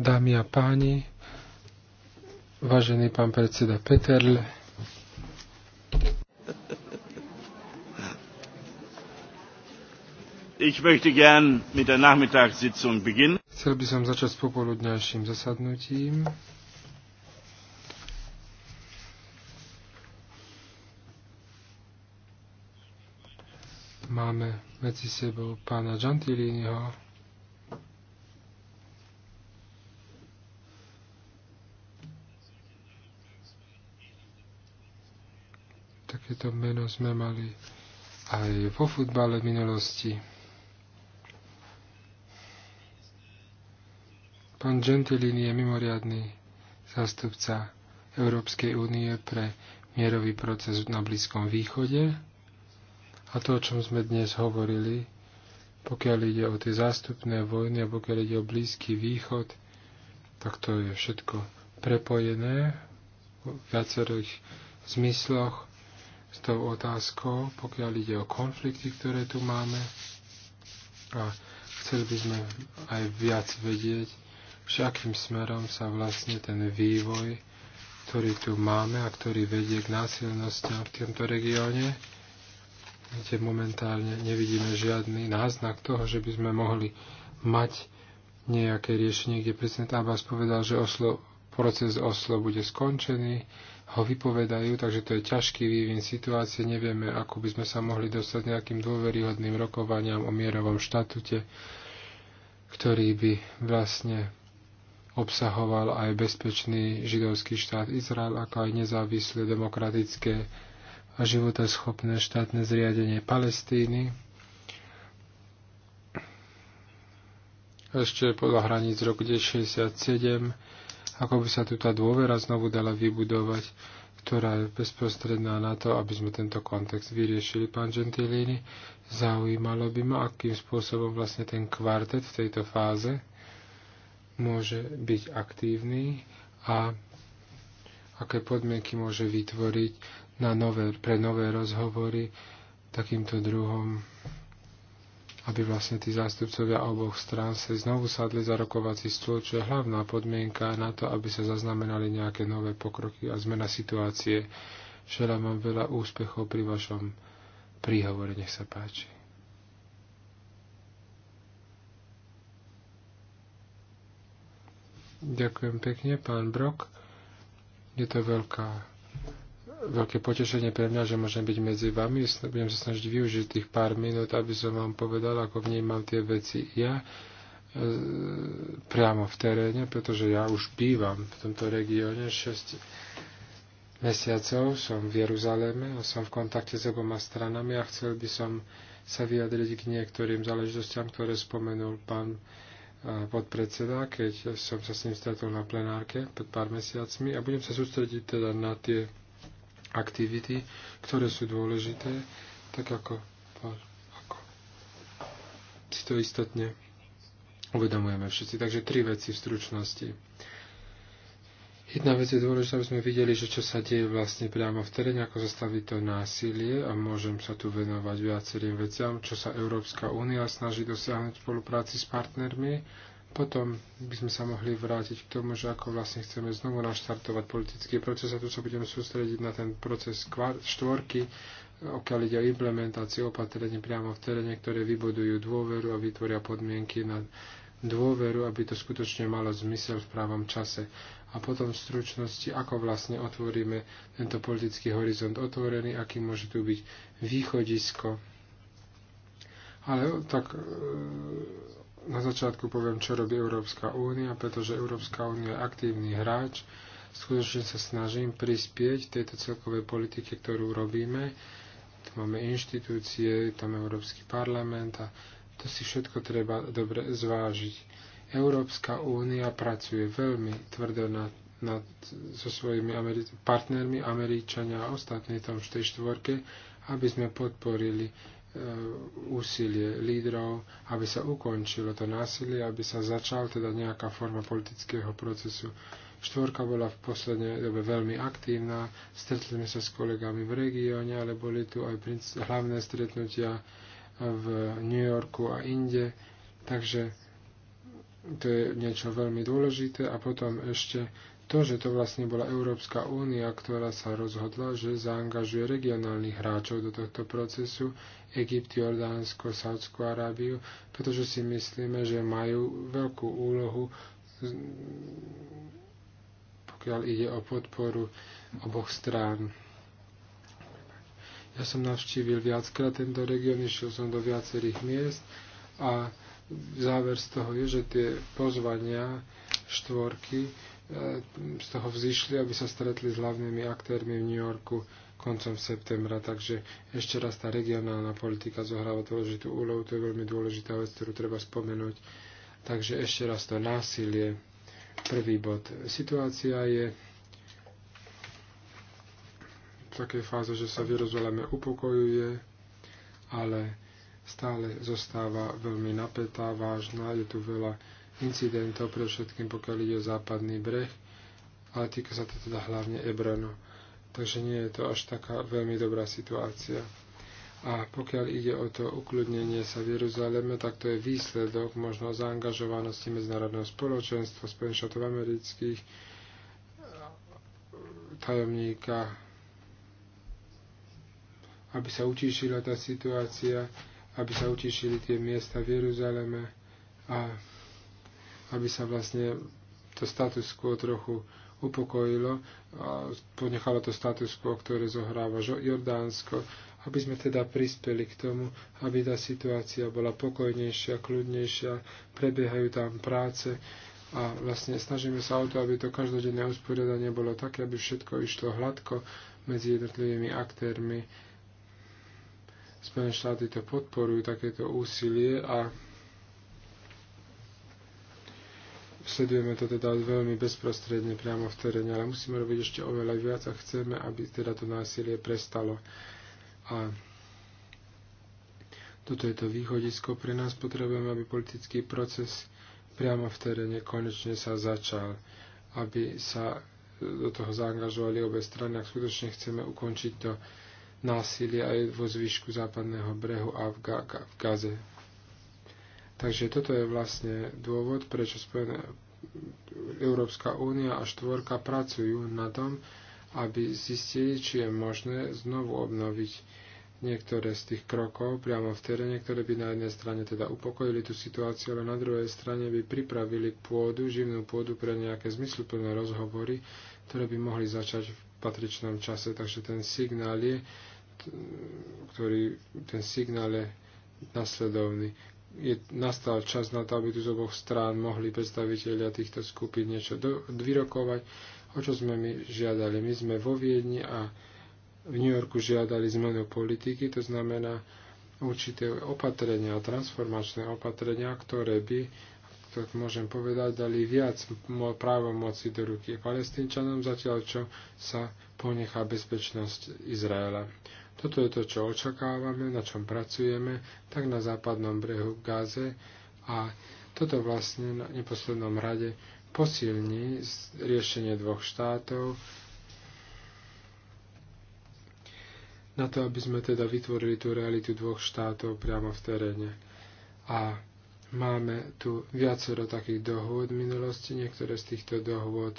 Dámy a páni, vážený pán predseda Peterl, Ich möchte gern mit der Nachmittagssitzung beginnen. Chcel by som začať s popoludňajším zasadnutím. Máme medzi sebou pána Gentiliniho, Takéto meno sme mali aj vo futbale v minulosti. Pán Gentilini je mimoriadný zástupca Európskej únie pre mierový proces na Blízkom východe. A to, o čom sme dnes hovorili, pokiaľ ide o tie zástupné vojny a pokiaľ ide o Blízky východ, tak to je všetko prepojené v viacerých zmysloch s tou otázkou, pokiaľ ide o konflikty, ktoré tu máme. A chceli by sme aj viac vedieť, všakým smerom sa vlastne ten vývoj, ktorý tu máme a ktorý vedie k násilnostiam v tomto regióne, kde momentálne nevidíme žiadny náznak toho, že by sme mohli mať nejaké riešenie, kde prezident Abbas povedal, že Oslo, proces Oslo bude skončený, ho vypovedajú, takže to je ťažký vývin situácie. Nevieme, ako by sme sa mohli dostať nejakým dôveryhodným rokovaniam o mierovom štatute, ktorý by vlastne obsahoval aj bezpečný židovský štát Izrael, ako aj nezávislé demokratické a životaschopné štátne zriadenie Palestíny. Ešte podľa hraníc roku 1967 ako by sa tu tá dôvera znovu dala vybudovať, ktorá je bezprostredná na to, aby sme tento kontext vyriešili. Pán Gentilini, zaujímalo by ma, akým spôsobom vlastne ten kvartet v tejto fáze môže byť aktívny a aké podmienky môže vytvoriť na nové, pre nové rozhovory takýmto druhom aby vlastne tí zástupcovia oboch strán sa znovu sadli za rokovací stôl, čo je hlavná podmienka na to, aby sa zaznamenali nejaké nové pokroky a zmena situácie. Želám vám veľa úspechov pri vašom príhovore, nech sa páči. Ďakujem pekne, pán Brok. Je to veľká veľké potešenie pre mňa, že môžem byť medzi vami. Budem sa snažiť využiť tých pár minút, aby som vám povedal, ako vnímam tie veci ja e, priamo v teréne, pretože ja už bývam v tomto regióne 6 mesiacov, som v Jeruzaléme a som v kontakte s oboma stranami a chcel by som sa vyjadriť k niektorým záležitostiam, ktoré spomenul pán e, podpredseda, keď som sa s ním stretol na plenárke pred pár mesiacmi a budem sa sústrediť teda na tie aktivity, ktoré sú dôležité, tak ako, ako si to istotne uvedomujeme všetci. Takže tri veci v stručnosti. Jedna vec je dôležitá, aby sme videli, že čo sa deje vlastne priamo v teréne, ako zastaviť to násilie a môžem sa tu venovať viacerým veciam, čo sa Európska únia snaží dosiahnuť v spolupráci s partnermi potom by sme sa mohli vrátiť k tomu, že ako vlastne chceme znovu naštartovať politický proces a tu sa budeme sústrediť na ten proces štvorky, okiaľ ide o implementáciu opatrení priamo v teréne, ktoré vybudujú dôveru a vytvoria podmienky na dôveru, aby to skutočne malo zmysel v právom čase. A potom v stručnosti, ako vlastne otvoríme tento politický horizont otvorený, aký môže tu byť východisko. Ale tak na začiatku poviem, čo robí Európska únia, pretože Európska únia je aktívny hráč. Skutočne sa snažím prispieť tejto celkovej politike, ktorú robíme. Tu máme inštitúcie, tam Európsky parlament a to si všetko treba dobre zvážiť. Európska únia pracuje veľmi tvrdo na, na, so svojimi Ameri- partnermi, Američania a ostatní tam v tej štvorke, aby sme podporili Eh, úsilie lídrov, aby sa ukončilo to násilie, aby sa začal teda nejaká forma politického procesu. Štvorka bola v poslednej dobe veľmi aktívna, stretli sme sa s kolegami v regióne, ale boli tu aj hlavné stretnutia v New Yorku a inde, takže to je niečo veľmi dôležité. A potom ešte to, že to vlastne bola Európska únia, ktorá sa rozhodla, že zaangažuje regionálnych hráčov do tohto procesu, Egypt, Jordánsko, Saudskú Arábiu, pretože si myslíme, že majú veľkú úlohu, pokiaľ ide o podporu oboch strán. Ja som navštívil viackrát tento región, išiel som do viacerých miest a záver z toho je, že tie pozvania štvorky E, z toho vzýšli, aby sa stretli s hlavnými aktérmi v New Yorku koncom septembra. Takže ešte raz tá regionálna politika zohráva dôležitú úlohu, to je veľmi dôležitá vec, ktorú treba spomenúť. Takže ešte raz to násilie, prvý bod. Situácia je v takej fáze, že sa v Jeruzaleme upokojuje, ale stále zostáva veľmi napätá, vážna, je tu veľa incidentov, pre všetkým pokiaľ ide o západný breh, ale týka sa to teda hlavne Ebronu. Takže nie je to až taká veľmi dobrá situácia. A pokiaľ ide o to ukludnenie sa v Jeruzaleme, tak to je výsledok možno zaangažovanosti medzinárodného spoločenstva Spojených štátov amerických, tajomníka, aby sa utišila tá situácia, aby sa utišili tie miesta v Jeruzaleme a aby sa vlastne to status quo trochu upokojilo a ponechalo to status quo, ktoré zohráva Jordánsko, aby sme teda prispeli k tomu, aby tá situácia bola pokojnejšia, kľudnejšia, prebiehajú tam práce a vlastne snažíme sa o to, aby to každodenné usporiadanie bolo také, aby všetko išlo hladko medzi jednotlivými aktérmi. Spojené štáty to podporujú, takéto úsilie a sledujeme to teda veľmi bezprostredne priamo v teréne, ale musíme robiť ešte oveľa viac a chceme, aby teda to násilie prestalo. A toto je to východisko. Pre nás potrebujeme, aby politický proces priamo v teréne konečne sa začal, aby sa do toho zaangažovali obe strany, ak skutočne chceme ukončiť to násilie aj vo zvyšku západného brehu a v, Gaze. Takže toto je vlastne dôvod, prečo Spojené, Európska únia a štvorka pracujú na tom, aby zistili, či je možné znovu obnoviť niektoré z tých krokov priamo v teréne, ktoré by na jednej strane teda upokojili tú situáciu, ale na druhej strane by pripravili pôdu, živnú pôdu pre nejaké zmysluplné rozhovory, ktoré by mohli začať v patričnom čase. Takže ten signál je, ktorý, ten signál je nasledovný je, nastal čas na to, aby tu z oboch strán mohli predstaviteľia týchto skupín niečo do, vyrokovať, o čo sme my žiadali. My sme vo Viedni a v New Yorku žiadali zmenu politiky, to znamená určité opatrenia, transformačné opatrenia, ktoré by, tak môžem povedať, dali viac právomoci do ruky palestínčanom, zatiaľ čo sa ponechá bezpečnosť Izraela. Toto je to, čo očakávame, na čom pracujeme, tak na západnom brehu v Gáze a toto vlastne na neposlednom rade posilní riešenie dvoch štátov na to, aby sme teda vytvorili tú realitu dvoch štátov priamo v teréne. A máme tu viacero takých dohôd v minulosti, niektoré z týchto dohôd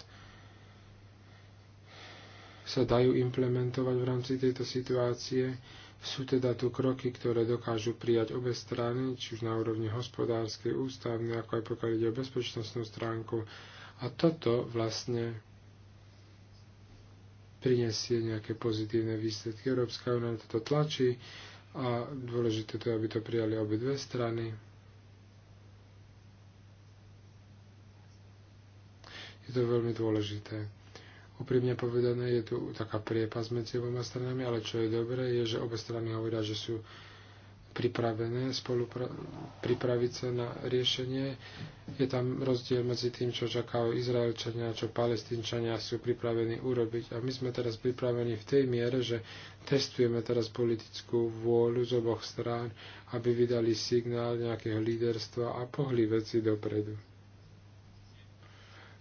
sa dajú implementovať v rámci tejto situácie. Sú teda tu kroky, ktoré dokážu prijať obe strany, či už na úrovni hospodárskej, ústavnej, ako aj pokiaľ ide o bezpečnostnú stránku. A toto vlastne prinesie nejaké pozitívne výsledky. Európska únia toto tlačí a dôležité to je, aby to prijali obe dve strany. Je to veľmi dôležité. Úprimne povedané, je tu taká priepas medzi oboma stranami, ale čo je dobré, je, že obe strany hovoria, že sú pripravené spolupra- pripraviť sa na riešenie. Je tam rozdiel medzi tým, čo čakajú Izraelčania a čo Palestínčania sú pripravení urobiť. A my sme teraz pripravení v tej miere, že testujeme teraz politickú vôľu z oboch strán, aby vydali signál nejakého líderstva a pohli veci dopredu.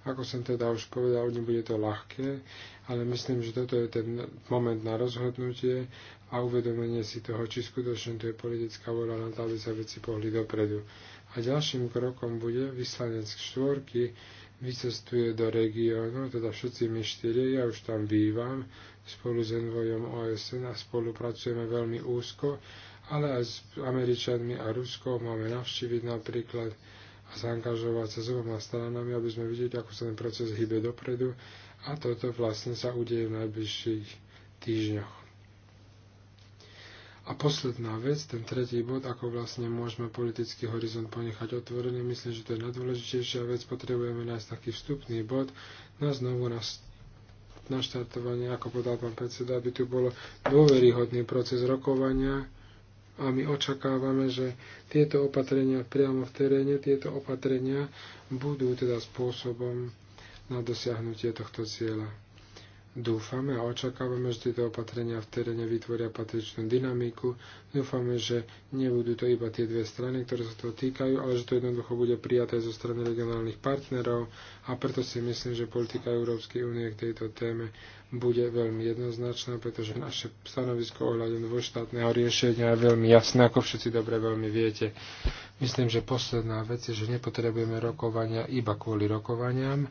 Ako som teda už povedal, nebude to ľahké, ale myslím, že toto je ten moment na rozhodnutie a uvedomenie si toho, či skutočne to je politická voľa na to, aby sa veci pohli dopredu. A ďalším krokom bude vyslanec štvorky, vycestuje do regiónu, teda všetci my štyri, ja už tam bývam, spolu s envojom OSN a spolupracujeme veľmi úzko, ale aj s Američanmi a Ruskou máme navštíviť napríklad a zaangažovať sa s oboma stranami, aby sme videli, ako sa ten proces hýbe dopredu a toto vlastne sa udeje v najbližších týždňoch. A posledná vec, ten tretí bod, ako vlastne môžeme politický horizont ponechať otvorený, myslím, že to je najdôležitejšia vec, potrebujeme nájsť taký vstupný bod na znovu na naštartovanie, ako podal pán predseda, aby tu bolo dôveryhodný proces rokovania, a my očakávame, že tieto opatrenia priamo v teréne, tieto opatrenia budú teda spôsobom na dosiahnutie tohto cieľa. Dúfame a očakávame, že tieto opatrenia v teréne vytvoria patričnú dynamiku. Dúfame, že nebudú to iba tie dve strany, ktoré sa toho týkajú, ale že to jednoducho bude prijaté zo strany regionálnych partnerov a preto si myslím, že politika Európskej únie k tejto téme bude veľmi jednoznačná, pretože naše stanovisko ohľadom dvojštátneho riešenia je veľmi jasné, ako všetci dobre veľmi viete. Myslím, že posledná vec je, že nepotrebujeme rokovania iba kvôli rokovaniam,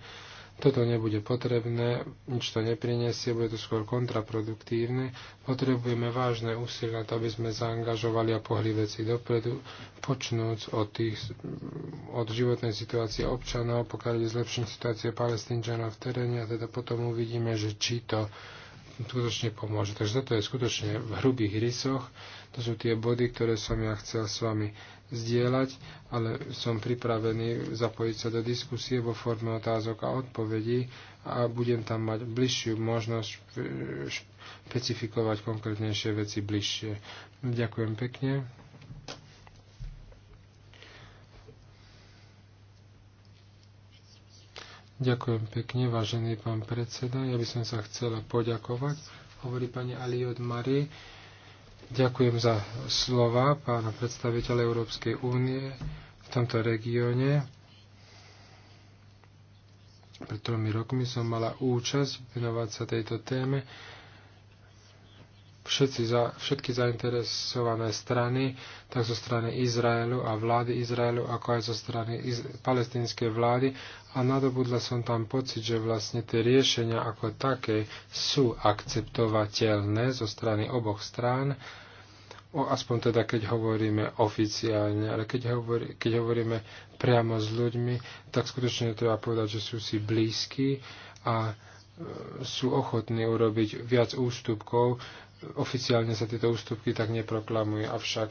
toto nebude potrebné, nič to neprinesie, bude to skôr kontraproduktívne. Potrebujeme vážne úsilie na to, aby sme zaangažovali a pohli veci dopredu, počnúc od, tých, od životnej situácie občanov, pokiaľ je zlepšenie situácie palestínčanov v teréne a teda potom uvidíme, že či to skutočne pomôže. Takže toto je skutočne v hrubých rysoch. To sú tie body, ktoré som ja chcel s vami zdieľať, ale som pripravený zapojiť sa do diskusie vo forme otázok a odpovedí a budem tam mať bližšiu možnosť špecifikovať konkrétnejšie veci bližšie. Ďakujem pekne. Ďakujem pekne, vážený pán predseda. Ja by som sa chcela poďakovať, hovorí pani Aliot Marie Ďakujem za slova pána predstaviteľa Európskej únie v tomto regióne. Pred tromi rokmi som mala účasť venovať sa tejto téme všetci za, všetky zainteresované strany, tak zo strany Izraelu a vlády Izraelu, ako aj zo strany iz, palestinskej vlády. A nadobudla som tam pocit, že vlastne tie riešenia ako také sú akceptovateľné zo strany oboch strán, o, aspoň teda keď hovoríme oficiálne, ale keď, hovorí, keď hovoríme priamo s ľuďmi, tak skutočne treba povedať, že sú si blízki a e, sú ochotní urobiť viac ústupkov oficiálne sa tieto ústupky tak neproklamujú. Avšak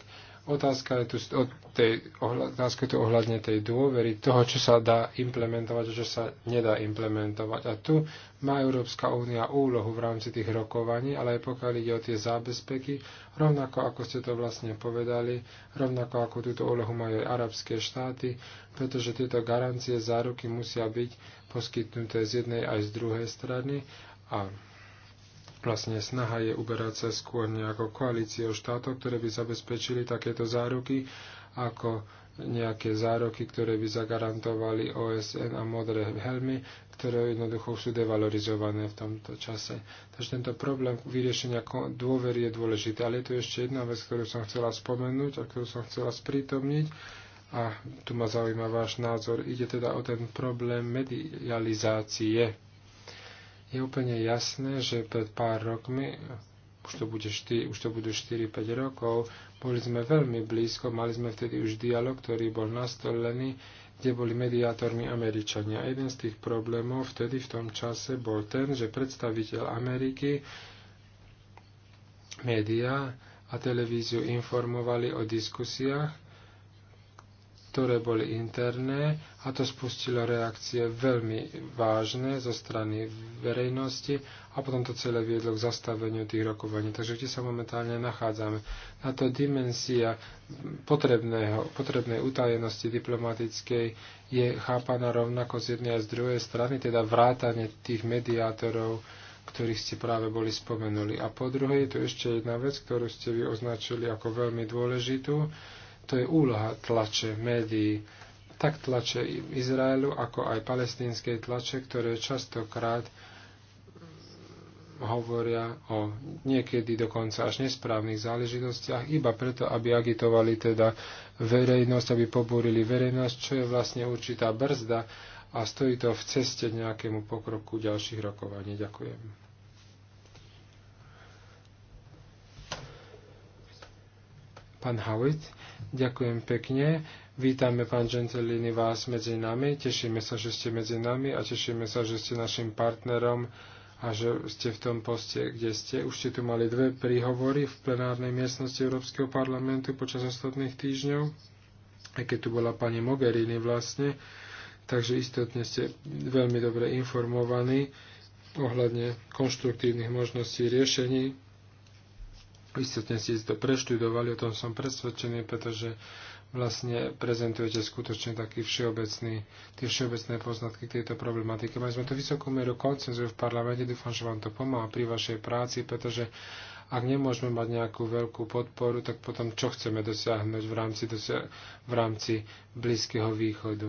otázka je tu od tej, otázka je tu ohľadne tej dôvery, toho, čo sa dá implementovať a čo sa nedá implementovať. A tu má Európska únia úlohu v rámci tých rokovaní, ale aj pokiaľ ide o tie zábezpeky, rovnako ako ste to vlastne povedali, rovnako ako túto úlohu majú aj arabské štáty, pretože tieto garancie záruky musia byť poskytnuté z jednej aj z druhej strany. A Vlastne snaha je uberať sa skôr nejako koalíciou štátov, ktoré by zabezpečili takéto záruky, ako nejaké zároky, ktoré by zagarantovali OSN a modré helmy, ktoré jednoducho sú devalorizované v tomto čase. Takže tento problém vyriešenia dôvery je dôležitý. Ale je tu ešte jedna vec, ktorú som chcela spomenúť a ktorú som chcela sprítomniť. A tu ma zaujíma váš názor. Ide teda o ten problém medializácie je úplne jasné, že pred pár rokmi, už to, bude 4, už to budú 4-5 rokov, boli sme veľmi blízko, mali sme vtedy už dialog, ktorý bol nastolený, kde boli mediátormi Američania. A jeden z tých problémov vtedy v tom čase bol ten, že predstaviteľ Ameriky, médiá a televíziu informovali o diskusiách, ktoré boli interné a to spustilo reakcie veľmi vážne zo strany verejnosti a potom to celé viedlo k zastaveniu tých rokovaní. Takže kde sa momentálne nachádzame? Na to dimenzia potrebného, potrebnej utajenosti diplomatickej je chápaná rovnako z jednej a z druhej strany, teda vrátanie tých mediátorov, ktorých ste práve boli spomenuli. A po druhej je tu ešte jedna vec, ktorú ste vy označili ako veľmi dôležitú, to je úloha tlače, médií, tak tlače Izraelu, ako aj palestínskej tlače, ktoré častokrát hovoria o niekedy dokonca až nesprávnych záležitostiach, iba preto, aby agitovali teda verejnosť, aby pobúrili verejnosť, čo je vlastne určitá brzda a stojí to v ceste nejakému pokroku ďalších rokovaní. Ďakujem. Pán Howitt, Ďakujem pekne. Vítame, pán Gentilini, vás medzi nami. Tešíme sa, že ste medzi nami a tešíme sa, že ste našim partnerom a že ste v tom poste, kde ste. Už ste tu mali dve príhovory v plenárnej miestnosti Európskeho parlamentu počas ostatných týždňov, aj keď tu bola pani Mogherini vlastne, takže istotne ste veľmi dobre informovaní ohľadne konštruktívnych možností riešení Istotne ste si to preštudovali, o tom som presvedčený, pretože vlastne prezentujete skutočne taký všeobecný, tie všeobecné poznatky k tejto problematike. Mali sme tu vysokú mieru koncenzu v parlamente, dúfam, že vám to pomáha pri vašej práci, pretože ak nemôžeme mať nejakú veľkú podporu, tak potom čo chceme dosiahnuť v rámci, dosia- v rámci Blízkeho východu?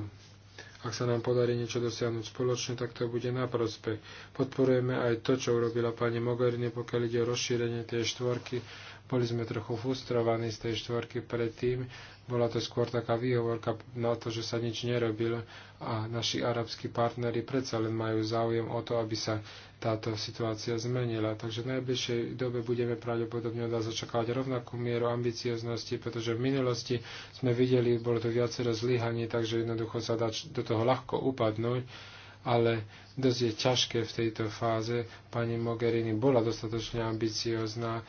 Ak sa nám podarí niečo dosiahnuť spoločne, tak to bude na prospech. Podporujeme aj to, čo urobila pani Mogherini, pokiaľ ide o rozšírenie tej štvorky boli sme trochu frustrovaní z tej štvorky predtým. Bola to skôr taká výhovorka na to, že sa nič nerobil a naši arabskí partneri predsa len majú záujem o to, aby sa táto situácia zmenila. Takže v najbližšej dobe budeme pravdepodobne od nás očakávať rovnakú mieru ambicioznosti, pretože v minulosti sme videli, bolo to viacero zlyhaní, takže jednoducho sa dá do toho ľahko upadnúť ale dosť je ťažké v tejto fáze. Pani Mogherini bola dostatočne ambiciozná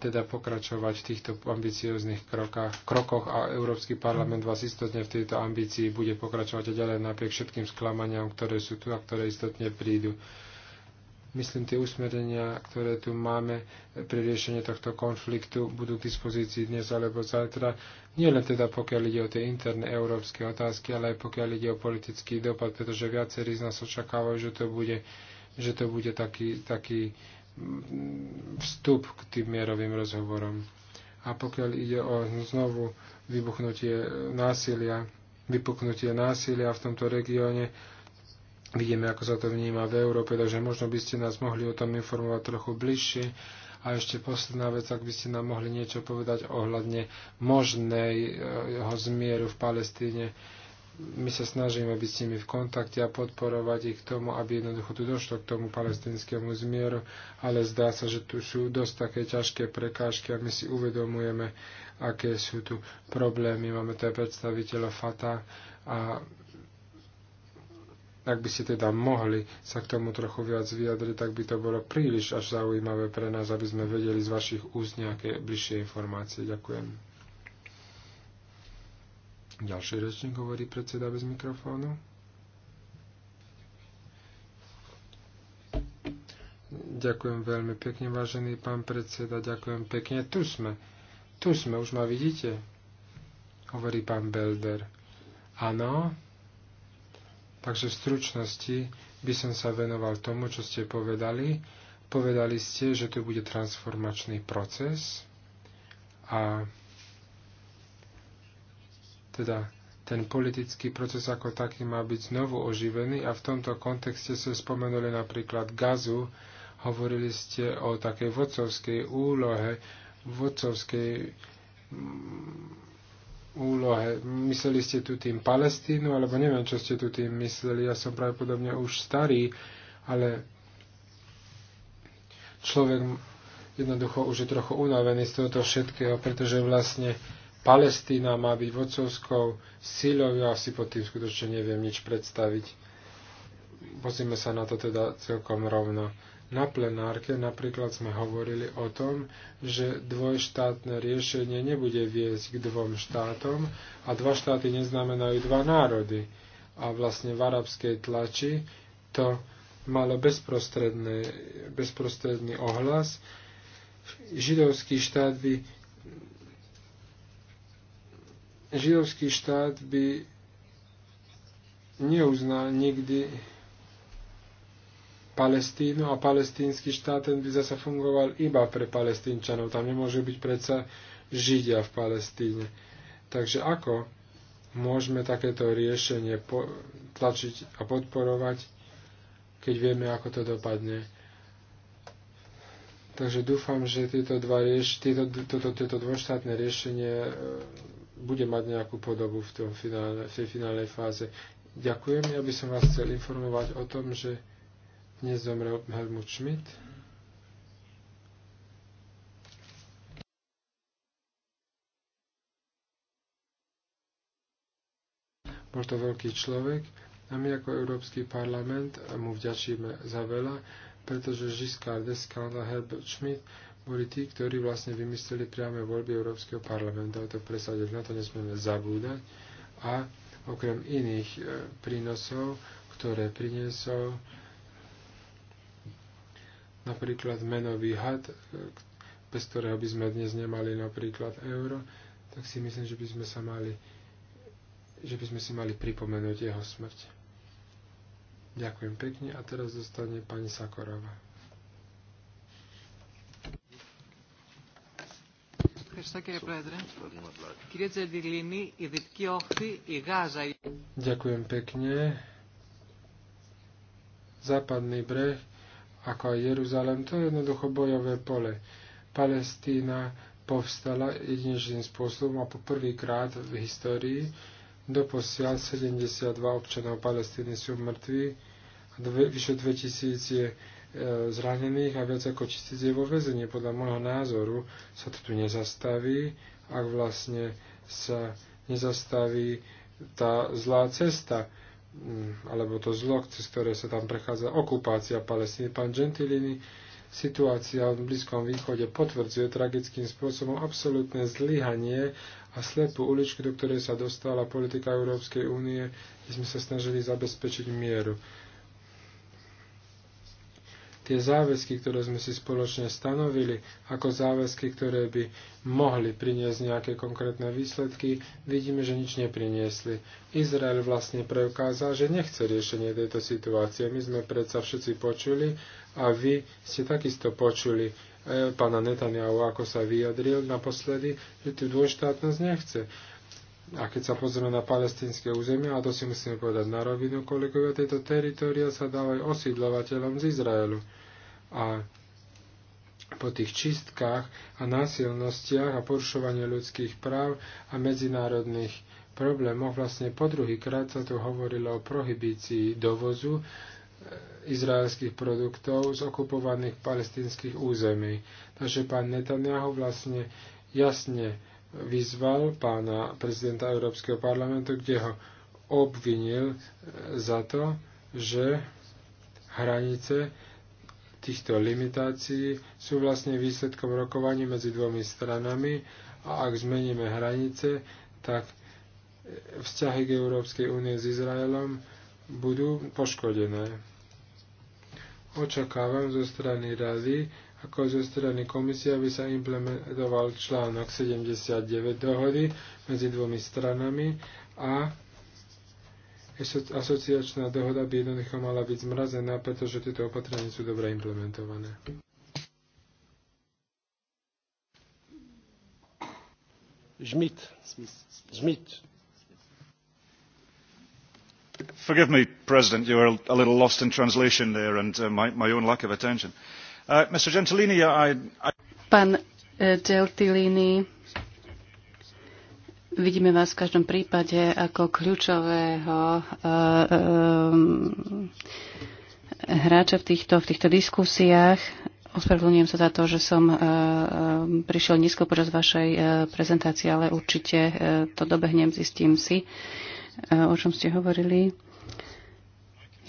teda pokračovať v týchto ambicióznych krokách, krokoch a Európsky parlament vás istotne v tejto ambícii bude pokračovať a ďalej napriek všetkým sklamaniam, ktoré sú tu a ktoré istotne prídu. Myslím, tie usmerenia, ktoré tu máme pri riešení tohto konfliktu, budú k dispozícii dnes alebo zajtra. Nie len teda pokiaľ ide o tie interné európske otázky, ale aj pokiaľ ide o politický dopad, pretože viacerí z nás očakávajú, že to bude, že to bude taký, taký vstup k tým mierovým rozhovorom. A pokiaľ ide o znovu vybuchnutie násilia, vypuknutie násilia v tomto regióne, vidíme, ako sa to vníma v Európe, takže možno by ste nás mohli o tom informovať trochu bližšie. A ešte posledná vec, ak by ste nám mohli niečo povedať ohľadne možného eh, zmieru v Palestíne my sa snažíme byť s nimi v kontakte a podporovať ich k tomu, aby jednoducho tu došlo k tomu palestinskému zmieru, ale zdá sa, že tu sú dosť také ťažké prekážky a my si uvedomujeme, aké sú tu problémy. Máme tu aj predstaviteľa FATA a ak by ste teda mohli sa k tomu trochu viac vyjadriť, tak by to bolo príliš až zaujímavé pre nás, aby sme vedeli z vašich úst nejaké bližšie informácie. Ďakujem. Ďalší rečník hovorí predseda bez mikrofónu. Ďakujem veľmi pekne, vážený pán predseda, ďakujem pekne. Tu sme, tu sme, už ma vidíte, hovorí pán Belder. Áno, takže v stručnosti by som sa venoval tomu, čo ste povedali. Povedali ste, že tu bude transformačný proces a teda ten politický proces ako taký má byť znovu oživený a v tomto kontexte ste spomenuli napríklad gazu, hovorili ste o takej vodcovskej úlohe, vodcovskej mm, úlohe. Mysleli ste tu tým Palestínu, alebo neviem, čo ste tu tým mysleli. Ja som pravdepodobne už starý, ale človek jednoducho už je trochu unavený z tohoto všetkého, pretože vlastne Palestína má byť vodcovskou síľou, ja si pod tým skutočne neviem nič predstaviť. Pozrime sa na to teda celkom rovno. Na plenárke napríklad sme hovorili o tom, že dvojštátne riešenie nebude viesť k dvom štátom a dva štáty neznamenajú dva národy. A vlastne v arabskej tlači to malo bezprostredný ohlas. Židovský štát by židovský štát by neuznal nikdy Palestínu a palestínsky štát ten by zase fungoval iba pre palestínčanov. Tam nemôžu byť predsa židia v Palestíne. Takže ako môžeme takéto riešenie tlačiť a podporovať, keď vieme, ako to dopadne? Takže dúfam, že tieto, dva rieš, tieto, toto, tieto dvoštátne riešenie bude mať nejakú podobu v, tom finále, v tej finálnej fáze. Ďakujem, ja by som vás chcel informovať o tom, že dnes zomrel Helmut Schmidt. Bol to veľký človek a my ako Európsky parlament mu vďačíme za veľa, pretože Giscard d'Escanda Herbert Schmidt boli tí, ktorí vlastne vymysleli priame voľby Európskeho parlamentu a to presadili. Na to nesmieme zabúdať. A okrem iných e, prínosov, ktoré priniesol napríklad menový had, e, bez ktorého by sme dnes nemali napríklad euro, tak si myslím, že by sme sa mali že by sme si mali pripomenúť jeho smrť. Ďakujem pekne a teraz dostane pani Sakorová. Ďakujem pekne. Západný breh, ako aj Jeruzalem, to je jednoducho bojové pole. Palestína povstala jedinečným spôsobom a po prvýkrát v histórii doposiaľ 72 občanov Palestíny sú mŕtvi a dve, vyše 2000 je E, zranených a viac ako tisíc je vo väzení. Podľa môjho názoru sa to tu nezastaví, ak vlastne sa nezastaví tá zlá cesta, mm, alebo to zlo, cez ktoré sa tam prechádza okupácia Palestíny. Pán Gentilini, situácia v Blízkom východe potvrdzuje tragickým spôsobom absolútne zlyhanie a slepú uličku, do ktorej sa dostala politika Európskej únie, kde sme sa snažili zabezpečiť mieru tie záväzky, ktoré sme si spoločne stanovili, ako záväzky, ktoré by mohli priniesť nejaké konkrétne výsledky, vidíme, že nič nepriniesli. Izrael vlastne preukázal, že nechce riešenie tejto situácie. My sme predsa všetci počuli a vy ste takisto počuli e, pána Netanyahu, ako sa vyjadril naposledy, že tú dvojštátnosť nechce. A keď sa pozrieme na palestínske územie, a to si musíme povedať na rovinu, kolegovia, tieto teritoria sa dávajú osídlovateľom z Izraelu. A po tých čistkách a násilnostiach a porušovaní ľudských práv a medzinárodných problémoch vlastne po druhýkrát sa tu hovorilo o prohibícii dovozu e, izraelských produktov z okupovaných palestinských území. Takže pán Netanyahu vlastne jasne vyzval pána prezidenta Európskeho parlamentu, kde ho obvinil e, za to, že hranice týchto limitácií sú vlastne výsledkom rokovaní medzi dvomi stranami a ak zmeníme hranice, tak e, vzťahy k Európskej únie s Izraelom budú poškodené. Očakávam zo strany rady, ako zo strany komisie, aby sa implementoval článok 79 dohody medzi dvomi stranami a asociačná dohoda by jednoducho mala byť zmrazená, pretože tieto opatrenia sú dobre implementované. Schmidt. Schmidt. Forgive me, President, you were a little lost in translation there and uh, my, my own lack of attention. Uh, Uh, Pán eh, Gentilini, vidíme vás v každom prípade ako kľúčového eh, eh, hráča v týchto, v týchto diskusiách. Ospravedlňujem sa za to, že som prišiel nízko počas vašej prezentácie, ale určite to dobehnem, zistím si, o čom ste hovorili.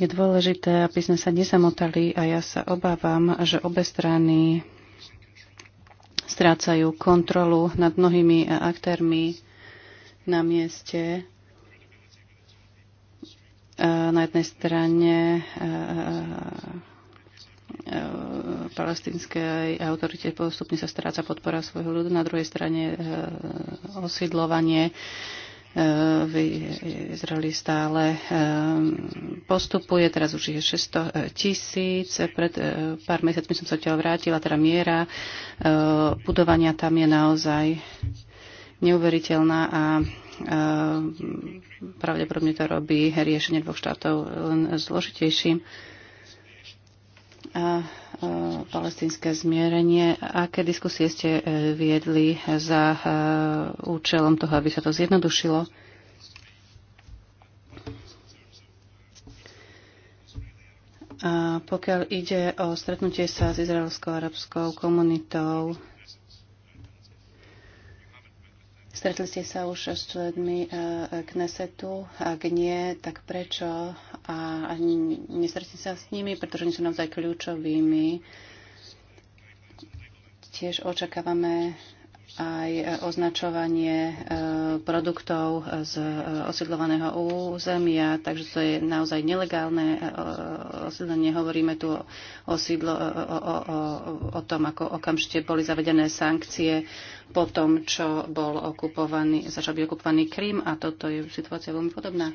Je dôležité, aby sme sa nezamotali a ja sa obávam, že obe strany strácajú kontrolu nad mnohými aktérmi na mieste. E, na jednej strane e, e, palestinskej autorite postupne sa stráca podpora svojho ľudu, na druhej strane osídlovanie v Izraeli stále ehm, postupuje, teraz už je 600 e, tisíc. Pred e, pár mesiacmi som sa odtiaľ vrátila, teda miera e, budovania tam je naozaj neuveriteľná a ehm, pravdepodobne to robí riešenie dvoch štátov len zložitejším. A E, palestinské zmierenie. Aké diskusie ste e, viedli za e, účelom toho, aby sa to zjednodušilo? A pokiaľ ide o stretnutie sa s izraelskou arabskou komunitou, stretli ste sa už s členmi Knesetu? Ak nie, tak prečo a nestretne sa s nimi, pretože oni sú naozaj kľúčovými. Tiež očakávame aj označovanie e, produktov z e, osídlovaného územia, takže to je naozaj nelegálne e, osídlenie. Hovoríme tu o, osídlo, o, o, o, o tom, ako okamžite boli zavedené sankcie po tom, čo bol okupovaný, začal byť okupovaný Krym a toto je situácia veľmi podobná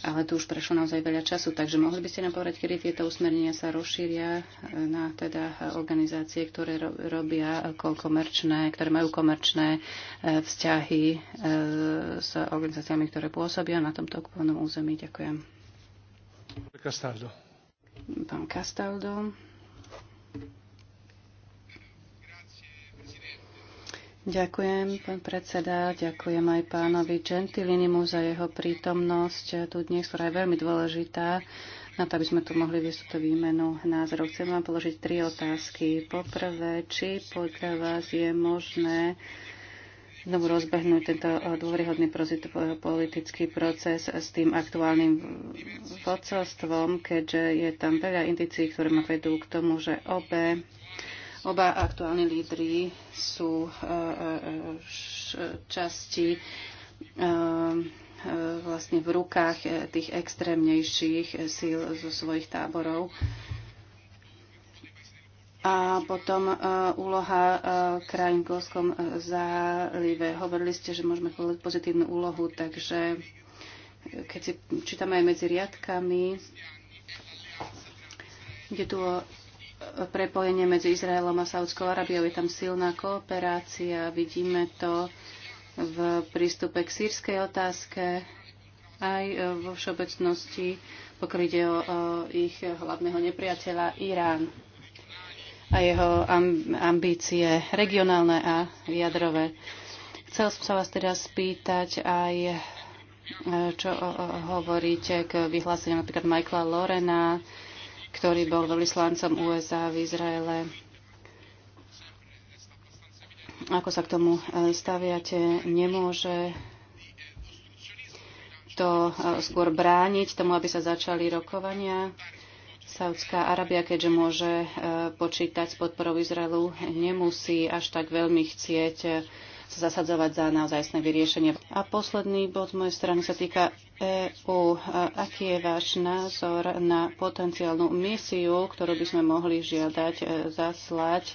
ale tu už prešlo naozaj veľa času, takže mohli by ste nám povedať, kedy tieto usmernenia sa rozšíria na teda organizácie, ktoré robia komerčné, ktoré majú komerčné e, vzťahy e, s organizáciami, ktoré pôsobia na tomto okupovanom území. Ďakujem. Pán Castaldo. Pán Castaldo. Ďakujem, pán predseda. Ďakujem aj pánovi Gentilinimu za jeho prítomnosť tu dnes, ktorá je veľmi dôležitá na to, aby sme tu mohli viesť túto výmenu názorov. Chcem vám položiť tri otázky. Poprvé, či podľa vás je možné znovu rozbehnúť tento eh, dôvrihodný eh, politický proces s tým aktuálnym eh, vodcovstvom, keďže je tam veľa indicií, ktoré ma vedú k tomu, že obe Oba aktuálni lídry sú eh, eh, eh, časti vlastne v rukách tých extrémnejších síl zo svojich táborov. A potom úloha krajín v Golskom zálive. Hovorili ste, že môžeme povedať pozitívnu úlohu, takže keď si čítame aj medzi riadkami, ide tu o prepojenie medzi Izraelom a Saudskou Arabiou. Je tam silná kooperácia, vidíme to v prístupe k sírskej otázke, aj e, vo všeobecnosti, pokiaľ ide o, o e, ich hlavného nepriateľa Irán a jeho ambície regionálne a jadrové. Chcel som sa vás teda spýtať aj, e, čo hovoríte k vyhláseniu napríklad Michaela Lorena, ktorý bol veľvyslancom USA v Izraele. Ako sa k tomu e, staviate, nemôže to e, skôr brániť tomu, aby sa začali rokovania. Saudská Arabia, keďže môže e, počítať s podporou Izraelu, nemusí až tak veľmi chcieť sa zasadzovať za naozajstné vyriešenie. A posledný bod z mojej strany sa týka EÚ. Aký je váš názor na potenciálnu misiu, ktorú by sme mohli žiadať e, zaslať e,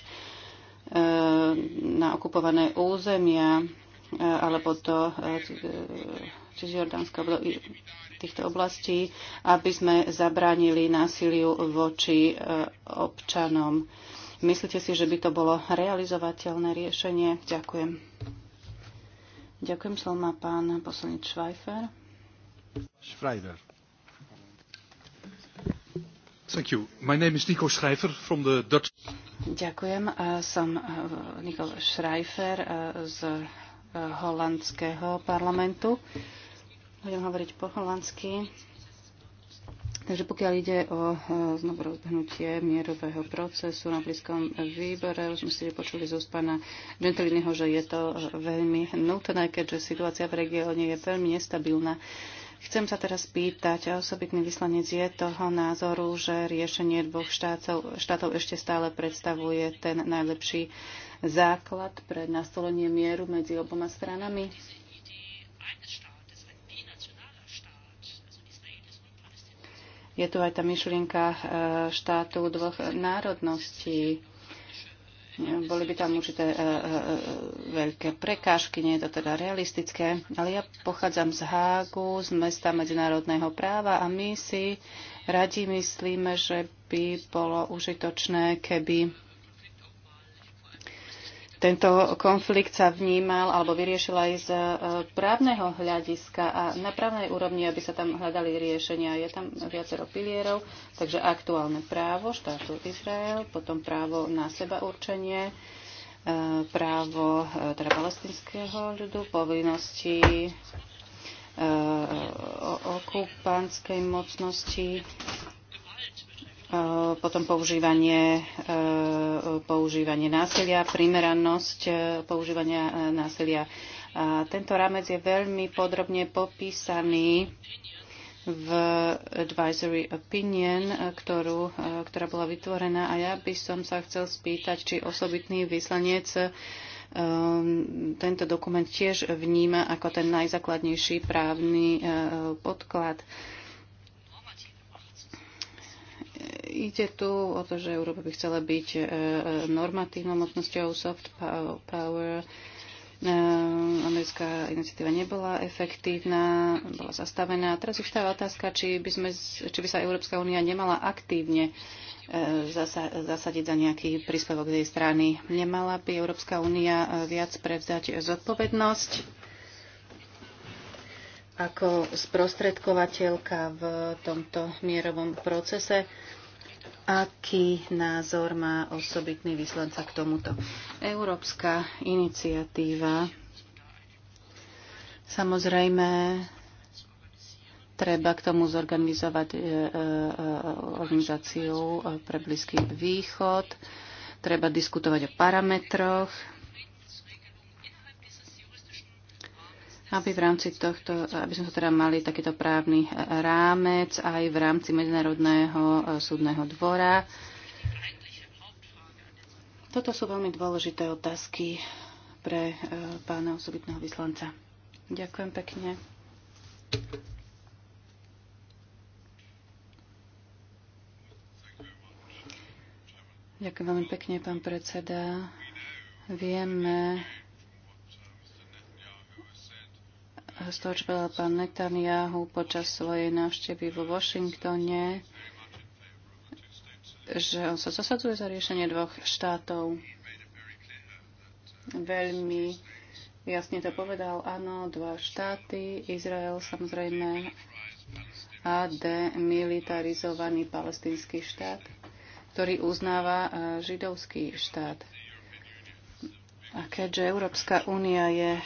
na okupované územia e, alebo do či z Jordánska alebo do týchto oblastí, aby sme zabránili násiliu voči občanom. Myslíte si, že by to bolo realizovateľné riešenie? Ďakujem. Ďakujem, slovo má pán poslanec Švajfer. Schreiber. Thank you. My name is Nico Schreiber from the Dutch... Ďakujem. Som e, Nikol Schreiber e, z e, holandského parlamentu. Budem hovoriť po holandsky. Takže pokiaľ ide o znovu rozbehnutie mierového procesu na blízkom výbore, už sme si počuli z úst pána Gentilinyho, že je to veľmi nutné, keďže situácia v regióne je veľmi nestabilná. Chcem sa teraz pýtať, osobitný vyslanec je toho názoru, že riešenie dvoch štátov, štátov ešte stále predstavuje ten najlepší základ pre nastolenie mieru medzi oboma stranami? Je tu aj tá myšlienka e, štátu dvoch národností. Boli by tam určité e, e, e, veľké prekážky, nie je to teda realistické, ale ja pochádzam z Hágu, z mesta medzinárodného práva a my si radi myslíme, že by bolo užitočné, keby tento konflikt sa vnímal alebo vyriešil aj z e, právneho hľadiska a na právnej úrovni, aby sa tam hľadali riešenia. Je tam viacero pilierov, takže aktuálne právo štátu Izrael, potom právo na seba určenie, e, právo e, teda palestinského ľudu, povinnosti okupánskej mocnosti Eh, potom používanie, eh, používanie násilia, primeranosť eh, používania násilia. A tento rámec je veľmi podrobne popísaný v advisory opinion, ktorú, ktorá bola vytvorená. A ja by som sa chcel spýtať, či osobitný vyslanec tento dokument tiež vníma ako ten najzákladnejší právny podklad ide tu o to, že Európa by chcela byť e, e, normatívnou mocnosťou soft power. E, americká iniciatíva nebola efektívna, bola zastavená. Teraz už tá otázka, či by, sme, či by sa Európska únia nemala aktívne zasadiť za nejaký príspevok z jej strany. Nemala by Európska únia viac prevzať zodpovednosť ako sprostredkovateľka v tomto mierovom procese. Aký názor má osobitný vyslanca k tomuto? Európska iniciatíva samozrejme treba k tomu zorganizovať e, e, e, organizáciu pre Blízky východ, treba diskutovať o parametroch, aby v rámci tohto, aby sme sa teda mali takýto právny rámec aj v rámci Medzinárodného e, súdneho dvora. Toto sú veľmi dôležité otázky pre e, pána osobitného vyslanca. Ďakujem pekne. Ďakujem veľmi pekne, pán predseda. Vieme, z toho, čo povedal pán Netanyahu počas svojej návštevy vo Washingtone, že on sa zasadzuje za riešenie dvoch štátov. Veľmi jasne to povedal, áno, dva štáty, Izrael samozrejme a demilitarizovaný palestínsky štát, ktorý uznáva židovský štát. A keďže Európska únia je e,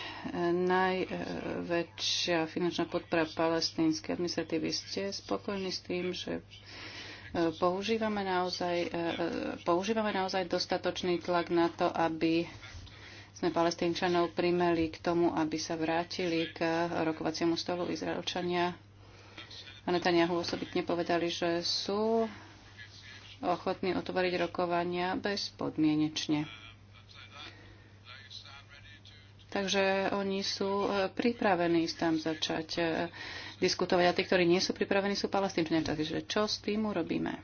najväčšia finančná podpora palestínskej administratívy, ste spokojní s tým, že e, používame naozaj, e, používame naozaj dostatočný tlak na to, aby sme palestínčanov primeli k tomu, aby sa vrátili k rokovaciemu stolu Izraelčania. A Netanyahu osobitne povedali, že sú ochotní otvoriť rokovania bezpodmienečne. Takže oni sú e, pripravení tam začať e, diskutovať. A tí, ktorí nie sú pripravení, sú palestínčania. Takže čo s tým urobíme?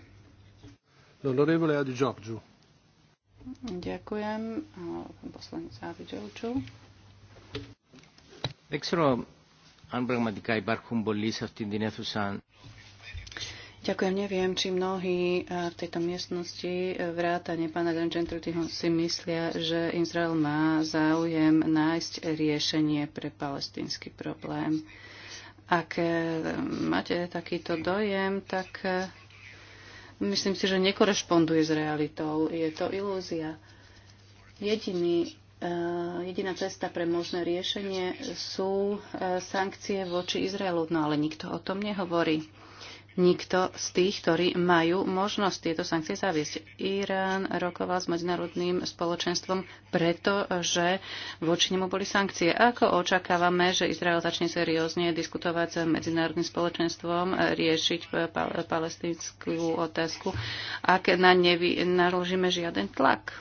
L'onorevole Adi Giorgio. Ďakujem. poslanec Adi Giorgio. Δεν ξέρω αν πραγματικά υπάρχουν πολλοί σε αυτήν την αίθουσα Ďakujem. Neviem, či mnohí eh, v tejto miestnosti eh, vrátane pána Dančentrutyho si myslia, že Izrael má záujem nájsť riešenie pre palestínsky problém. Ak eh, máte takýto dojem, tak myslím si, že nekorešponduje s realitou. Je to ilúzia. Jediný jediná cesta pre možné riešenie sú sankcie voči Izraelu, no ale nikto o tom nehovorí nikto z tých, ktorí majú možnosť tieto sankcie zaviesť. Irán rokoval s medzinárodným spoločenstvom pretože voči nemu boli sankcie. Ako očakávame, že Izrael začne seriózne diskutovať s medzinárodným spoločenstvom, riešiť palestinskú otázku, ak na ne naložíme žiaden tlak?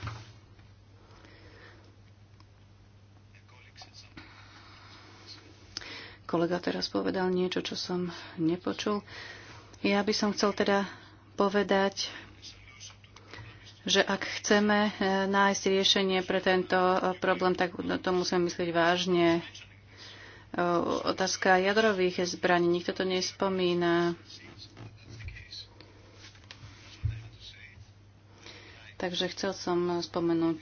Kolega teraz povedal niečo, čo som nepočul. Uh, ja by som chcel teda povedať, že ak chceme eh, nájsť riešenie pre tento eh, problém, tak no, to musíme myslieť vážne. Eh, otázka jadrových zbraní, nikto to nespomína. Takže chcel som spomenúť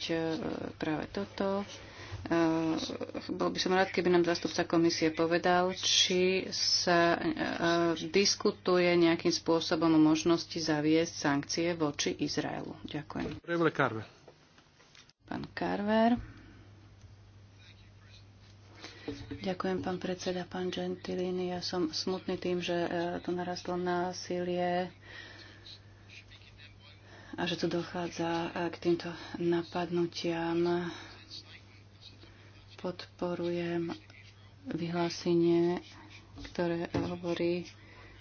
práve toto. Eh, bol by som rád, keby nám zastupca komisie povedal, či sa eh, diskutuje nejakým spôsobom o možnosti zaviesť sankcie voči Izraelu. Ďakujem. Pán Carver. Ďakujem, pán predseda, pán Gentilini. Ja som smutný tým, že eh, to narastlo násilie a že tu dochádza k týmto napadnutiam podporujem vyhlásenie, ktoré hovorí,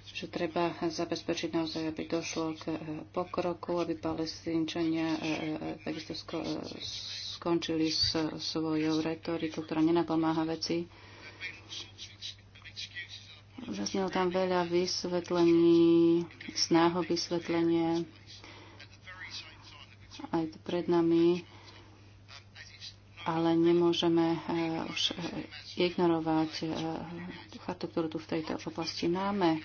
že treba zabezpečiť naozaj, aby došlo k eh, pokroku, aby palestínčania eh, eh, takisto skončili s svojou retorikou, ktorá nenapomáha veci. Zaznelo tam veľa vysvetlení, snah vysvetlenie aj pred nami ale nemôžeme eh, už eh, ignorovať eh, chartu, ktorú tu v tejto oblasti máme.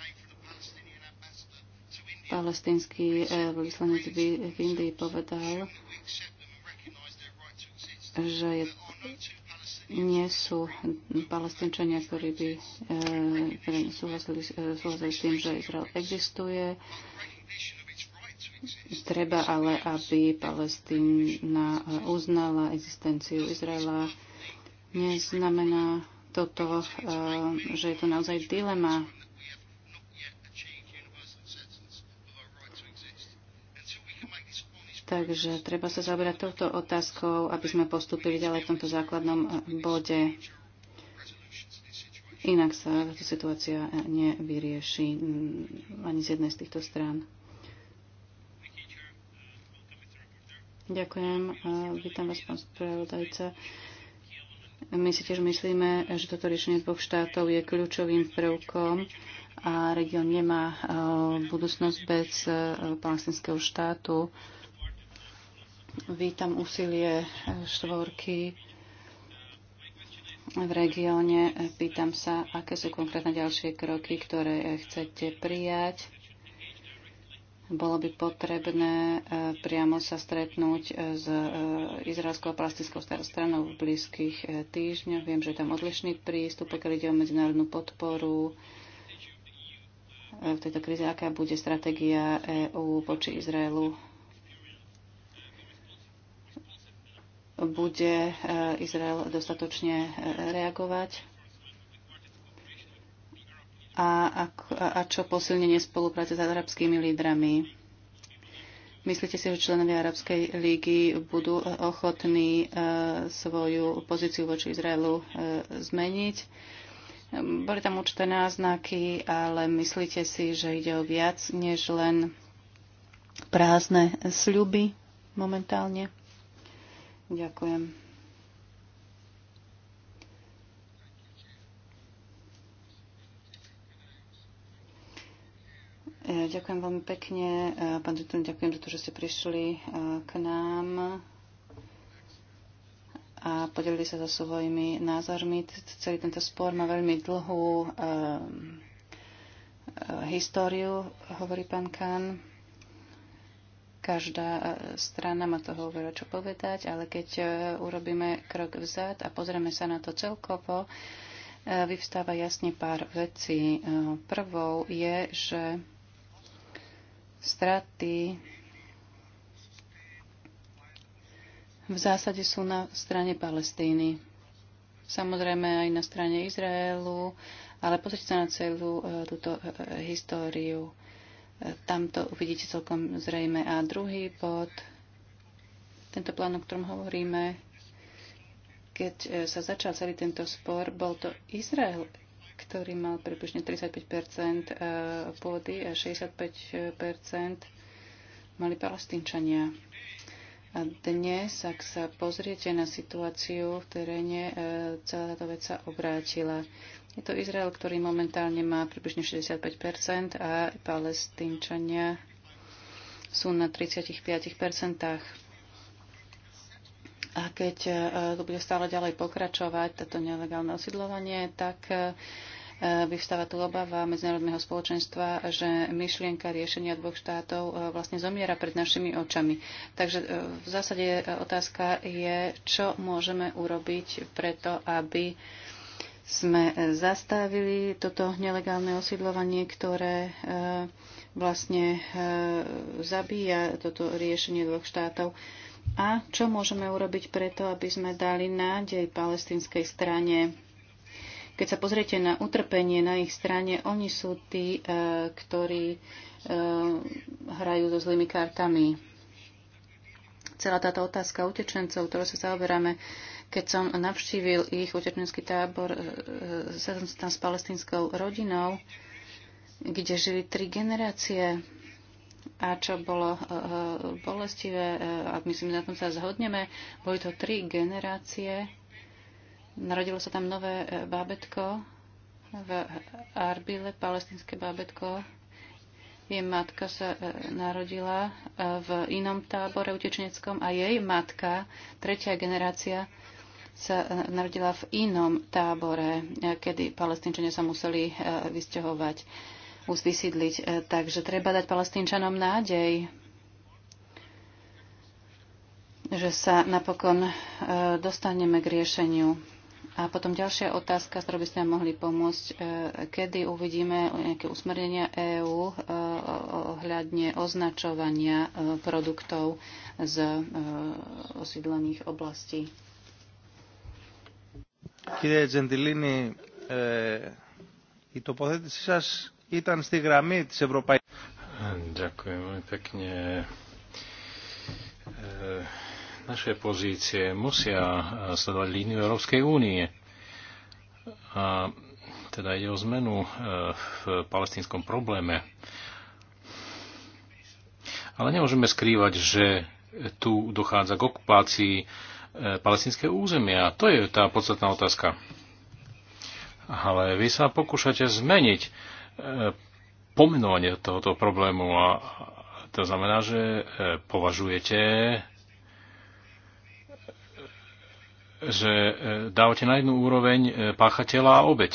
Palestínsky vyslanec v Indii povedal, že je, nie sú palestínčania, ktorí by e, súhlasili, súhlasili s tým, že Izrael existuje. Treba ale, aby Palestína uznala existenciu Izraela. Neznamená toto, eh, že je to naozaj dilema. Takže treba sa zaoberať touto otázkou, aby sme postupili ďalej v tomto základnom eh, bode. Inak sa táto situácia eh, nevyrieši mm, ani z jednej z týchto strán. Ďakujem. Vítam vás, pán spravodajca. My si tiež myslíme, že toto riešenie dvoch štátov je kľúčovým prvkom a región nemá e, budúcnosť bez e, palestinského štátu. Vítam úsilie e, štvorky v regióne. Pýtam sa, aké sú konkrétne ďalšie kroky, ktoré chcete prijať bolo by potrebné e, priamo sa stretnúť e, s e, izraelskou plastickou stranou v blízkych týždňoch. Viem, že je tam odlišný prístup, pokiaľ ide o medzinárodnú podporu v tejto kríze, aká bude stratégia EÚ voči Izraelu. Bude Izrael dostatočne reagovať? a, a, a čo posilnenie spolupráce s arabskými lídrami. Myslíte si, že členovia Arabskej lígy budú ochotní e, svoju pozíciu voči Izraelu e, zmeniť? Boli tam určité náznaky, ale myslíte si, že ide o viac než len prázdne sľuby momentálne? Ďakujem. E, ďakujem veľmi pekne. E, pán Dutton, ďakujem za to, že ste prišli e, k nám a podelili sa so svojimi názormi. Celý tento spor má veľmi dlhú históriu, hovorí pán Kán. Každá strana má toho veľa čo povedať, ale keď urobíme krok vzad a pozrieme sa na to celkovo, vyvstáva jasne pár vecí. Prvou je, že straty v zásade sú na strane Palestíny. Samozrejme aj na strane Izraelu, ale pozrite sa na celú e, túto e, e, históriu. Tam to uvidíte celkom zrejme. A druhý bod, tento plán, o ktorom hovoríme, keď sa začal celý tento spor, bol to Izrael, ktorý mal približne 35 e, pôdy a 65 mali palestínčania. A dnes, ak sa pozriete na situáciu v teréne, e, celá táto vec sa obrátila. Je to Izrael, ktorý momentálne má približne 65 a palestínčania sú na 35 a keď e, to bude stále ďalej pokračovať, toto nelegálne osidlovanie, tak e, vyvstáva tu obava medzinárodného spoločenstva, že myšlienka riešenia dvoch štátov e, vlastne zomiera pred našimi očami. Takže v zásade otázka je, čo môžeme urobiť preto, aby sme zastavili toto nelegálne osídlovanie, ktoré vlastne zabíja toto riešenie dvoch štátov. A čo môžeme urobiť preto, aby sme dali nádej palestinskej strane? Keď sa pozriete na utrpenie na ich strane, oni sú tí, e, ktorí e, hrajú so zlými kartami. Celá táto otázka utečencov, ktorou sa zaoberáme, keď som navštívil ich utečenský tábor, e, sa som tam s palestinskou rodinou, kde žili tri generácie a čo bolo eh, eh, bolestivé, eh, a myslím, na tom sa zhodneme, boli to tri generácie. Narodilo sa tam nové bábetko v Arbile, palestinské bábetko. Jej matka sa narodila v inom tábore utečeneckom a jej matka, tretia generácia, sa narodila v inom tábore, kedy palestinčania sa museli vysťahovať už vysídliť. E, takže treba dať palestínčanom nádej, že sa napokon e, dostaneme k riešeniu. A potom ďalšia otázka, s ktorou by ste nám mohli pomôcť. E, kedy uvidíme nejaké usmernenia EÚ ohľadne označovania produktov z osídlených oblastí? je Gentilini, η τοποθέτησή σας Ήταν στη γραμμή της Ευρωπαϊκής... Ďakujem pekne. Naše pozície musia e, sledovať líniu Európskej únie. A teda ide o zmenu e, v palestínskom probléme. Ale nemôžeme skrývať, že tu dochádza k okupácii e, palestinského územia. To je tá podstatná otázka. Ale vy sa pokúšate zmeniť pomenovanie tohoto problému a to znamená, že e, považujete, že e, dávate na jednu úroveň e, páchateľa a obeď.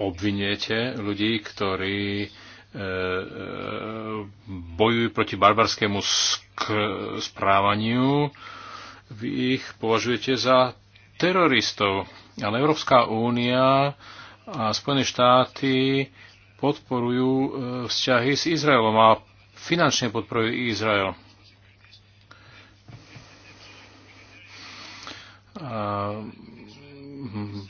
Obvinujete ľudí, ktorí bojujú proti barbarskému správaniu, vy ich považujete za teroristov. Ale Európska únia a Spojené štáty podporujú e, vzťahy s Izraelom a finančne podporujú Izrael. Hm,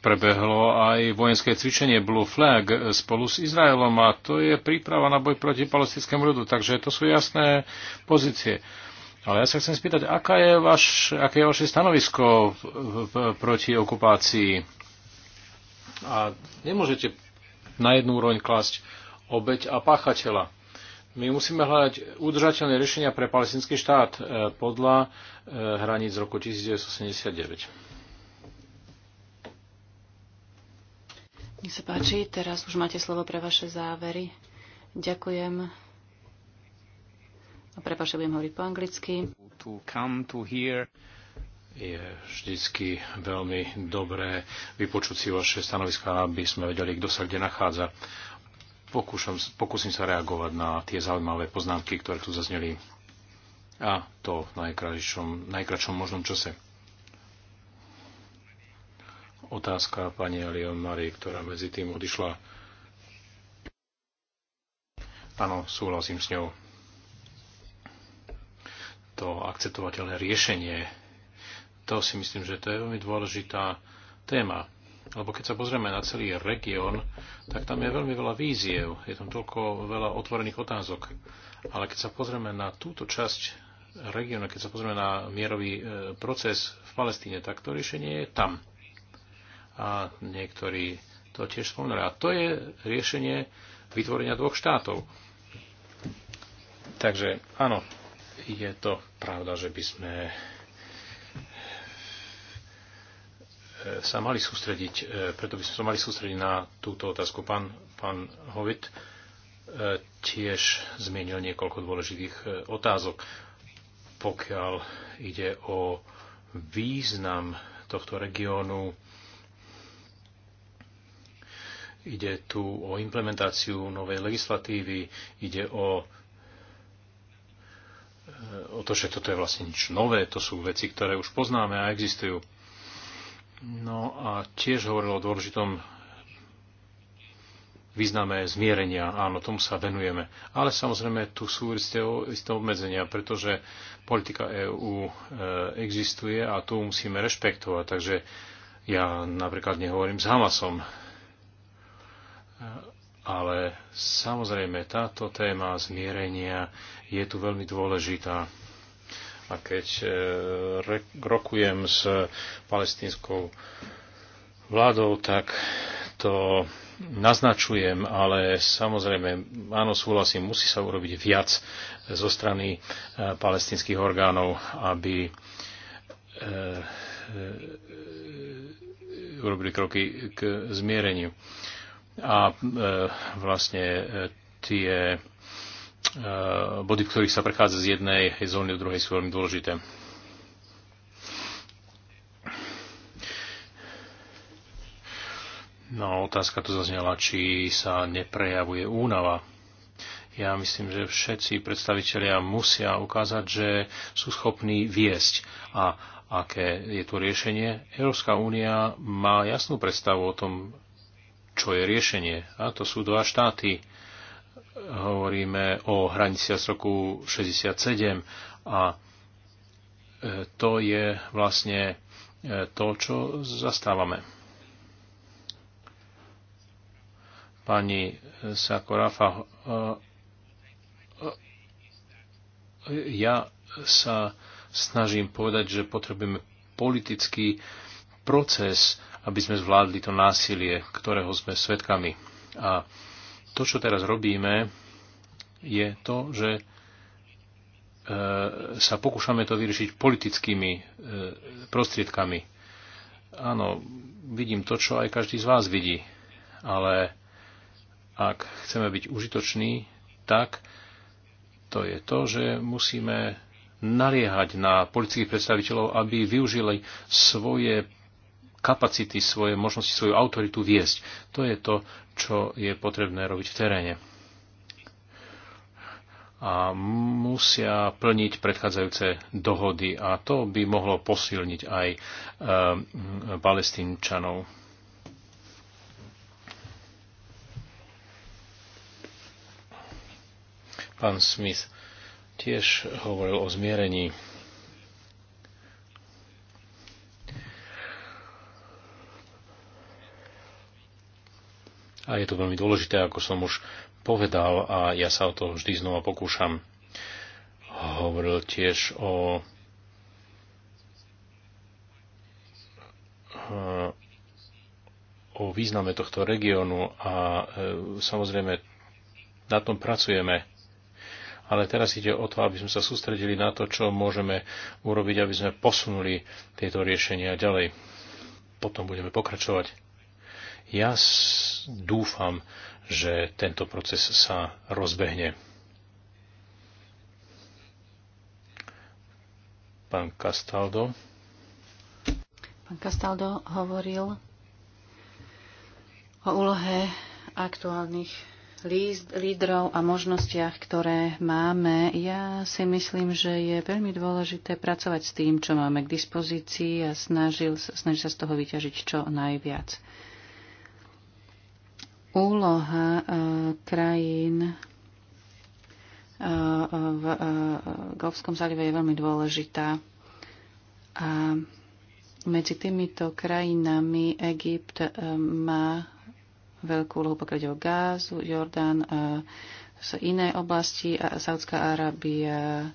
prebehlo aj vojenské cvičenie Blue Flag spolu s Izraelom a to je príprava na boj proti palestinskému ľudu. Takže to sú jasné pozície. Ale ja sa chcem spýtať, aká je vaš, aké je vaše stanovisko v, v, proti okupácii? A nemôžete na jednu úroveň klásť obeď a páchateľa. My musíme hľadať udržateľné riešenia pre palestinský štát e, podľa e, hraníc roku 1989. Nech sa páči, teraz už máte slovo pre vaše závery. Ďakujem. A prepáčte, budem hovoriť po anglicky. To come to je vždycky veľmi dobré vypočuť si vaše stanoviska, aby sme vedeli, kto sa kde nachádza. Pokúšam, pokúsim sa reagovať na tie zaujímavé poznámky, ktoré tu zazneli. A to v najkračšom, najkračšom možnom čase. Otázka pani Alion Marie, ktorá medzi tým odišla. Áno, súhlasím s ňou. To akceptovateľné riešenie to si myslím, že to je veľmi dôležitá téma. Lebo keď sa pozrieme na celý región, tak tam je veľmi veľa víziev, je tam toľko veľa otvorených otázok. Ale keď sa pozrieme na túto časť regiónu, keď sa pozrieme na mierový e, proces v Palestíne, tak to riešenie je tam. A niektorí to tiež spomínali. A to je riešenie vytvorenia dvoch štátov. Takže áno, je to pravda, že by sme E, sa mali sústrediť, e, preto by sme sa mali sústrediť na túto otázku. Pán, pán Hovit e, tiež zmienil niekoľko dôležitých otázok, pokiaľ ide o význam tohto regiónu. Ide tu o implementáciu novej legislatívy, ide o o to, že toto je vlastne nič nové, to sú veci, ktoré už poznáme a existujú. No a tiež hovoril o dôležitom význame zmierenia. Áno, tomu sa venujeme. Ale samozrejme, tu sú isté, isté obmedzenia, pretože politika EÚ e, existuje a tu musíme rešpektovať. Takže ja napríklad nehovorím s Hamasom. E, ale samozrejme, táto téma zmierenia je tu veľmi dôležitá a keď e, rokujem s palestínskou vládou, tak to naznačujem, ale samozrejme, áno, súhlasím, musí sa urobiť viac zo strany e, palestinských orgánov, aby e, urobili kroky k zmiereniu. A vlastne tie Eh, body, v ktorých sa prechádza z jednej zóny do druhej, sú veľmi dôležité. No, otázka tu zaznela, či sa neprejavuje únava. Ja myslím, že všetci predstavitelia musia ukázať, že sú schopní viesť. A aké je to riešenie? Európska únia má jasnú predstavu o tom, čo je riešenie. A to sú dva štáty hovoríme o hraniciach z roku 67 a e, to je vlastne e, to, čo zastávame. Pani Sakorafa, e, ja sa snažím povedať, že potrebujeme politický proces, aby sme zvládli to násilie, ktorého sme svedkami. A to, čo teraz robíme, je to, že e, sa pokúšame to vyriešiť politickými e, prostriedkami. Áno, vidím to, čo aj každý z vás vidí, ale ak chceme byť užitoční, tak to je to, že musíme naliehať na politických predstaviteľov, aby využili svoje kapacity, svoje možnosti, svoju autoritu viesť. To je to, čo je potrebné robiť v teréne. A musia plniť predchádzajúce dohody a to by mohlo posilniť aj e, palestínčanov. Pán Smith tiež hovoril o zmierení a je to veľmi dôležité, ako som už povedal a ja sa o to vždy znova pokúšam. Hovoril tiež o eh, o význame tohto regiónu a eh, samozrejme na tom pracujeme. Ale teraz ide o to, aby sme sa sústredili na to, čo môžeme urobiť, aby sme posunuli tieto riešenia ďalej. Potom budeme pokračovať. Ja dúfam, že tento proces sa rozbehne. Pán Castaldo. Pán Castaldo hovoril o úlohe aktuálnych lídrov a možnostiach, ktoré máme. Ja si myslím, že je veľmi dôležité pracovať s tým, čo máme k dispozícii a snažil, snažil sa z toho vyťažiť čo najviac úloha e, krajín e, e, v Golfskom zálive je veľmi dôležitá. A medzi týmito krajinami Egypt má veľkú úlohu, pokiaľ o gázu, Jordán, z iné oblasti, a Saudská Arábia,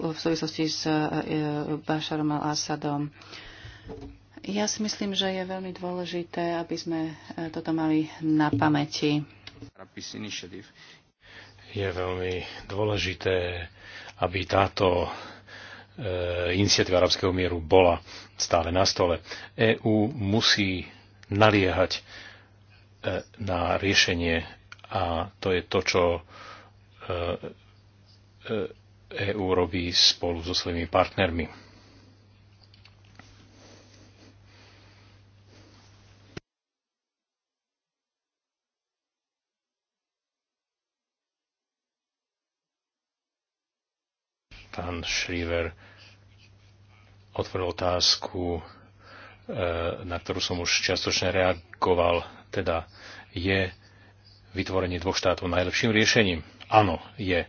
v súvislosti s e, e, Bašarom al-Assadom. Ja si myslím, že je veľmi dôležité, aby sme e, toto mali na pamäti. Je veľmi dôležité, aby táto iniciatíva arabského mieru bola stále na stole. EÚ musí naliehať na riešenie a to je to, čo EÚ robí spolu so svojimi partnermi. Pán Schriever otvoril otázku, e, na ktorú som už čiastočne reagoval, teda je vytvorenie dvoch štátov najlepším riešením? Áno, je.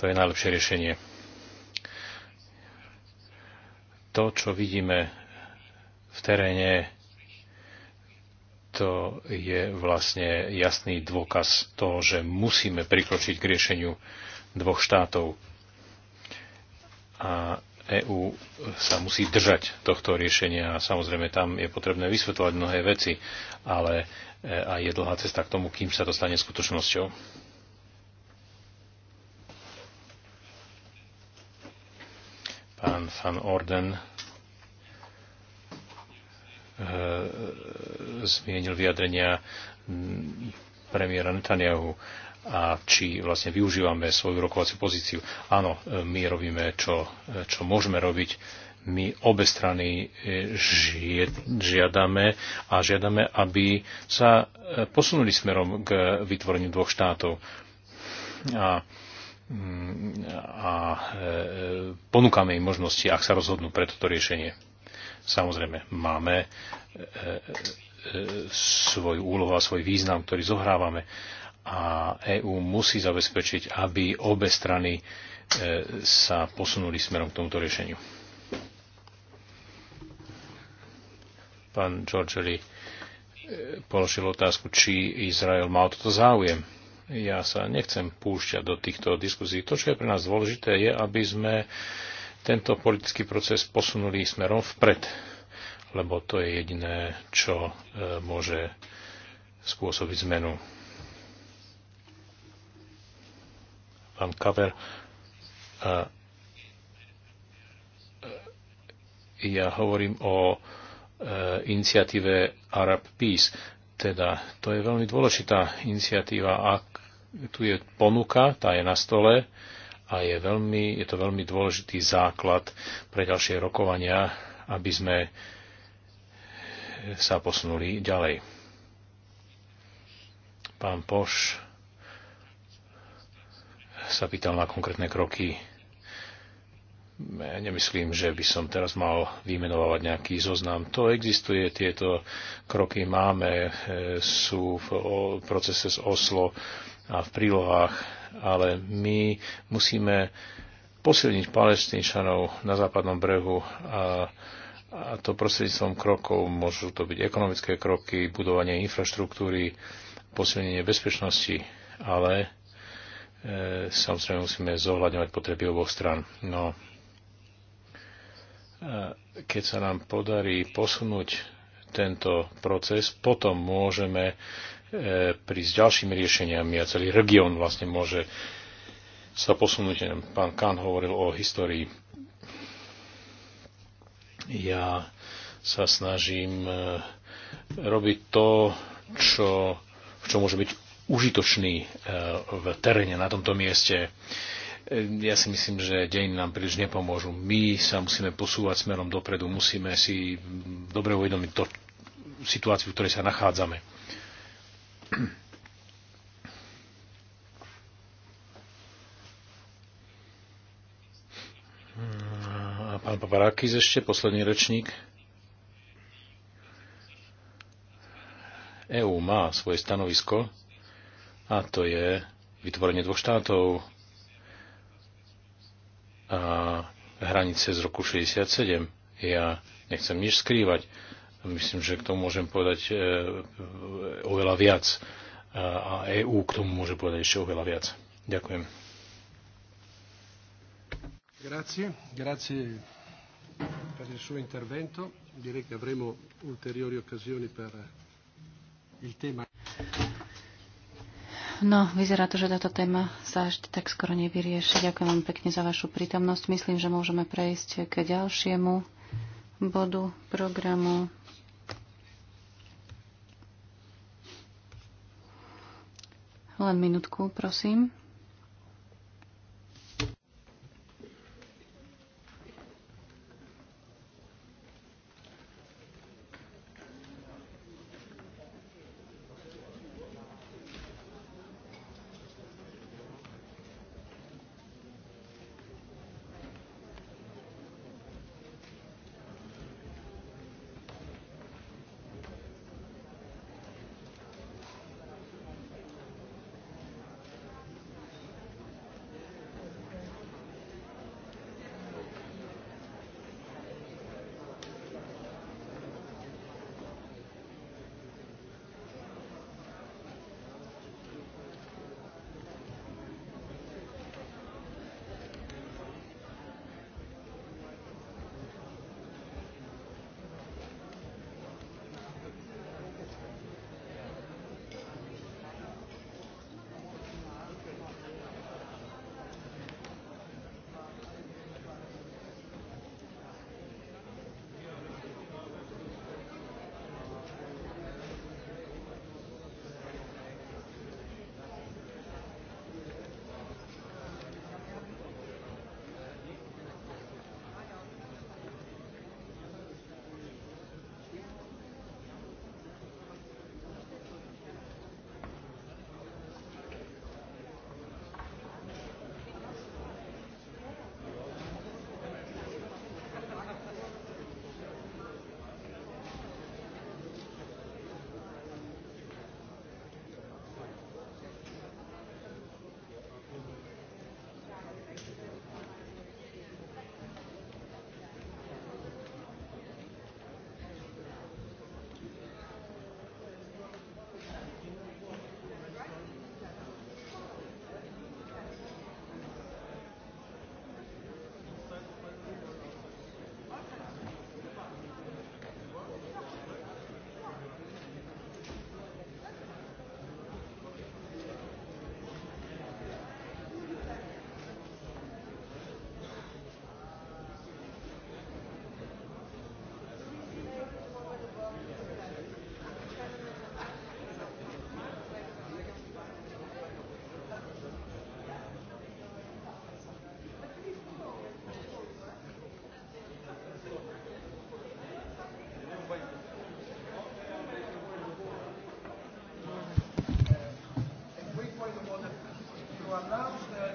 To je najlepšie riešenie. To, čo vidíme v teréne, to je vlastne jasný dôkaz toho, že musíme prikročiť k riešeniu dvoch štátov. A EÚ sa musí držať tohto riešenia a samozrejme tam je potrebné vysvetľovať mnohé veci, ale e, aj je dlhá cesta k tomu, kým sa to stane skutočnosťou. pán Van Orden e, zmienil vyjadrenia premiéra Netanyahu a či vlastne využívame svoju rokovaciu pozíciu. Áno, e, my robíme, čo, e, čo môžeme robiť. My obe strany žiadame a žiadame, aby sa posunuli smerom k vytvoreniu dvoch štátov. A Mm, a e, ponúkame im možnosti, ak sa rozhodnú pre toto riešenie. Samozrejme, máme e, e, svoju úlohu a svoj význam, ktorý zohrávame a EÚ musí zabezpečiť, aby obe strany sa posunuli smerom k tomuto riešeniu. Pán George, položil otázku, či Izrael mal toto záujem. Ja sa nechcem púšťať do týchto diskuzí. To, čo je pre nás dôležité, je, aby sme tento politický proces posunuli smerom vpred, lebo to je jediné, čo e, môže spôsobiť zmenu. Pán Kaver, e, ja hovorím o e, iniciatíve Arab Peace. Teda to je veľmi dôležitá iniciatíva a tu je ponuka, tá je na stole a je, veľmi, je to veľmi dôležitý základ pre ďalšie rokovania, aby sme sa posunuli ďalej. Pán Poš sa pýtal na konkrétne kroky. Ja nemyslím, že by som teraz mal vymenovať nejaký zoznam. To existuje, tieto kroky máme, e, sú v procese z Oslo a v prílohách, ale my musíme posilniť Palestinčanov na západnom brehu a, a to prostredníctvom krokov. Môžu to byť ekonomické kroky, budovanie infraštruktúry, posilnenie bezpečnosti, ale e, samozrejme musíme zohľadňovať potreby oboch stran. No, e, keď sa nám podarí posunúť tento proces, potom môžeme E, prísť s ďalšími riešeniami a celý región vlastne môže sa posunúť. E, pán Kahn hovoril o histórii. Ja sa snažím e, robiť to, čo, v čo môže byť užitočný v teréne, na tomto mieste. Ja si myslím, že dejiny nám príliš nepomôžu. My sa musíme posúvať smerom dopredu, musíme si dobre uvedomiť to, situáciu, v ktorej sa nachádzame a pán Paparákis ešte, posledný rečník. EÚ má svoje stanovisko a to je vytvorenie dvoch štátov a hranice z roku 67. Ja nechcem nič skrývať. Myslím, že k tomu môžem povedať e, oveľa viac e, a EÚ k tomu môže povedať ešte oveľa viac. Ďakujem. Grazie, grazie per il suo intervento. Direi che avremo ulteriori occasioni per il tema. No, vyzerá to, že táto téma sa ešte tak skoro nevyrieši. Ďakujem vám pekne za vašu prítomnosť. Myslím, že môžeme prejsť k ďalšiemu bodu programu. Len minútku, prosím.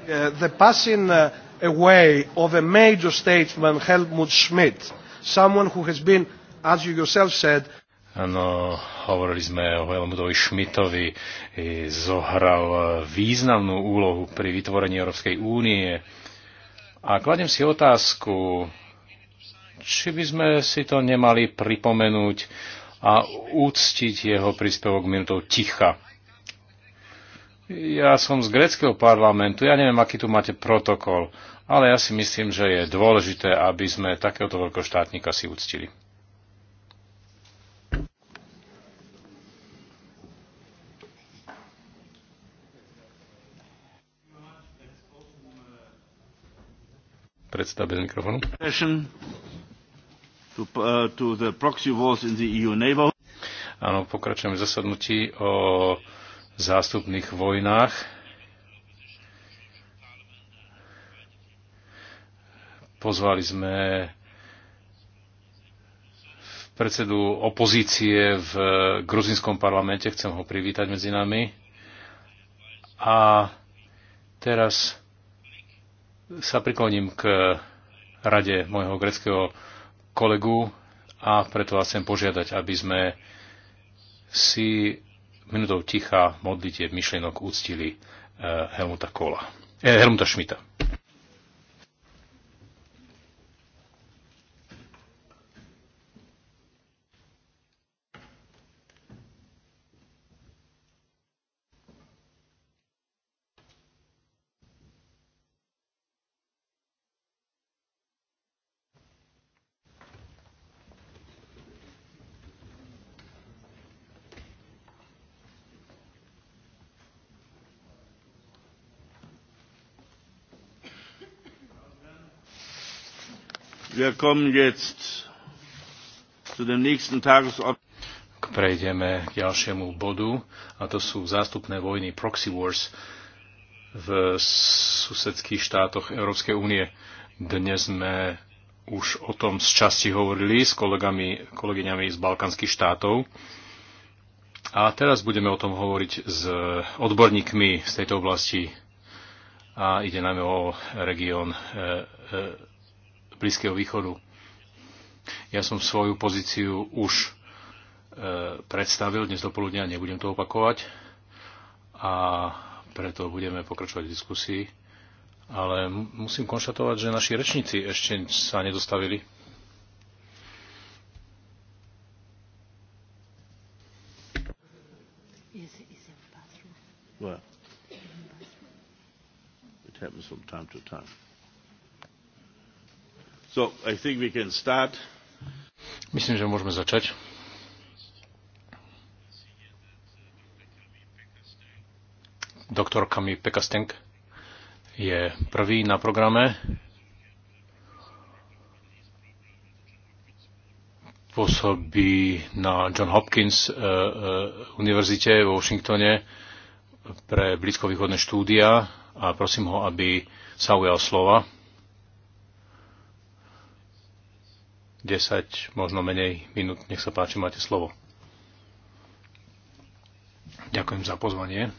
Uh, the passing uh, away of a major statesman, Helmut Schmidt, someone who has been, as you yourself said, Áno, hovorili sme o Helmutovi Schmidtovi, zohral uh, významnú úlohu pri vytvorení Európskej únie. A kladem si otázku, či by sme si to nemali pripomenúť a úctiť jeho príspevok minutou ticha ja som z greckého parlamentu, ja neviem, aký tu máte protokol, ale ja si myslím, že je dôležité, aby sme takéhoto veľkoštátnika si uctili. Predseda bez mikrofónu. To, uh, to e Áno, pokračujeme v zasadnutí o zástupných vojnách. Pozvali sme predsedu opozície v gruzinskom parlamente, chcem ho privítať medzi nami. A teraz sa prikloním k rade môjho greckého kolegu a preto vás chcem požiadať, aby sme si minútou ticha modlitieb myšlienok úctili eh, Helmuta Kola. Eh, Helmuta Schmidta. Wir kommen jetzt zu dem nächsten Prejdeme k ďalšiemu bodu, a to sú zástupné vojny proxy wars v susedských štátoch Európskej únie. Dnes sme už o tom z časti hovorili s kolegami, kolegyňami z balkanských štátov. A teraz budeme o tom hovoriť s odborníkmi z tejto oblasti. A ide najmä o región e, e, Blízkeho východu. Ja som svoju pozíciu už e, predstavil dnes do poludnia, nebudem to opakovať a preto budeme pokračovať v diskusii. Ale musím konštatovať, že naši rečníci ešte sa nedostavili. Well, it happens from time to time. Myslím, že môžeme začať. Doktor Kami Pekastenk je prvý na programe. Pôsobí na John Hopkins uh, uh, univerzite vo Washingtone pre blízkovýchodné štúdia a prosím ho, aby sa ujal slova. 10, možno menej minút. Nech sa páči, máte slovo. Ďakujem za pozvanie.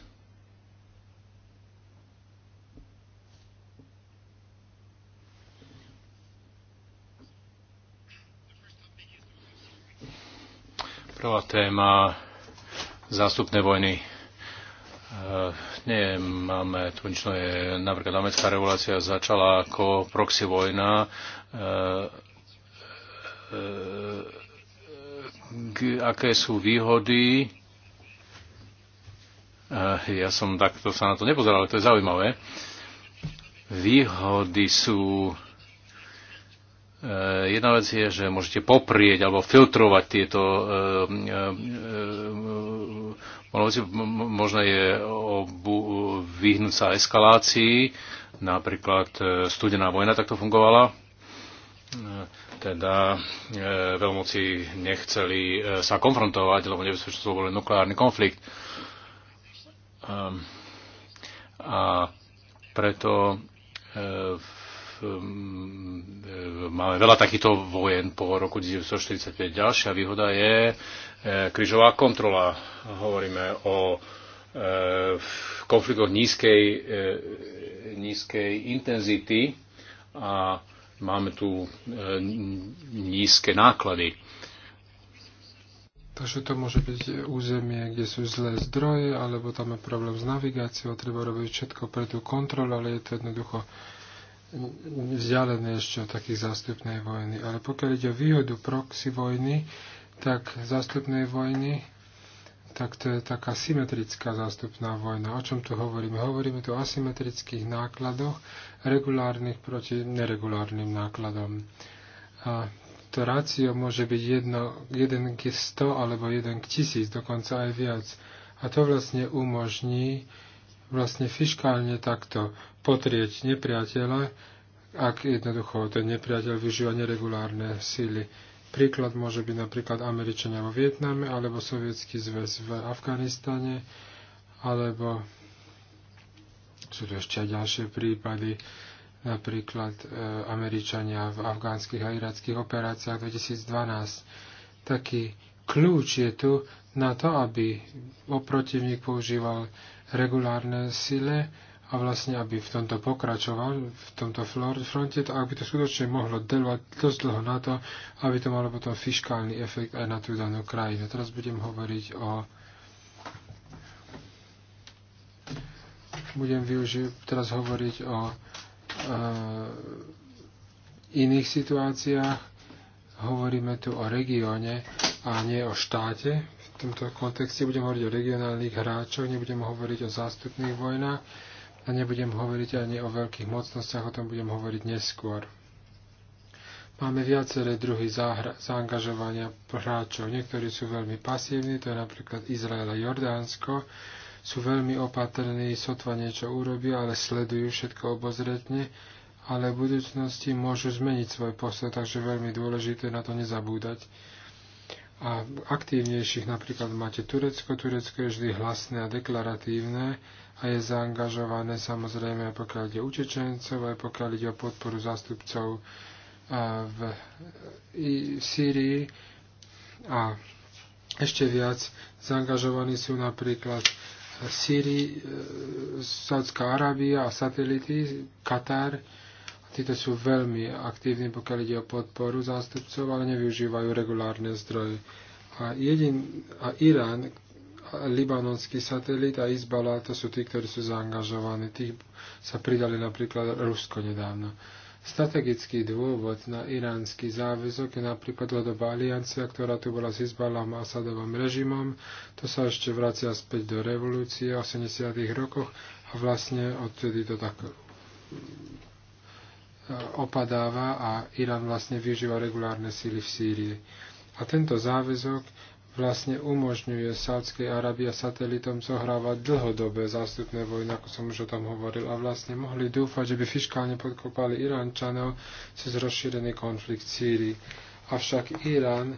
Prvá téma zástupné vojny. E, nie, máme, tu nič je, napríklad americká revolácia začala ako proxy vojna e, aké sú výhody. Eh, ja som takto sa na to nepozeral, ale to je zaujímavé. Výhody sú... Eh, jedna vec je, že môžete poprieť alebo filtrovať tieto eh, Možno je vyhnúť sa eskalácii, napríklad studená vojna takto fungovala teda e, veľmoci nechceli e, sa konfrontovať, lebo to bol nukleárny konflikt. Um, a preto e, v, e, máme veľa takýchto vojen po roku 1945. Ďalšia výhoda je e, križová kontrola. Hovoríme o e, v konfliktoch nízkej, e, nízkej intenzity a e, máme tu e, nízke náklady. Takže to môže byť územie, kde sú zlé zdroje, alebo tam je problém s navigáciou, treba robiť všetko pre tú kontrolu, ale je to jednoducho vzdialené ešte od takých zástupnej vojny. Ale pokiaľ ide o výhodu proxy vojny, tak zástupnej vojny tak to je taká symetrická zástupná vojna. O čom tu hovoríme? Hovoríme tu o asymetrických nákladoch, regulárnych proti neregulárnym nákladom. A to rácio môže byť jeden k 100 alebo 1 k 1000, dokonca aj viac. A to vlastne umožní vlastne fiškálne takto potrieť nepriateľa, ak jednoducho ten nepriateľ využíva neregulárne síly. Príklad môže byť napríklad Američania vo Vietname, alebo Sovietský zväz v Afganistane, alebo sú tu ešte aj ďalšie prípady, napríklad e, Američania v afgánskych a irackých operáciách 2012. Taký kľúč je tu na to, aby oprotivník používal regulárne sile, a vlastne, aby v tomto pokračoval, v tomto fronte, to, aby to skutočne mohlo delovať dosť dlho na to, aby to malo potom fiskálny efekt aj na tú danú krajinu. Teraz budem hovoriť o budem využiť, teraz hovoriť o e, iných situáciách. Hovoríme tu o regióne a nie o štáte. V tomto kontexte budem hovoriť o regionálnych hráčoch, nebudem hovoriť o zástupných vojnách a nebudem hovoriť ani o veľkých mocnostiach, o tom budem hovoriť neskôr. Máme viaceré druhy zaangažovania hráčov. Niektorí sú veľmi pasívni, to je napríklad Izrael a Jordánsko. Sú veľmi opatrní, sotva niečo urobia, ale sledujú všetko obozretne, ale v budúcnosti môžu zmeniť svoj postoj, takže veľmi dôležité na to nezabúdať. A aktívnejších napríklad máte Turecko. Turecko je vždy hlasné a deklaratívne, a je zaangažované samozrejme aj pokiaľ ide o Čečencov, aj pokiaľ ide o podporu zástupcov v Sýrii a ešte viac zaangažovaní sú napríklad Sýrii, e, Sádzka Arábia a satelity, Katar. Títo sú veľmi aktívni, pokiaľ ide o podporu zástupcov, ale nevyužívajú regulárne zdroje. A, jedin, a Irán, libanonský satelit a Izbala, to sú tí, ktorí sú zaangažovaní. Tých sa pridali napríklad Rusko nedávno. Strategický dôvod na iránsky záväzok je napríklad dlhodobá aliancia, ktorá tu bola s Izbalom a Asadovým režimom. To sa ešte vracia späť do revolúcie v 80. rokoch a vlastne odtedy to tak e, opadáva a Irán vlastne využíva regulárne síly v Sýrii. A tento záväzok vlastne umožňuje Sádskej Arábia satelitom zohrávať dlhodobé zástupné vojny, ako som už o tom hovoril, a vlastne mohli dúfať, že by fiskálne podkopali Iránčanov cez rozšírený konflikt v Sýrii. Avšak Irán eh,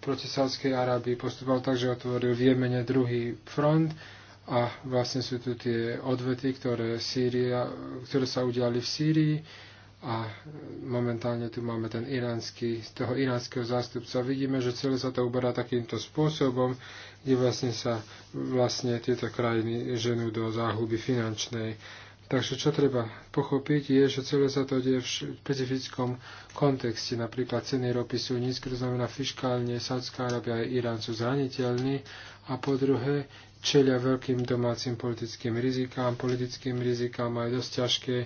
proti Sádskej Arábii postupoval tak, že otvoril v Jemene druhý front a vlastne sú tu tie odvety, ktoré, Sýria, ktoré sa udiali v Sýrii a momentálne tu máme ten iránsky, z toho iránskeho zástupca. Vidíme, že celé sa to uberá takýmto spôsobom, kde vlastne sa vlastne tieto krajiny ženú do záhuby finančnej. Takže čo treba pochopiť je, že celé sa to deje v špecifickom kontexte. Napríklad ceny ropy sú nízke, to znamená fiskálne Sádzka Arábia a Irán sú zraniteľní a po druhé čelia veľkým domácim politickým rizikám. Politickým rizikám aj je dosť ťažké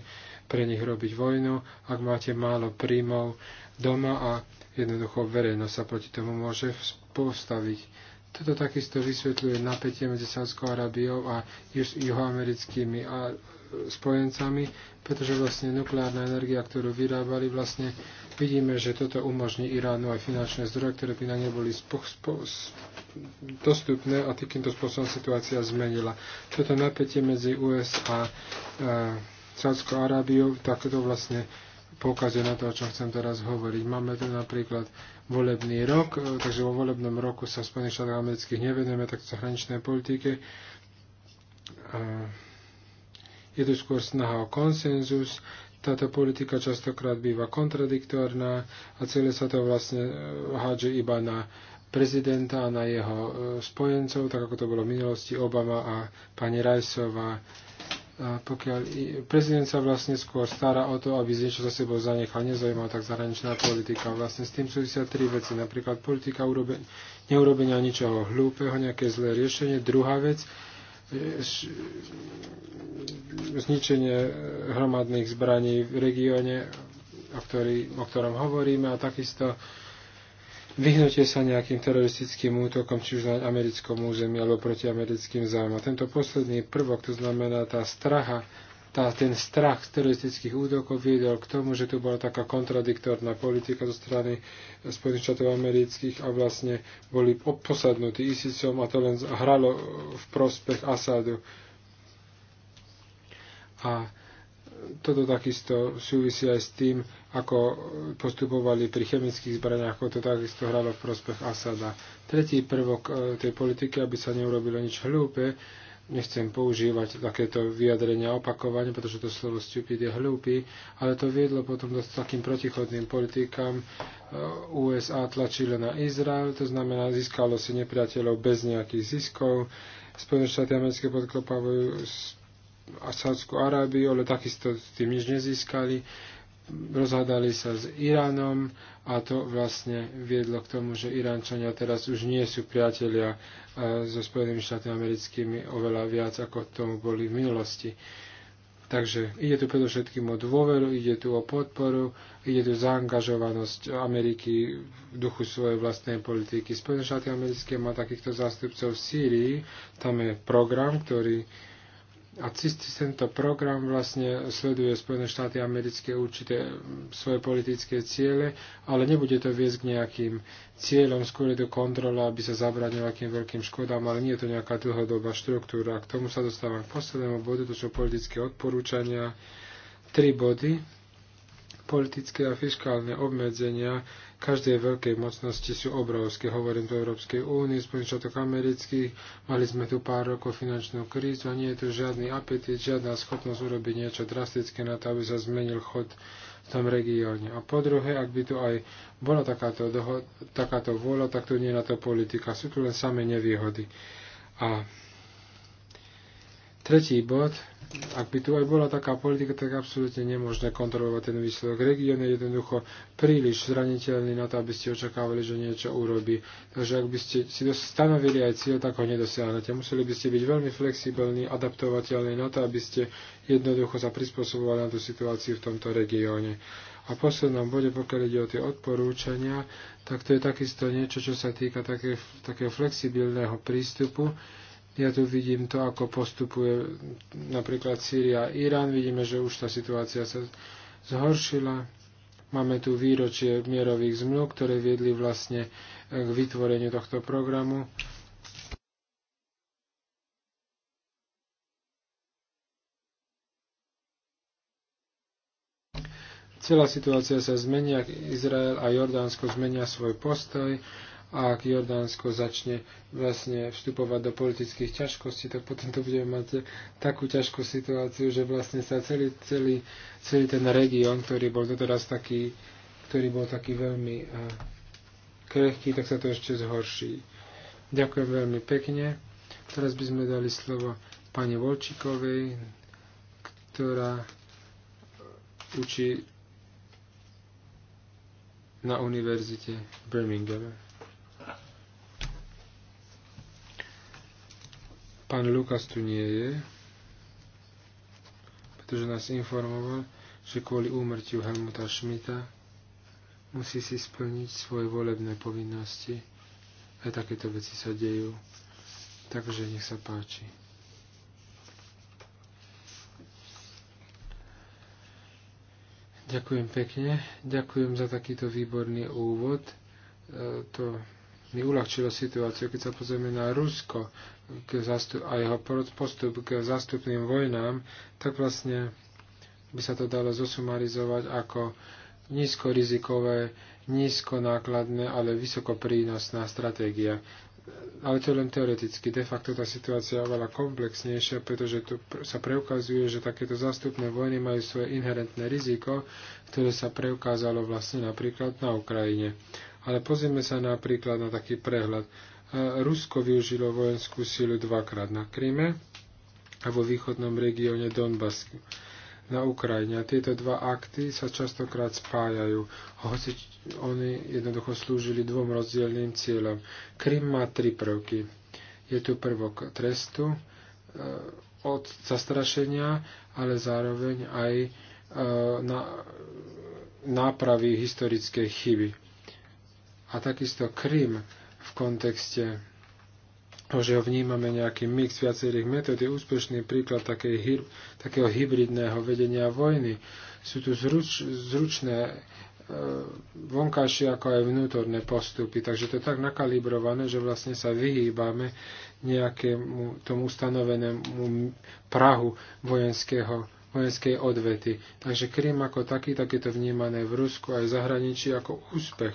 pre nich robiť vojnu, ak máte málo príjmov doma a jednoducho verejnosť sa proti tomu môže postaviť. Toto takisto vysvetľuje napätie medzi Sádskou Arábiou a juhoamerickými spojencami, pretože vlastne nukleárna energia, ktorú vyrábali, vlastne vidíme, že toto umožní Iránu aj finančné zdroje, ktoré by na boli spo, spo, dostupné a takýmto spôsobom situácia zmenila. Toto napätie medzi US a e, Sádskou Arábiou, tak to vlastne poukazuje na to, o čom chcem teraz hovoriť. Máme tu napríklad volebný rok, e, takže vo volebnom roku sa v Spojených štátoch amerických nevenujeme takto zahraničnej politike. Je tu skôr snaha o konsenzus, táto politika častokrát býva kontradiktorná a celé sa to vlastne e, hádže iba na prezidenta a na jeho e, spojencov, tak ako to bolo v minulosti Obama a pani Rajsová. A pokiaľ prezident sa vlastne skôr stará o to, aby z niečo za sebou zanechal, nezaujíma tak zahraničná politika. Vlastne s tým súvisia tri veci. Napríklad politika urobe, neurobenia ničoho hlúpeho, nejaké zlé riešenie. Druhá vec, E, zničenie e, hromadných zbraní v regióne, o, ktorý, o ktorom hovoríme, a takisto vyhnutie sa nejakým teroristickým útokom, či už na americkom území alebo proti americkým zájmom. Tento posledný prvok, to znamená tá straha tá, ten strach z teroristických údokov viedol k tomu, že tu bola taká kontradiktorná politika zo strany Spojených štátov amerických a vlastne boli posadnutí ISISom a to len hralo v prospech Asadu. A toto takisto súvisí aj s tým, ako postupovali pri chemických zbraniach, ako to takisto hralo v prospech Asada. Tretí prvok eh, tej politiky, aby sa neurobilo nič hlúpe, nechcem používať takéto vyjadrenia opakovane, pretože to slovo stupid je hlúpy, ale to viedlo potom do takým protichodným politikám. E, USA tlačilo na Izrael, to znamená, získalo si nepriateľov bez nejakých ziskov. Spojené štáty americké podkopávajú Sádskú Arábiu, ale takisto s tým nič nezískali rozhádali sa s Iránom a to vlastne viedlo k tomu, že Iránčania teraz už nie sú priatelia e, so Spojenými štátmi americkými oveľa viac, ako tomu boli v minulosti. Takže ide tu predovšetkým o dôveru, ide tu o podporu, ide tu zaangažovanosť Ameriky v duchu svojej vlastnej politiky. Spojené štáty americké má takýchto zástupcov v Sýrii, tam je program, ktorý a tento program vlastne sleduje Spojené štáty americké určité svoje politické ciele, ale nebude to viesť k nejakým cieľom, skôr je to kontrola, aby sa zabranil akým veľkým škodám, ale nie je to nejaká dlhodobá štruktúra. K tomu sa dostávam k poslednému bodu, to sú politické odporúčania. Tri body, politické a fiskálne obmedzenia každej veľkej mocnosti sú obrovské. Hovorím tu Európskej únii, Spojených štátok amerických, mali sme tu pár rokov finančnú krízu a nie je tu žiadny apetit, žiadna schopnosť urobiť niečo drastické na to, aby sa zmenil chod v tom regióne. A po druhé, ak by tu aj bola takáto, doho- takáto vôľa, tak tu nie je na to politika. Sú tu len samé nevýhody. A tretí bod, ak by tu aj bola taká politika, tak absolútne nemôžete kontrolovať ten výsledok. Región je jednoducho príliš zraniteľný na to, aby ste očakávali, že niečo urobí. Takže ak by ste si stanovili aj cieľ, tak ho nedosiahnete. Museli by ste byť veľmi flexibilní, adaptovateľní na to, aby ste jednoducho sa prispôsobovali na tú situáciu v tomto regióne. A poslednom bode, pokiaľ ide o tie odporúčania, tak to je takisto niečo, čo sa týka také, takého flexibilného prístupu, ja tu vidím to, ako postupuje napríklad Sýria a Irán. Vidíme, že už tá situácia sa zhoršila. Máme tu výročie mierových zmluv, ktoré viedli vlastne k vytvoreniu tohto programu. Celá situácia sa zmenia, Izrael a Jordánsko zmenia svoj postoj a ak Jordánsko začne vlastne vstupovať do politických ťažkostí, tak potom to budeme mať takú ťažkú situáciu, že vlastne sa celý, celý, celý ten región, ktorý bol doteraz taký, ktorý bol taký veľmi eh, krehký, tak sa to ešte zhorší. Ďakujem veľmi pekne. Teraz by sme dali slovo pani Volčikovej, ktorá učí na univerzite v Birminghame. Pán Lukas tu nie je, pretože nás informoval, že kvôli úmrtiu Helmuta Šmita musí si splniť svoje volebné povinnosti. Aj takéto veci sa dejú. Takže nech sa páči. Ďakujem pekne. Ďakujem za takýto výborný úvod. E, to mi uľahčilo situáciu, keď sa pozrieme na Rusko k zastup, a jeho postup k zastupným vojnám, tak vlastne by sa to dalo zosumarizovať ako nízkorizikové, nízkonákladné, ale vysokoprínosná stratégia. Ale to len teoreticky. De facto tá situácia je oveľa komplexnejšia, pretože tu sa preukazuje, že takéto zástupné vojny majú svoje inherentné riziko, ktoré sa preukázalo vlastne napríklad na Ukrajine. Ale pozrieme sa napríklad na taký prehľad. E, Rusko využilo vojenskú sílu dvakrát na Kryme a vo východnom regióne Donbasku na Ukrajine. A tieto dva akty sa častokrát spájajú, hoci oni jednoducho slúžili dvom rozdielným cieľom. Krym má tri prvky. Je tu prvok trestu, e, od zastrašenia, ale zároveň aj e, na nápravy historickej chyby a takisto Krym v kontexte že ho vnímame nejaký mix viacerých metód, je úspešný príklad takej, takého hybridného vedenia vojny. Sú tu zruč, zručné e, vonkajšie ako aj vnútorné postupy, takže to je tak nakalibrované, že vlastne sa vyhýbame nejakému tomu stanovenému prahu vojenského vojenskej odvety. Takže Krym ako taký, tak je to vnímané v Rusku aj v zahraničí ako úspech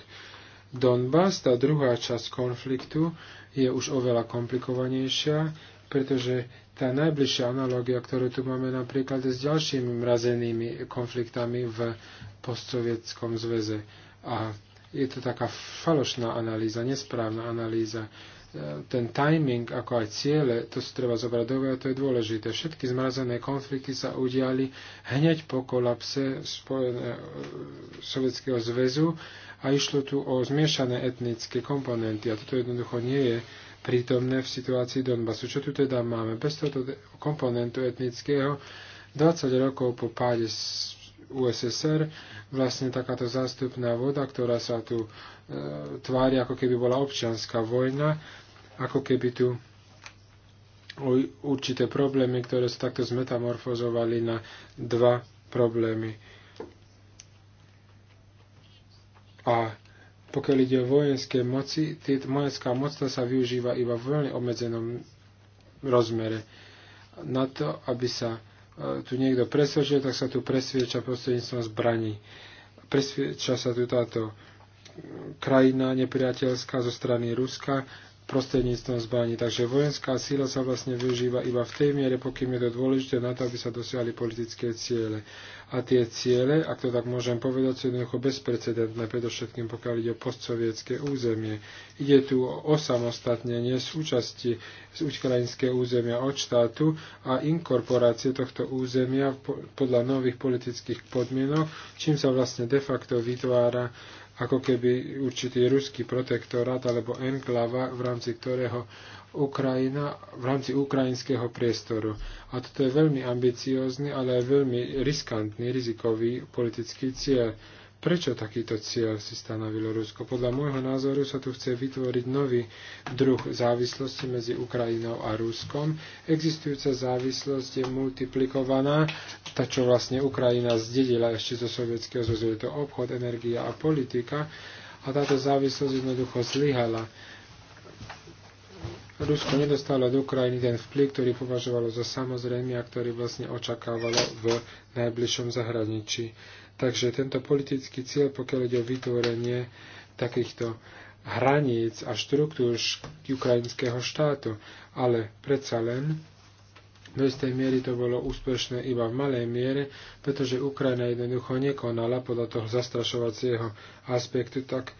Donbass, tá druhá časť konfliktu, je už oveľa komplikovanejšia, pretože tá najbližšia analogia, ktorú tu máme napríklad s ďalšími mrazenými konfliktami v postsovietskom zväze. A je to taká falošná analýza, nesprávna analýza. E, ten timing, ako aj ciele, to si treba zobrať do to je dôležité. Všetky zmrazené konflikty sa udiali hneď po kolapse e, Sovietskeho zväzu a išlo tu o zmiešané etnické komponenty a toto jednoducho nie je prítomné v situácii Donbasu. Čo tu teda máme? Bez tohto komponentu etnického 20 rokov po páde USSR vlastne takáto zástupná voda, ktorá sa tu e, tvári, ako keby bola občianská vojna, ako keby tu určité problémy, ktoré sa takto zmetamorfozovali na dva problémy A pokiaľ ide o vojenské moci, tý, vojenská moc sa využíva iba v veľmi obmedzenom rozmere. Na to, aby sa e, tu niekto presvedčil, tak sa tu presvedča prostredníctvom zbraní. Presvedča sa tu táto krajina nepriateľská zo strany Ruska prostredníctvom zbraní. Takže vojenská sila sa vlastne využíva iba v tej miere, pokým je to dôležité na to, aby sa dosiahli politické ciele. A tie ciele, ak to tak môžem povedať, sú jednoducho bezprecedentné, predovšetkým pokiaľ ide o postsovietské územie. Ide tu o osamostatnenie súčasti z ukrajinského územia od štátu a inkorporácie tohto územia podľa nových politických podmienok, čím sa vlastne de facto vytvára ako keby určitý ruský protektorát alebo enklava, v rámci ktorého Ukrajina, v rámci ukrajinského priestoru. A toto je veľmi ambiciózny, ale aj veľmi riskantný, rizikový politický cieľ. Prečo takýto cieľ si stanovilo Rusko? Podľa môjho názoru sa tu chce vytvoriť nový druh závislosti medzi Ukrajinou a Ruskom. Existujúca závislosť je multiplikovaná, tá čo vlastne Ukrajina zdedila ešte zo sovietského zväzu, je to obchod, energia a politika. A táto závislosť jednoducho zlyhala. Rusko nedostalo do krajiny ten vplyv, ktorý považovalo za samozrejme a ktorý vlastne očakávalo v najbližšom zahraničí. Takže tento politický cieľ, pokiaľ ide o vytvorenie takýchto hraníc a štruktúr ukrajinského štátu, ale predsa len do istej miery to bolo úspešné iba v malej miere, pretože Ukrajina jednoducho nekonala podľa toho zastrašovacieho aspektu tak,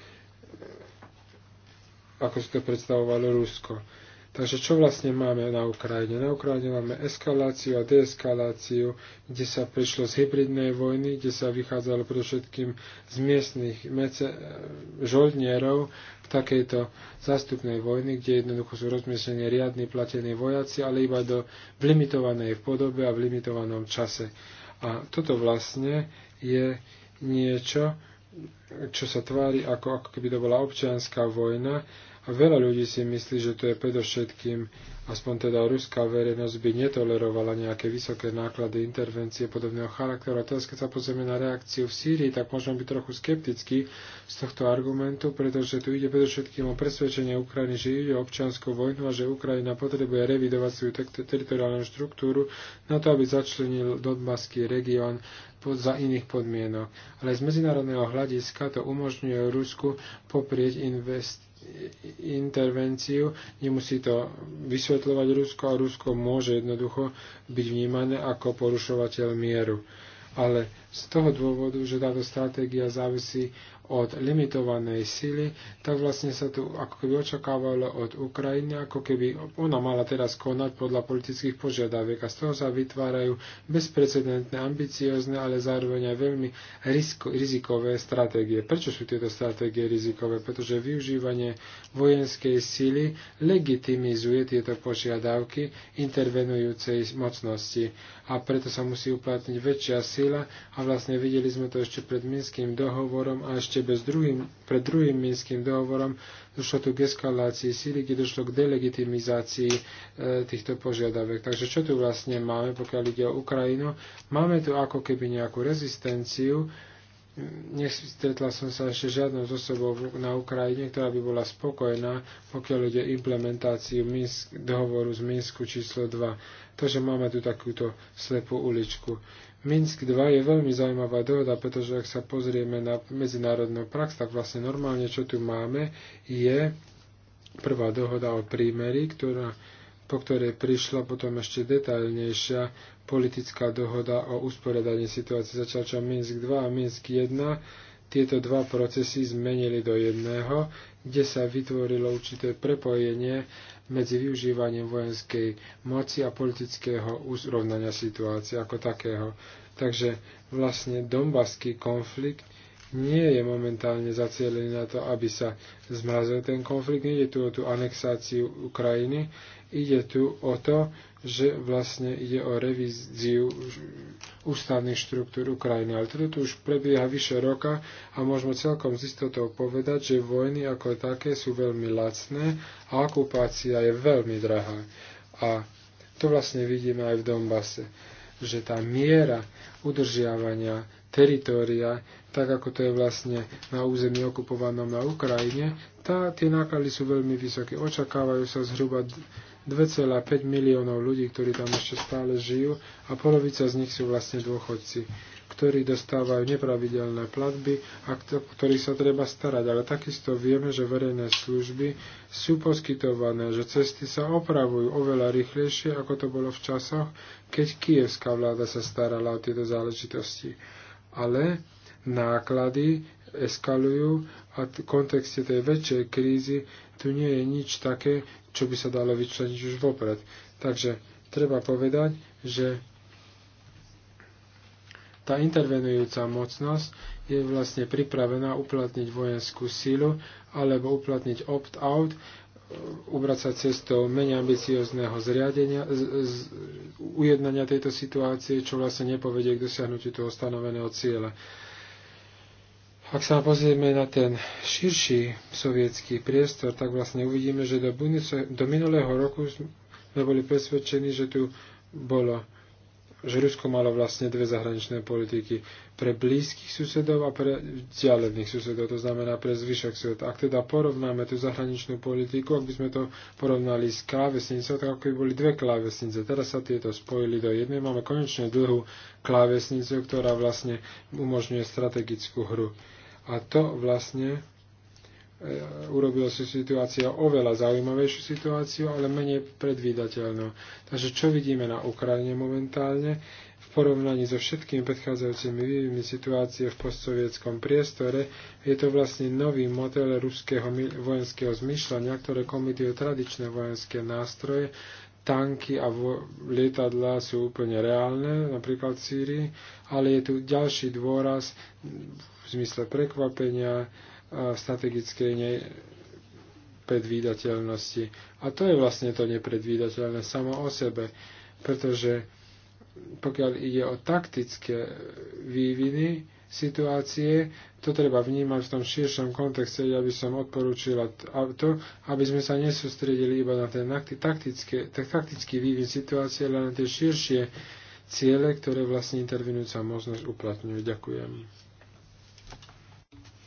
ako si to predstavovalo Rusko. Takže čo vlastne máme na Ukrajine? Na Ukrajine máme eskaláciu a deeskaláciu, kde sa prišlo z hybridnej vojny, kde sa vychádzalo predovšetkým z miestnych mece, žoldnierov v takejto zástupnej vojny, kde jednoducho sú rozmiestnení riadni platení vojaci, ale iba do, v limitovanej podobe a v limitovanom čase. A toto vlastne je niečo, čo sa tvári ako, ako keby to bola občianská vojna, a veľa ľudí si myslí, že to je predovšetkým, aspoň teda ruská verejnosť by netolerovala nejaké vysoké náklady intervencie podobného charakteru. A teraz, keď sa pozrieme na reakciu v Sýrii, tak môžeme byť trochu skeptickí z tohto argumentu, pretože tu ide predovšetkým o presvedčenie Ukrajiny, že ide o občianskú vojnu a že Ukrajina potrebuje revidovať svoju teritoriálnu štruktúru na to, aby začlenil Donbasský región pod, za iných podmienok. Ale z medzinárodného hľadiska to umožňuje Rusku poprieť invest intervenciu, nemusí to vysvetľovať Rusko a Rusko môže jednoducho byť vnímané ako porušovateľ mieru. Ale z toho dôvodu, že táto stratégia závisí od limitovanej sily, tak vlastne sa tu ako keby očakávalo od Ukrajiny, ako keby ona mala teraz konať podľa politických požiadaviek a z toho sa vytvárajú bezprecedentné, ambiciozne, ale zároveň aj veľmi risko, rizikové stratégie. Prečo sú tieto stratégie rizikové? Pretože využívanie vojenskej sily legitimizuje tieto požiadavky intervenujúcej mocnosti a preto sa musí uplatniť väčšia sila a vlastne videli sme to ešte pred Minským dohovorom a ešte bez druhým, pred druhým Minským dohovorom došlo tu k eskalácii síly, kde došlo k delegitimizácii e, týchto požiadavek. Takže čo tu vlastne máme, pokiaľ ide o Ukrajinu? Máme tu ako keby nejakú rezistenciu. Nestretla som sa ešte žiadnou z osobou na Ukrajine, ktorá by bola spokojná, pokiaľ ide implementáciu Minsk, dohovoru z Minsku číslo 2. To, že máme tu takúto slepú uličku. Minsk 2 je veľmi zaujímavá dohoda, pretože ak sa pozrieme na medzinárodnú prax, tak vlastne normálne, čo tu máme, je prvá dohoda o prímeri, ktorá, po ktorej prišla potom ešte detailnejšia politická dohoda o usporiadaní situácie. Začal čo Minsk 2 a Minsk 1 tieto dva procesy zmenili do jedného, kde sa vytvorilo určité prepojenie medzi využívaním vojenskej moci a politického uzrovnania situácie ako takého. Takže vlastne Donbaský konflikt nie je momentálne zacielený na to, aby sa zmrazil ten konflikt. je tu o tú anexáciu Ukrajiny, Ide tu o to, že vlastne ide o revíziu ústavných štruktúr Ukrajiny. Ale toto tu už prebieha vyše roka a môžeme celkom z istotou povedať, že vojny ako také sú veľmi lacné a okupácia je veľmi drahá. A to vlastne vidíme aj v Donbase, že tá miera udržiavania teritória, tak ako to je vlastne na území okupovanom na Ukrajine, tá, tie náklady sú veľmi vysoké. Očakávajú sa zhruba 2,5 miliónov ľudí, ktorí tam ešte stále žijú a polovica z nich sú vlastne dôchodci, ktorí dostávajú nepravidelné platby a ktorých sa treba starať. Ale takisto vieme, že verejné služby sú poskytované, že cesty sa opravujú oveľa rýchlejšie, ako to bolo v časoch, keď kievská vláda sa starala o tieto záležitosti. Ale náklady eskalujú a v kontexte tej väčšej krízy tu nie je nič také, čo by sa dalo vyčleniť už vopred. Takže treba povedať, že tá intervenujúca mocnosť je vlastne pripravená uplatniť vojenskú sílu alebo uplatniť opt-out, e, ubrať sa cestou menej ambiciozného zriadenia, z, z, ujednania tejto situácie, čo vlastne nepovedie k dosiahnutiu toho stanoveného cieľa. Ak sa pozrieme na ten širší sovietský priestor, tak vlastne uvidíme, že do, Bunice, do minulého roku sme boli presvedčení, že tu bolo že Rusko malo vlastne dve zahraničné politiky pre blízkych susedov a pre vzdialených susedov, to znamená pre zvyšok sveta. Ak teda porovnáme tú zahraničnú politiku, ak by sme to porovnali s klávesnicou, tak ako by boli dve klávesnice. Teraz sa tieto spojili do jednej. Máme konečne dlhú klávesnicu, ktorá vlastne umožňuje strategickú hru. A to vlastne urobil si situácia oveľa zaujímavejšiu situáciu, ale menej predvídateľnú. Takže čo vidíme na Ukrajine momentálne? V porovnaní so všetkými predchádzajúcimi vývými situácie v postsovietskom priestore je to vlastne nový model ruského vojenského zmyšľania, ktoré komituje tradičné vojenské nástroje, tanky a vo- lietadla sú úplne reálne, napríklad v Sýrii, ale je tu ďalší dôraz v zmysle prekvapenia, strategickej nepredvídateľnosti. A to je vlastne to nepredvídateľné samo o sebe, pretože pokiaľ ide o taktické výviny situácie, to treba vnímať v tom širšom kontexte. Ja by som odporúčila to, aby sme sa nesústredili iba na ten taktický vývin situácie, ale na tie širšie ciele, ktoré vlastne intervenujúca možnosť uplatňuje. Ďakujem.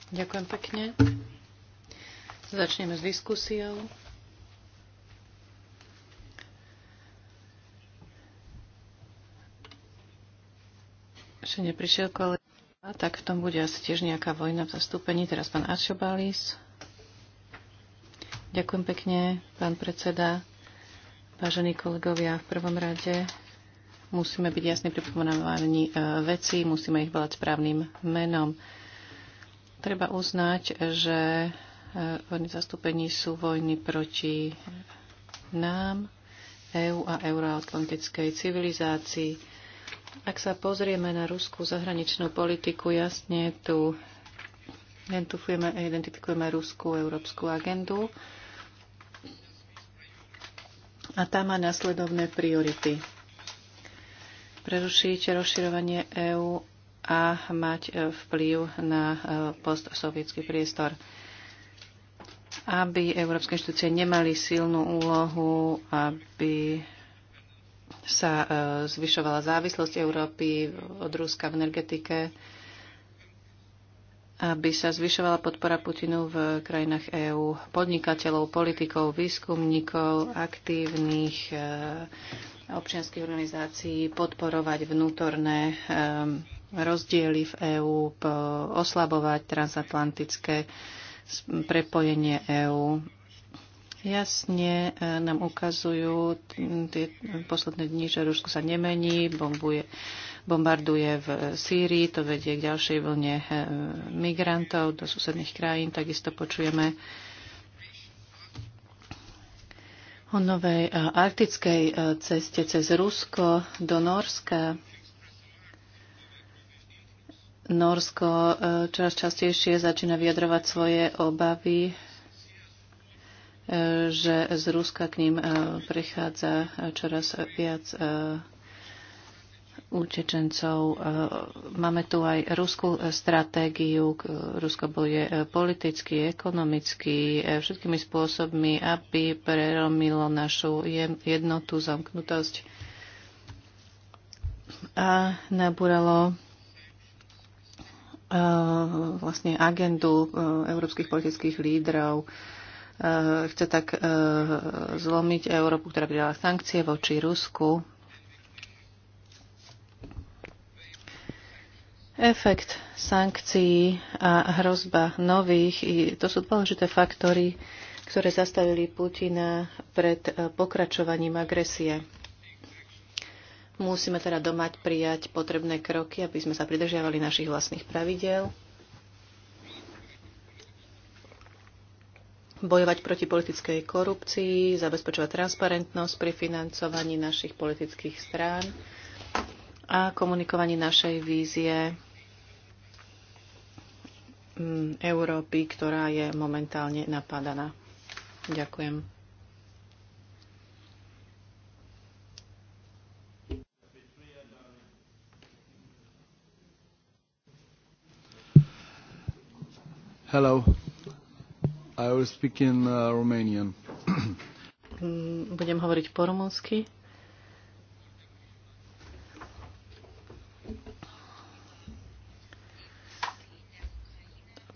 Ďakujem pekne. Začneme s diskusiou. Ešte neprišiel kolega, tak v tom bude asi tiež nejaká vojna v zastúpení. Teraz pán Ačobalis. Ďakujem pekne, pán predseda. Vážení kolegovia, v prvom rade musíme byť jasne pripomenovaní eh, veci, musíme ich volať správnym menom. Treba uznať, že e, v zastúpení sú vojny proti nám, EÚ EU a euroatlantickej civilizácii. Ak sa pozrieme na ruskú zahraničnú politiku, jasne tu identifikujeme, identifikujeme ruskú európsku agendu a tá má nasledovné priority. Prerušiť rozširovanie EÚ a mať e, vplyv na e, postsovietský priestor. Aby európske inštitúcie nemali silnú úlohu, aby sa e, zvyšovala závislosť Európy od Ruska v energetike, aby sa zvyšovala podpora Putinu v krajinách EÚ, podnikateľov, politikov, výskumníkov, aktívnych občianských organizácií, podporovať vnútorné rozdiely v EÚ, oslabovať transatlantické prepojenie EÚ. Jasne e, nám ukazujú tie posledné dni, že Rusko sa nemení, bombuje, bombarduje v Sýrii, to vedie k ďalšej vlne e, migrantov do susedných krajín. Takisto počujeme o novej e, arktickej ceste cez Rusko do Norska. Norsko eh, čoraz častejšie začína vyjadrovať svoje obavy, eh, že z Ruska k ním eh, prichádza čoraz viac utečencov. Máme tu aj ruskú stratégiu. Rusko bojuje politicky, ekonomicky, všetkými spôsobmi, aby preromilo našu jednotu, zamknutosť a nabúralo Eh, vlastne agendu eh, európskych politických lídrov. Eh, chce tak zlomiť Európu, ktorá pridala sankcie voči Rusku. Efekt sankcií a hrozba nových, to sú dôležité faktory, ktoré zastavili Putina pred pokračovaním agresie. Musíme teda domať prijať potrebné kroky, aby sme sa pridržiavali našich vlastných pravidel. bojovať proti politickej korupcii, zabezpečovať transparentnosť pri financovaní našich politických strán a komunikovaní našej vízie mm, Európy, ktorá je momentálne napadaná. Ďakujem. Uh, mm, budem hovoriť po rumúnsky.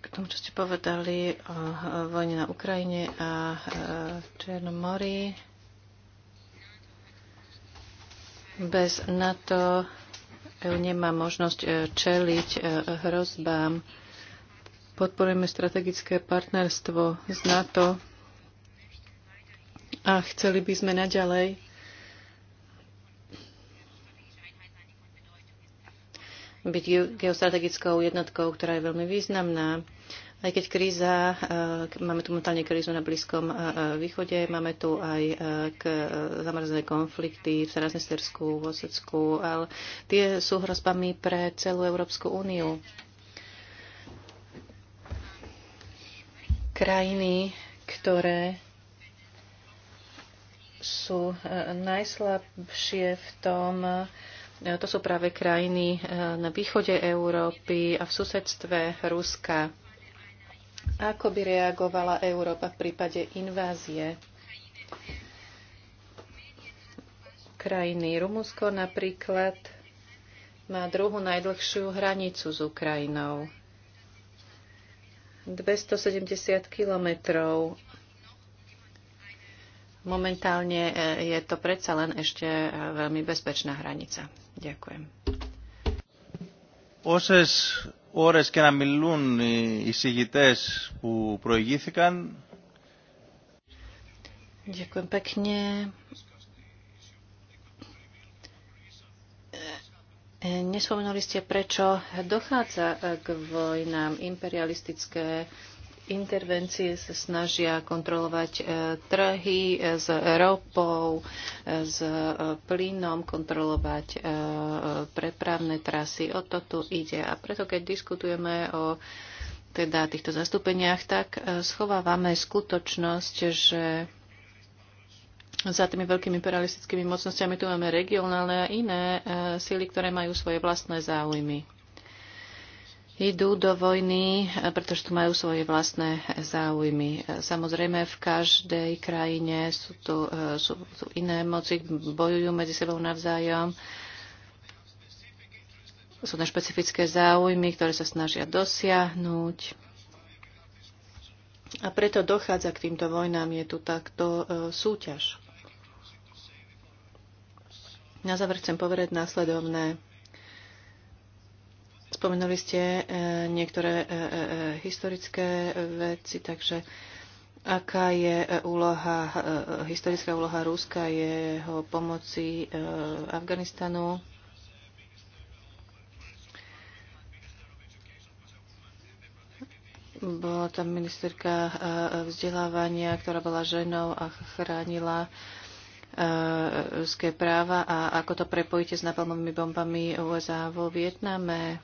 K tomu, čo ste povedali o vojne na Ukrajine a e, Černom mori. Bez NATO EU nemá možnosť e, čeliť e, hrozbám podporujeme strategické partnerstvo z NATO a chceli by sme naďalej byť geostrategickou jednotkou, ktorá je veľmi významná. Aj keď kríza, eh, máme tu momentálne krízu na Blízkom eh, eh, východe, máme tu aj zamrzené konflikty v Sarasnestersku, v Osecku, ale tie sú hrozbami pre celú Európsku úniu. krajiny, ktoré sú e, najslabšie v tom, e, to sú práve krajiny e, na východe Európy a v susedstve Ruska. Ako by reagovala Európa v prípade invázie? Krajiny Rumunsko napríklad má druhú najdlhšiu hranicu s Ukrajinou. 270 kilometrov. Momentálne e, je to predsa len ešte e, veľmi bezpečná hranica. Ďakujem. Όσες ώρες και να μιλούν οι εισηγητές που προηγήθηκαν. Ďakujem pekne. Nespomenuli ste, prečo dochádza k vojnám. Imperialistické intervencie sa snažia kontrolovať e, trhy e, s ropou, e, s plynom, kontrolovať prepravné trasy. O to tu ide. A preto, keď diskutujeme o teda týchto zastúpeniach, tak schovávame skutočnosť, že za tými veľkými imperialistickými mocnosťami tu máme regionálne a iné e, síly, ktoré majú svoje vlastné záujmy. Idú do vojny, e, pretože tu majú svoje vlastné záujmy. E, samozrejme, v každej krajine sú tu, sú tu iné moci, bojujú medzi sebou navzájom. Sú tam špecifické záujmy, ktoré sa snažia dosiahnuť. A preto dochádza k týmto vojnám, je tu takto súťaž. Na záver chcem povedať následovné. Spomenuli ste e, niektoré e, e, historické veci, takže aká je úloha, historická úloha Ruska, jeho pomoci Afganistanu? Bola tam ministerka vzdelávania, ktorá bola ženou a chránila ľudské práva a ako to prepojíte s napalmovými bombami USA vo Vietname.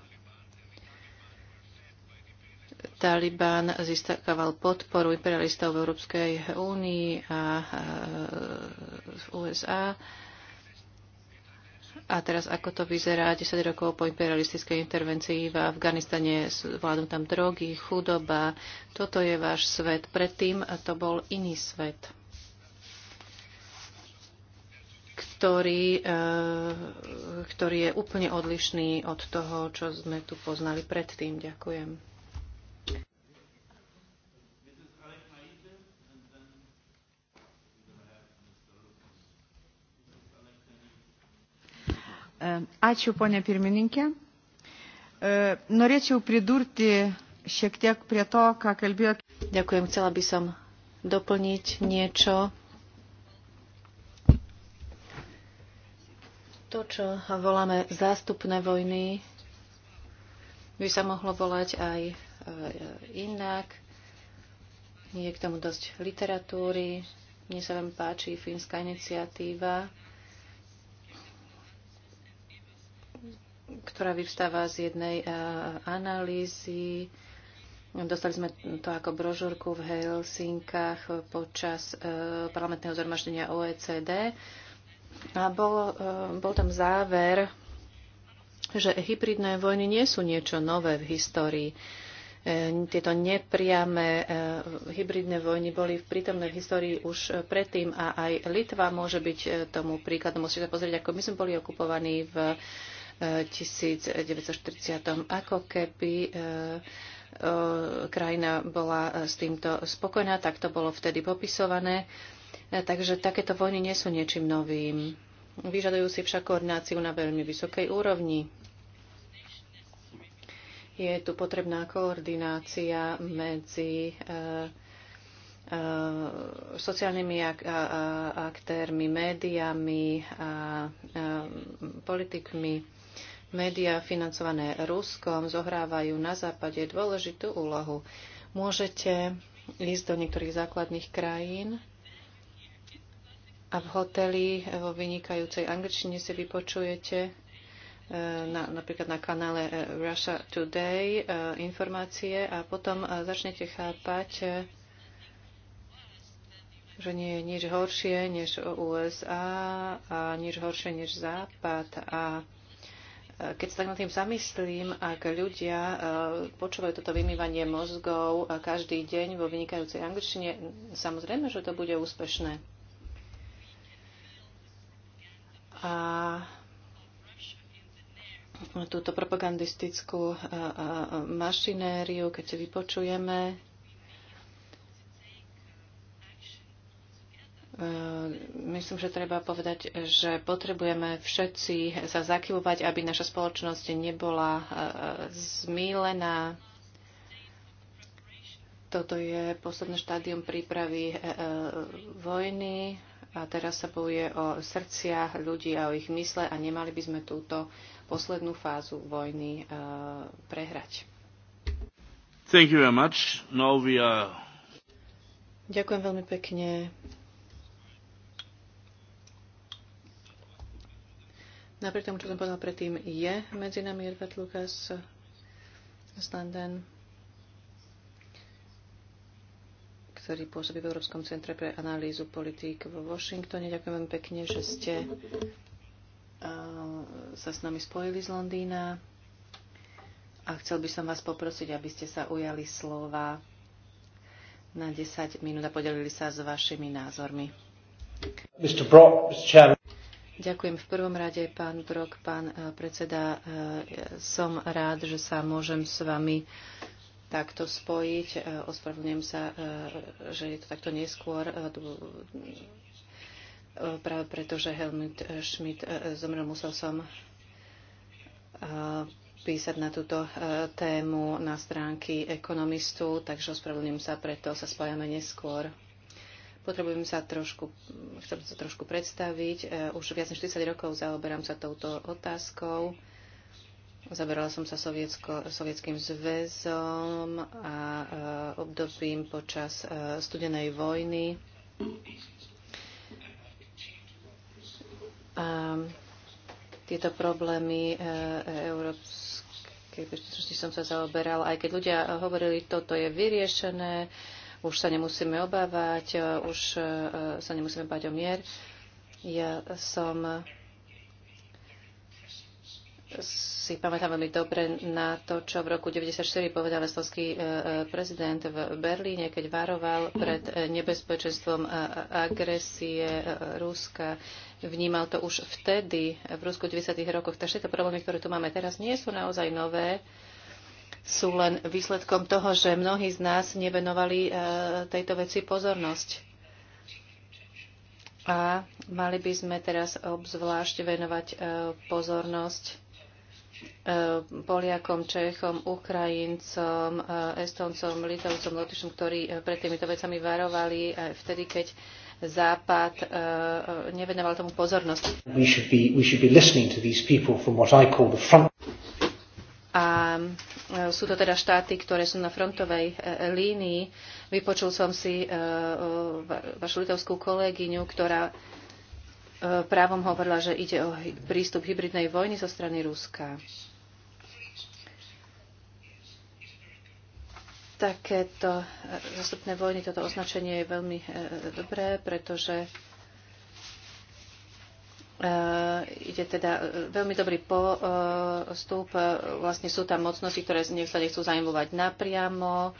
Taliban získaval podporu imperialistov v Európskej únii a v USA. A teraz ako to vyzerá 10 rokov po imperialistickej intervencii v Afganistane, vládom tam drogy, chudoba. Toto je váš svet. Predtým to bol iný svet. ktorý, eh, ktorý je úplne odlišný od toho, čo sme tu poznali predtým. Ďakujem. Eh, ačiū, ponė pirmininkė. Eh, norėčiau pridurti šiek tiek prie to, ką kalbėjo. Ďakujem, chcela by som doplniť niečo To, čo voláme zástupné vojny, by sa mohlo volať aj e, inak. Je k tomu dosť literatúry. Mne sa vám páči fínska iniciatíva, ktorá vyvstáva z jednej e, analýzy. Dostali sme to ako brožúrku v Helsinkách počas e, parlamentného zhromaždenia OECD. A bol, e, bol tam záver, že hybridné vojny nie sú niečo nové v histórii. E, tieto nepriame e, hybridné vojny boli prítomné v histórii už predtým a aj Litva môže byť tomu príkladom. Musíte sa pozrieť, ako my sme boli okupovaní v 1940. Ako keby krajina bola s týmto spokojná, tak to bolo vtedy popisované. E, takže takéto vojny nie sú niečím novým. Vyžadujú si však koordináciu na veľmi vysokej úrovni. Je tu potrebná koordinácia medzi e, e, sociálnymi ak- a- a- aktérmi, médiami a, a politikmi. Média financované Ruskom zohrávajú na západe dôležitú úlohu. Môžete ísť do niektorých základných krajín a v hoteli e, vo vynikajúcej angličtine si vypočujete e, na, napríklad na kanále e, Russia Today informácie a potom začnete chápať, že nie je nič horšie než USA a nič horšie než Západ. A keď sa tak nad tým zamyslím, ak ľudia počúvajú toto vymývanie mozgov každý deň vo vynikajúcej angličtine, samozrejme, že to bude úspešné. A túto propagandistickú mašinériu, keď si vypočujeme, myslím, že treba povedať, že potrebujeme všetci sa zakývovať, aby naša spoločnosť nebola zmílená. Toto je posledné štádium prípravy vojny. A teraz sa bojuje o srdciach ľudí a o ich mysle a nemali by sme túto poslednú fázu vojny e, prehrať. Thank you very much. Now we are... Ďakujem veľmi pekne. Napriek tomu, čo som povedal predtým, je medzi nami Edward Lucas z London. ktorý pôsobí v Európskom centre pre analýzu politík vo Washingtone. Ďakujem veľmi pekne, že ste eh, sa s nami spojili z Londýna a chcel by som vás poprosiť, aby ste sa ujali slova na 10 minút a podelili sa s vašimi názormi. Mr. Brock, Mr. Ďakujem v prvom rade, pán Brok, pán eh, predseda. Eh, som rád, že sa môžem s vami takto spojiť. E, ospravedlňujem sa, e, že je to takto neskôr, e, práve preto, že Helmut Schmidt zomrel, musel som písať na túto tému na stránky ekonomistu, takže ospravedlňujem sa, preto sa spájame neskôr. Potrebujem sa trošku, chcem sa trošku predstaviť. Už viac než 40 rokov zaoberám sa touto otázkou Zaberala som sa sovietsko, sovietským zväzom a e, obdobím počas e, studenej vojny. A tieto problémy e, e európskej bezpečnosti som sa zaoberala, aj keď ľudia hovorili, toto je vyriešené, už sa nemusíme obávať, e, už e, e, sa nemusíme bať o mier. Ja som si pamätám veľmi dobre na to, čo v roku 1994 povedal estonský e, e, prezident v Berlíne, keď varoval pred e, nebezpečenstvom agresie Ruska. Vnímal to už vtedy, v Rusku 90. rokoch. Takže tieto problémy, ktoré tu máme teraz, nie sú naozaj nové sú len výsledkom toho, že mnohí z nás nevenovali tejto veci pozornosť. A mali by sme teraz obzvlášť venovať pozornosť E, Poliakom, Čechom, Ukrajincom, e, Estoncom, Litovcom, Lotyšom, ktorí e, pred týmito vecami varovali aj vtedy, keď Západ nevenoval tomu pozornosť. A sú to teda štáty, ktoré sú na frontovej línii. Vypočul som si vašu litovskú kolegyňu, ktorá právom hovorila, že ide o prístup hybridnej vojny zo strany Ruska. Takéto e, zastupné vojny, toto označenie je veľmi e, dobré, pretože e, ide teda veľmi dobrý postup. Vlastne sú tam mocnosti, ktoré sa nechcú zaimovať napriamo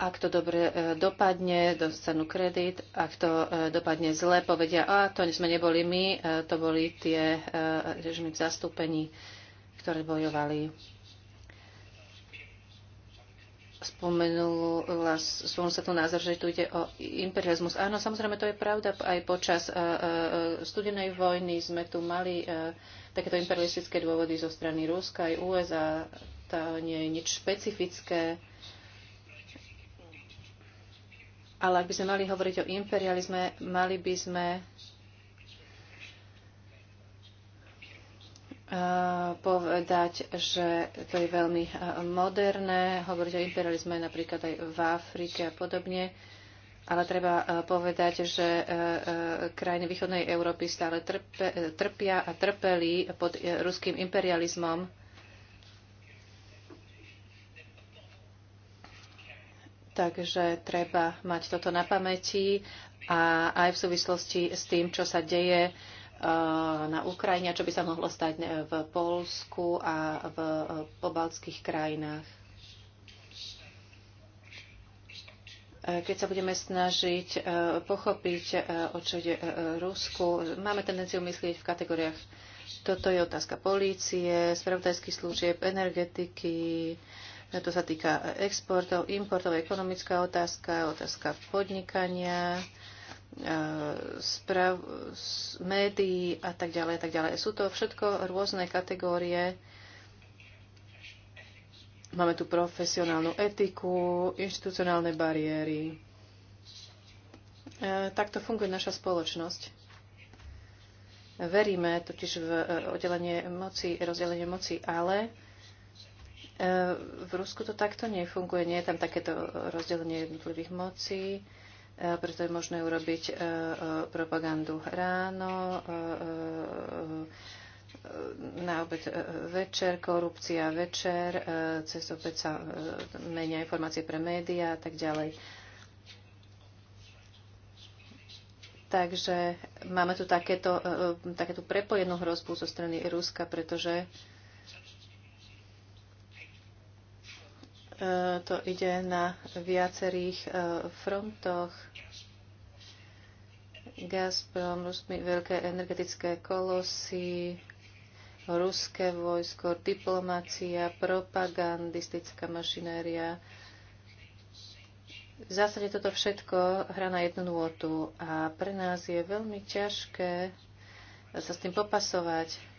ak to dobre e, dopadne, dostanú kredit. Ak to e, dopadne zle, povedia, a to sme neboli my, e, to boli tie režimy v zastúpení, ktoré bojovali. Spomenula, spomenula sa tu názor, že tu ide o imperializmus. Áno, samozrejme, to je pravda. Aj počas studenej vojny sme tu mali takéto imperialistické dôvody zo strany Ruska aj USA. To nie je nič špecifické Ale ak by sme mali hovoriť o imperializme, mali by sme e, povedať, že to je veľmi e, moderné, hovoriť o imperializme napríklad aj v Afrike a podobne, ale treba e, povedať, že krajiny východnej Európy stále trpe, trpia a trpeli pod ruským imperializmom Takže treba mať toto na pamäti a aj v súvislosti s tým, čo sa deje e, na Ukrajine, a čo by sa mohlo stať e, v Polsku a v e, pobaltských krajinách. Keď sa budeme snažiť pochopiť, o čo ide Rusku, máme tendenciu myslieť v kategóriách toto je otázka polície, spravodajských služieb, energetiky, to sa týka exportov, importov, ekonomická otázka, otázka podnikania, e, sprav, médií a tak ďalej, tak ďalej. Sú to všetko rôzne kategórie. Máme tu profesionálnu etiku, inštitucionálne bariéry. E, takto funguje naša spoločnosť. Veríme totiž v e, oddelenie moci, rozdelenie moci, ale E, v Rusku to takto nefunguje, nie je tam takéto rozdelenie jednotlivých mocí, e, preto je možné urobiť e, propagandu ráno, na obed večer, korupcia večer, cez obed sa menia informácie pre médiá a tak ďalej. Takže máme tu takéto, takéto prepojenú hrozbu zo strany Ruska, pretože E, to ide na viacerých e, frontoch. Gazprom, veľké energetické kolosy, ruské vojsko, diplomácia, propagandistická mašinéria. V zásade toto všetko hrá na jednu nôtu a pre nás je veľmi ťažké sa s tým popasovať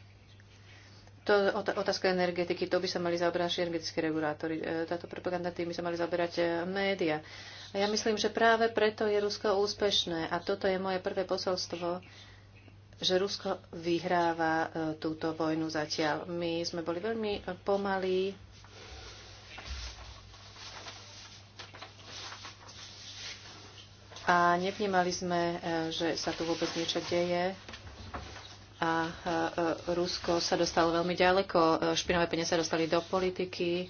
to, otázka energetiky, to by sa mali zaoberať energetickí regulátori. E, táto propaganda tým by sa mali zaoberať e, média. A ja myslím, že práve preto je Rusko úspešné. A toto je moje prvé posolstvo, že Rusko vyhráva e, túto vojnu zatiaľ. My sme boli veľmi pomalí. A nevnímali sme, že sa tu vôbec niečo deje a Rusko sa dostalo veľmi ďaleko. špinové peniaze sa dostali do politiky.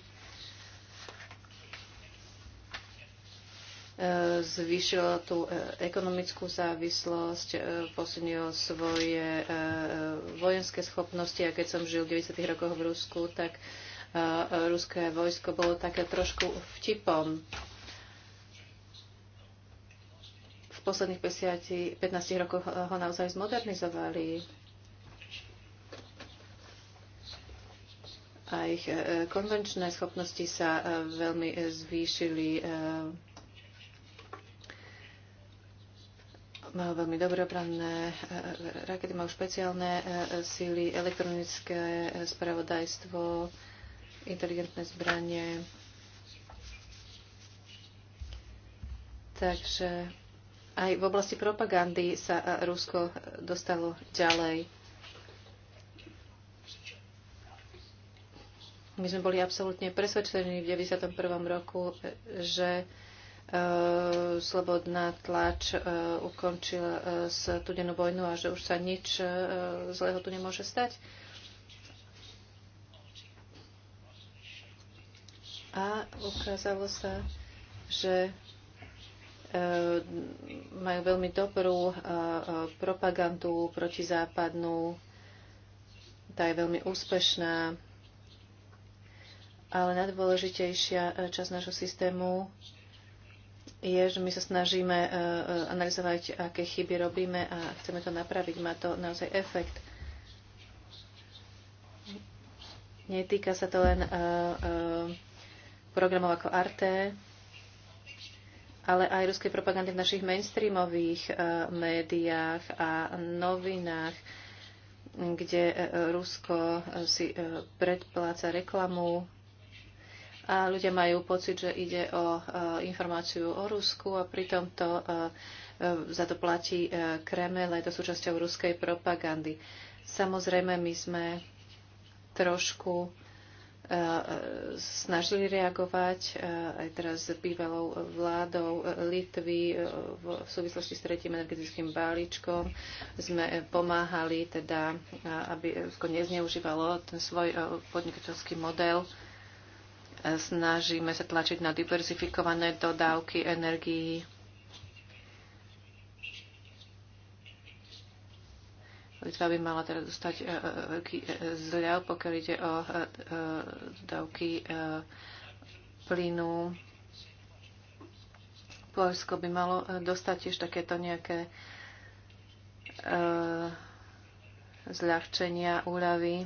Zvýšilo tú e, ekonomickú závislosť, e, posunilo svoje e, vojenské schopnosti. A keď som žil v 90. rokoch v Rusku, tak ruské vojsko bolo také trošku vtipom. V posledných 15 rokoch ho naozaj zmodernizovali a ich e, konvenčné schopnosti sa e, veľmi e, zvýšili. Majú veľmi dobre obranné rakety, majú špeciálne síly, elektronické spravodajstvo, inteligentné zbranie. Takže aj v oblasti propagandy sa Rusko dostalo ďalej. My sme boli absolútne presvedčení v 91. roku, že e, slobodná tlač e, ukončila e, studenú vojnu a že už sa nič zlého tu nemôže stať. A ukázalo sa, že majú veľmi dobrú propagandu protizápadnú, tá je veľmi úspešná ale najdôležitejšia e, časť nášho systému je, že my sa snažíme e, e, analyzovať, aké chyby robíme a chceme to napraviť. Má to naozaj efekt. Netýka sa to len programov ako Arte, ale aj ruskej propagandy v našich mainstreamových médiách a novinách, kde Rusko si predpláca reklamu a ľudia majú pocit, že ide o e, informáciu o Rusku a pritom to e, e, za to platí Kreml, je to súčasťou ruskej propagandy. Samozrejme, my sme trošku snažili reagovať aj teraz s bývalou vládou Litvy v súvislosti s tretím energetickým balíčkom. Sme pomáhali teda, aby nezneužívalo ten svoj podnikateľský model Snažíme sa tlačiť na diverzifikované dodávky energií. Litva by mala teraz dostať e, e, veľký e, zľav, pokiaľ ide o dodávky plynu. Polsko by malo dostať tiež takéto nejaké zľahčenia, úľavy.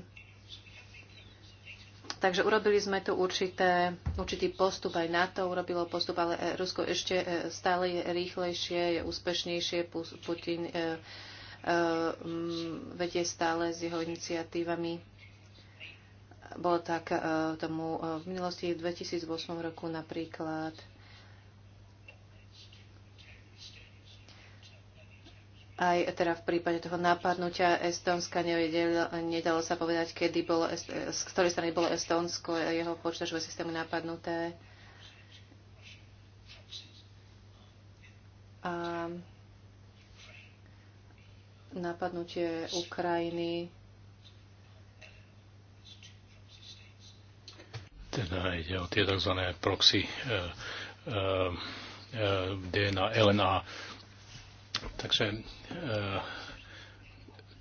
Takže urobili sme tu určité, určitý postup, aj NATO urobilo postup, ale e, Rusko ešte e, stále je rýchlejšie, je úspešnejšie. Putin e, vedie stále s jeho iniciatívami. Bolo tak tomu v minulosti v 2008 roku napríklad Aj teda v prípade toho napadnutia Estónska nevedel, nedalo sa povedať, kedy bolo, z ktorej strany bolo Estónsko a jeho počítačové systémy napadnuté. A napadnutie Ukrajiny. Teda ide o tie tzv. proxy uh, eh, uh, eh, eh, DNA, LNA Takže e,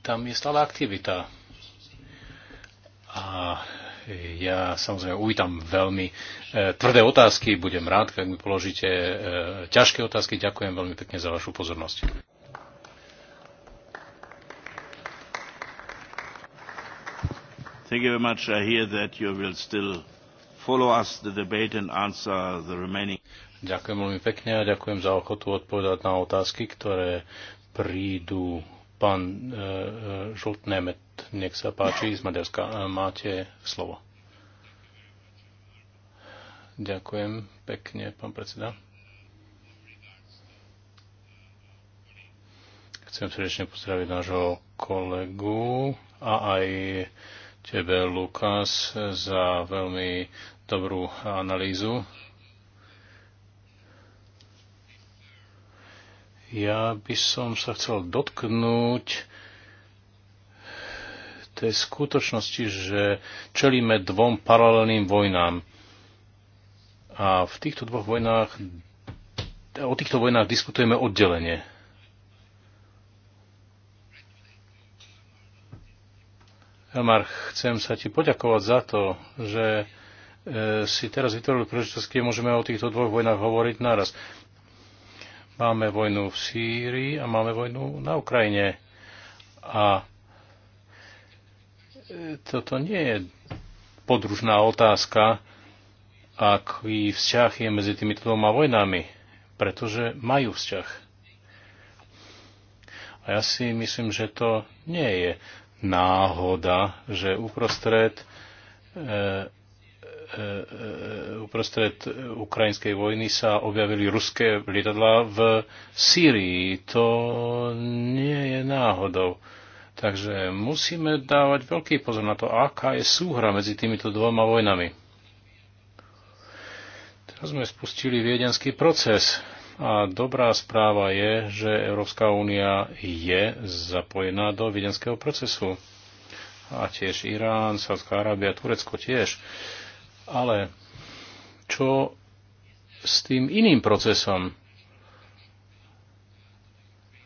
tam je stále aktivita. A ja samozrejme uvítam veľmi e, tvrdé otázky, budem rád, keď mi položíte e, ťažké otázky. Ďakujem veľmi pekne za vašu pozornosť. Thank you very much. I hear that you will still follow us the debate and answer the remaining Ďakujem veľmi pekne a ďakujem za ochotu odpovedať na otázky, ktoré prídu. Pán e, e Žltnémet, nech sa páči, z Maďarska. E, máte slovo. Ďakujem pekne, pán predseda. Chcem srdečne pozdraviť nášho kolegu a aj tebe, Lukas, za veľmi dobrú analýzu Ja by som sa chcel dotknúť tej skutočnosti, že čelíme dvom paralelným vojnám. A v týchto dvoch vojnách, o týchto vojnách diskutujeme oddelenie. Elmar, chcem sa ti poďakovať za to, že e, si teraz vytvoril príležitosť, môžeme o týchto dvoch vojnách hovoriť naraz. Máme vojnu v Sýrii a máme vojnu na Ukrajine. A e, toto nie je podružná otázka, aký vzťah je medzi týmito dvoma vojnami, pretože majú vzťah. A ja si myslím, že to nie je náhoda, že uprostred e, E, e, uprostred ukrajinskej vojny sa objavili ruské lietadlá v Sýrii. To nie je náhodou. Takže musíme dávať veľký pozor na to, aká je súhra medzi týmito dvoma vojnami. Teraz sme spustili viedenský proces a dobrá správa je, že Európska únia je zapojená do viedenského procesu. A tiež Irán, Sádzka Arábia, Turecko tiež. Ale čo s tým iným procesom?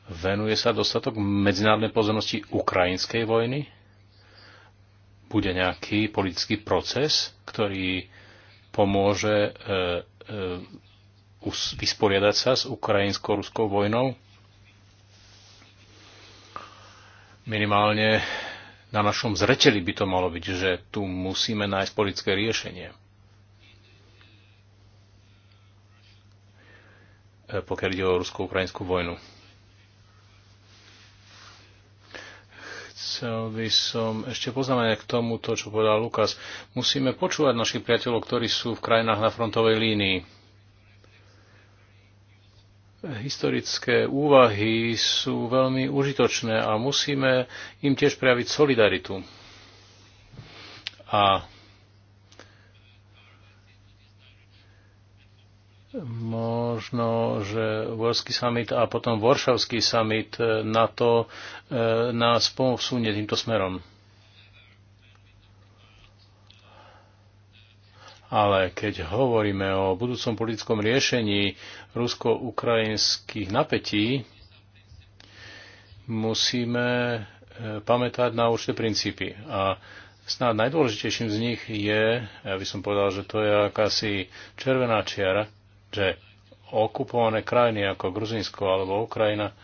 Venuje sa dostatok medzinárodnej pozornosti ukrajinskej vojny? Bude nejaký politický proces, ktorý pomôže e, e, vysporiadať sa s ukrajinsko-ruskou vojnou? Minimálne na našom zreteli by to malo byť, že tu musíme nájsť politické riešenie. E, pokiaľ ide o rusko-ukrajinskú vojnu. Chcel by som ešte poznamenať k tomuto, čo povedal Lukas. Musíme počúvať našich priateľov, ktorí sú v krajinách na frontovej línii historické úvahy sú veľmi užitočné a musíme im tiež prejaviť solidaritu. A možno, že Worldský summit a potom Varšavský summit na to e, nás posunie týmto smerom. Ale keď hovoríme o budúcom politickom riešení rusko-ukrajinských napätí, musíme e, pamätať na určité princípy. A snáď najdôležitejším z nich je, ja by som povedal, že to je akási červená čiara, že okupované krajiny ako Gruzinsko alebo Ukrajina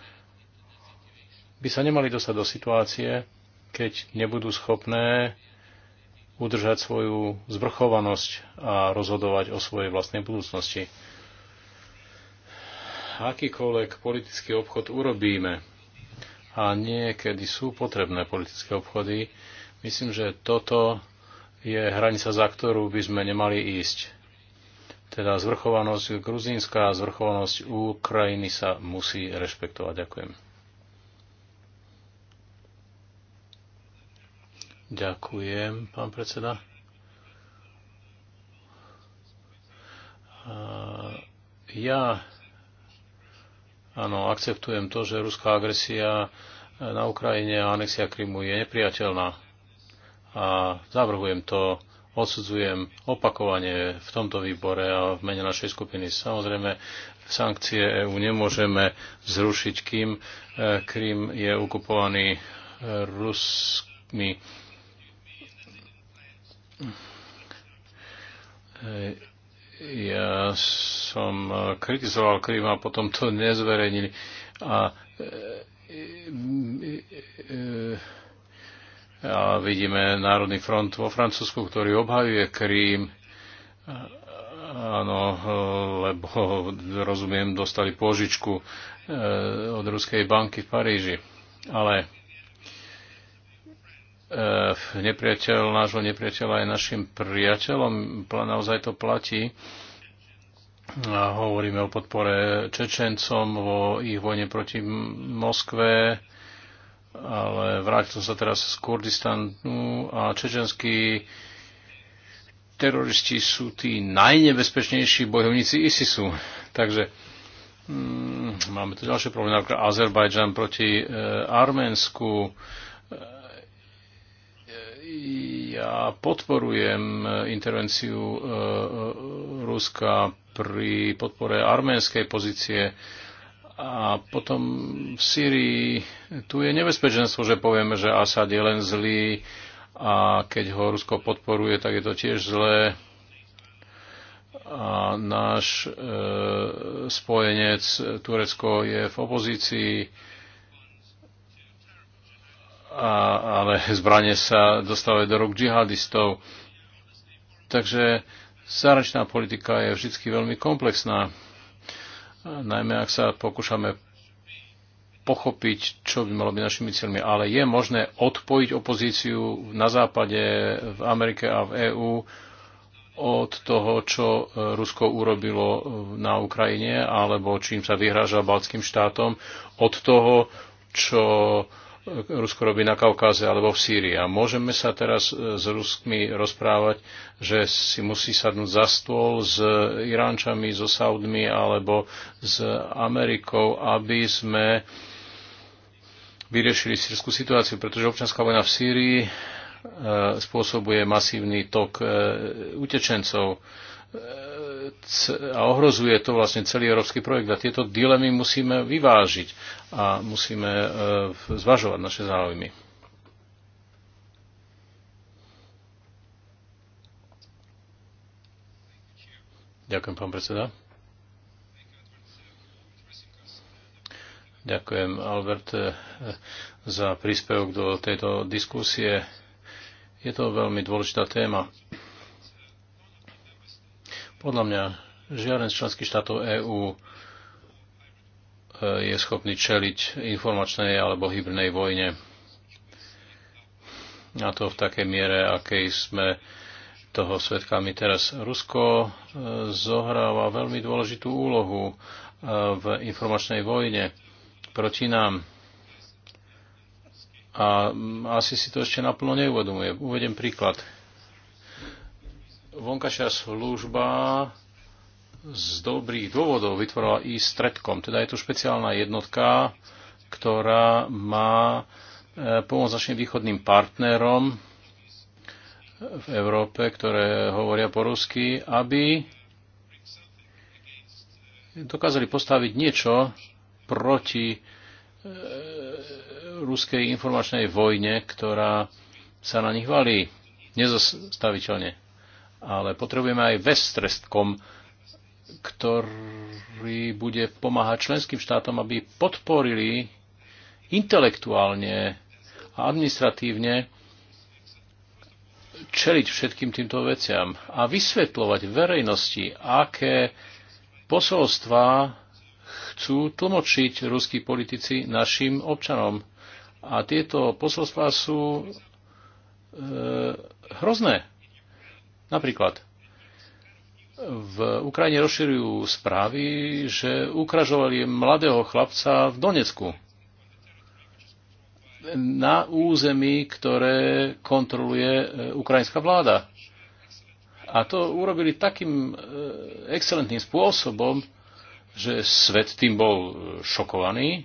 by sa nemali dostať do situácie, keď nebudú schopné udržať svoju zvrchovanosť a rozhodovať o svojej vlastnej budúcnosti. Akýkoľvek politický obchod urobíme, a niekedy sú potrebné politické obchody, myslím, že toto je hranica, za ktorú by sme nemali ísť. Teda zvrchovanosť Gruzínska a zvrchovanosť Ukrajiny sa musí rešpektovať. Ďakujem. Ďakujem, pán predseda. Ja áno, akceptujem to, že ruská agresia na Ukrajine a anexia Krymu je nepriateľná. A zavrhujem to, odsudzujem opakovanie v tomto výbore a v mene našej skupiny. Samozrejme, sankcie EÚ nemôžeme zrušiť, kým e, Krym je okupovaný e, ruskými ja som kritizoval Krym a potom to nezverejnili. A, e, e, e, a vidíme Národný front vo Francúzsku, ktorý obhajuje Krím. Áno, lebo rozumiem, dostali požičku od Ruskej banky v Paríži. Ale Eh, nepriateľ nášho nepriateľa je našim priateľom. Naozaj to platí. A hovoríme o podpore Čečencom, o ich vojne proti Moskve, ale vrátil sa teraz z Kurdistanu a čečenskí teroristi sú tí najnebezpečnejší bojovníci ISISu. Takže mm, máme tu ďalšie problémy, napríklad Azerbajdžan proti e, Arménsku. E, ja podporujem eh, intervenciu eh, eh, Ruska pri podpore arménskej pozície a potom v Syrii tu je nebezpečenstvo, že povieme, že Asad je len zlý a keď ho Rusko podporuje, tak je to tiež zlé. A náš e, spojenec Turecko je v opozícii. E, a, ale zbranie sa dostávajú do rúk džihadistov. Takže zahraničná politika je vždy veľmi komplexná, najmä ak sa pokúšame pochopiť, čo by malo byť našimi cieľmi. Ale je možné odpojiť opozíciu na západe, v Amerike a v EÚ od toho, čo e, Rusko urobilo e, na Ukrajine, alebo čím sa vyhráža baltským štátom, od toho, čo Rusko robí na Kaukáze alebo v Sýrii. A môžeme sa teraz e, s Ruskmi rozprávať, že si musí sadnúť za stôl s Iránčami, so Saudmi alebo s Amerikou, aby sme vyriešili sírskú situáciu, pretože občanská vojna v Sýrii e, spôsobuje masívny tok e, utečencov a ohrozuje to vlastne celý európsky projekt. A tieto dilemy musíme vyvážiť a musíme e, zvažovať naše záujmy. Ďakujem, pán predseda. Ďakujem, Albert, e, za príspevok do tejto diskusie. Je to veľmi dôležitá téma podľa mňa žiaden z členských štátov EÚ e, je schopný čeliť informačnej alebo hybnej vojne. A to v takej miere, akej sme toho svetkami teraz. Rusko e, zohráva veľmi dôležitú úlohu e, v informačnej vojne proti nám. A asi si to ešte naplno neuvedomuje. Uvedem príklad vonkašia služba z dobrých dôvodov vytvorila i stredkom. Teda je tu špeciálna jednotka, ktorá má e, pomôcť našim východným partnerom v Európe, ktoré hovoria po rusky, aby dokázali postaviť niečo proti e, ruskej informačnej vojne, ktorá sa na nich valí nezastaviteľne ale potrebujeme aj Westrestkom, ktorý bude pomáhať členským štátom, aby podporili intelektuálne a administratívne čeliť všetkým týmto veciam a vysvetľovať verejnosti, aké posolstva chcú tlmočiť ruskí politici našim občanom. A tieto posolstvá sú e, hrozné. Napríklad v Ukrajine rozširujú správy, že ukražovali mladého chlapca v Donecku na území, ktoré kontroluje e, ukrajinská vláda. A to urobili takým e, excelentným spôsobom, že svet tým bol e, šokovaný.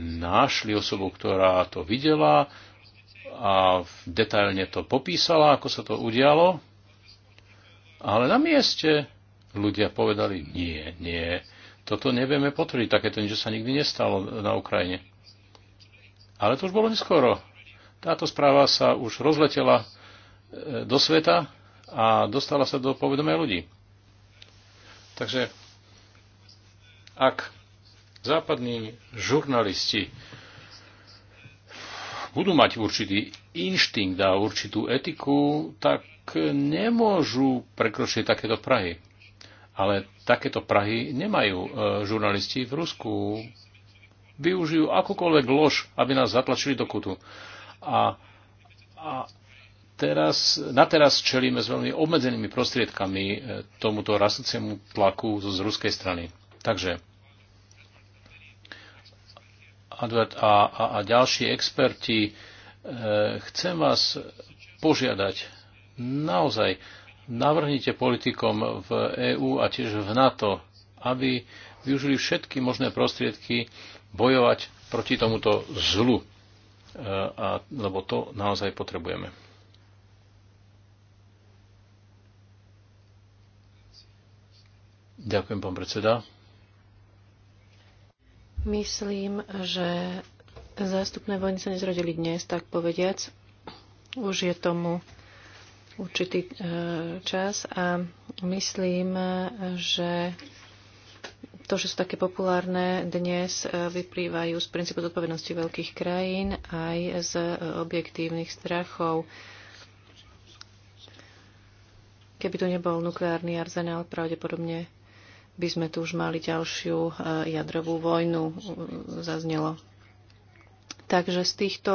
Našli osobu, ktorá to videla, a detailne to popísala, ako sa to udialo, ale na mieste ľudia povedali, nie, nie, toto nevieme potvrdiť, takéto niečo sa nikdy nestalo na Ukrajine. Ale to už bolo neskoro. Táto správa sa už rozletela e, do sveta a dostala sa do povedomia ľudí. Takže ak západní žurnalisti budú mať určitý inštinkt a určitú etiku, tak nemôžu prekročiť takéto prahy. Ale takéto prahy nemajú e, žurnalisti v Rusku. Využijú akúkoľvek lož, aby nás zatlačili do kutu. A, a teraz, na teraz čelíme s veľmi obmedzenými prostriedkami e, tomuto rastúcemu tlaku z ruskej strany. Takže Advert a, a, a ďalší experti, e, chcem vás požiadať, naozaj navrhnite politikom v EÚ a tiež v NATO, aby využili všetky možné prostriedky bojovať proti tomuto zlu, e, a, lebo to naozaj potrebujeme. Ďakujem, pán predseda. Myslím, že zástupné vojny sa nezrodili dnes, tak povediac. Už je tomu určitý e, čas a myslím, že to, že sú také populárne dnes, e, vyplývajú z princípu zodpovednosti veľkých krajín aj z e, objektívnych strachov. Keby tu nebol nukleárny arzenál, pravdepodobne by sme tu už mali ďalšiu e, jadrovú vojnu, e, zaznelo. Takže z týchto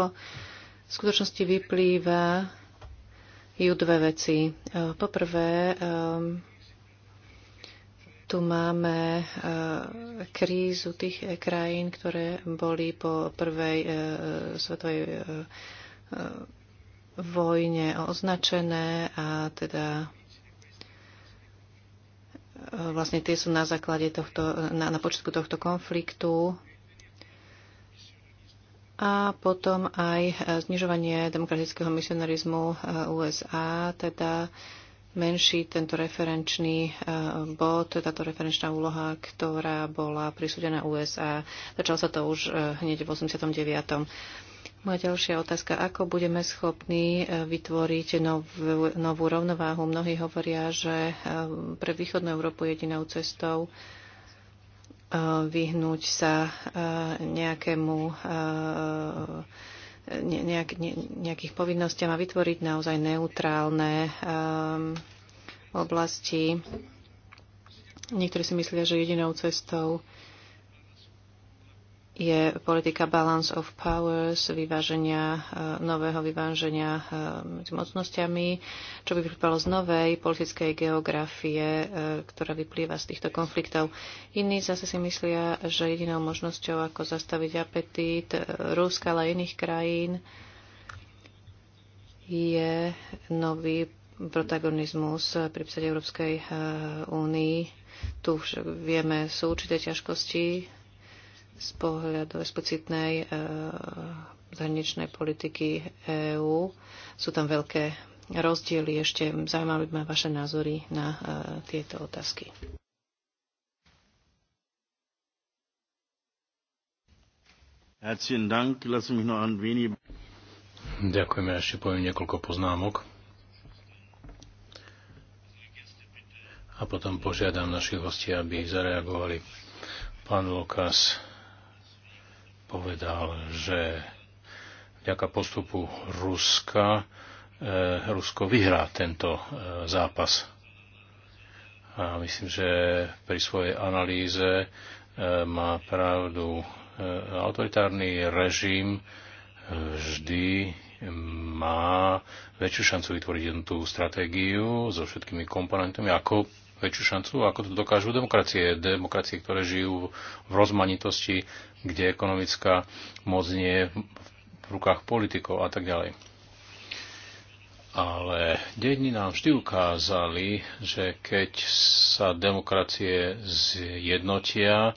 skutočností vyplýva ju dve veci. E, poprvé, tu máme krízu tých krajín, ktoré boli po prvej svetovej vojne označené a teda E, vlastne tie sú na základe tohto, na, na počiatku tohto konfliktu a potom aj e, znižovanie demokratického misionarizmu e, USA, teda menší tento referenčný bod, táto referenčná úloha, ktorá bola prisúdená USA. Začalo sa to už hneď v 89. Moja ďalšia otázka, ako budeme schopní e, vytvoriť novú, novú rovnováhu? Mnohí hovoria, že e, pre východnú Európu jedinou cestou e, vyhnúť sa nejakému nejak, ne, nejakých povinnostiam a vytvoriť naozaj neutrálne oblasti. Niektorí si myslia, že jedinou cestou je politika balance of powers, vyváženia, e, nového vyváženia e, medzi mocnosťami, čo by vyplývalo z novej politickej geografie, e, ktorá vyplýva z týchto konfliktov. Iní zase si myslia, že jedinou možnosťou, ako zastaviť apetít Ruska, ale iných krajín, je nový protagonizmus pri psade Európskej únii. Tu však vieme, sú určité ťažkosti z pohľadu explicitnej e, zahraničnej politiky EÚ. Sú tam veľké rozdiely. Ešte zaujímavé by ma vaše názory na e, tieto otázky. Ďakujem, ja ešte poviem niekoľko poznámok. A potom požiadam našich hostí, aby zareagovali. Pán Lukas, povedal, že vďaka postupu Ruska e, Rusko vyhrá tento e, zápas. A myslím, že pri svojej analýze e, má pravdu. Autoritárny režim vždy má väčšiu šancu vytvoriť tú stratégiu so všetkými komponentami ako väčšiu šancu, ako to dokážu demokracie. Demokracie, ktoré žijú v rozmanitosti, kde ekonomická moc nie je v rukách politikov a tak ďalej. Ale dejiny nám vždy ukázali, že keď sa demokracie zjednotia,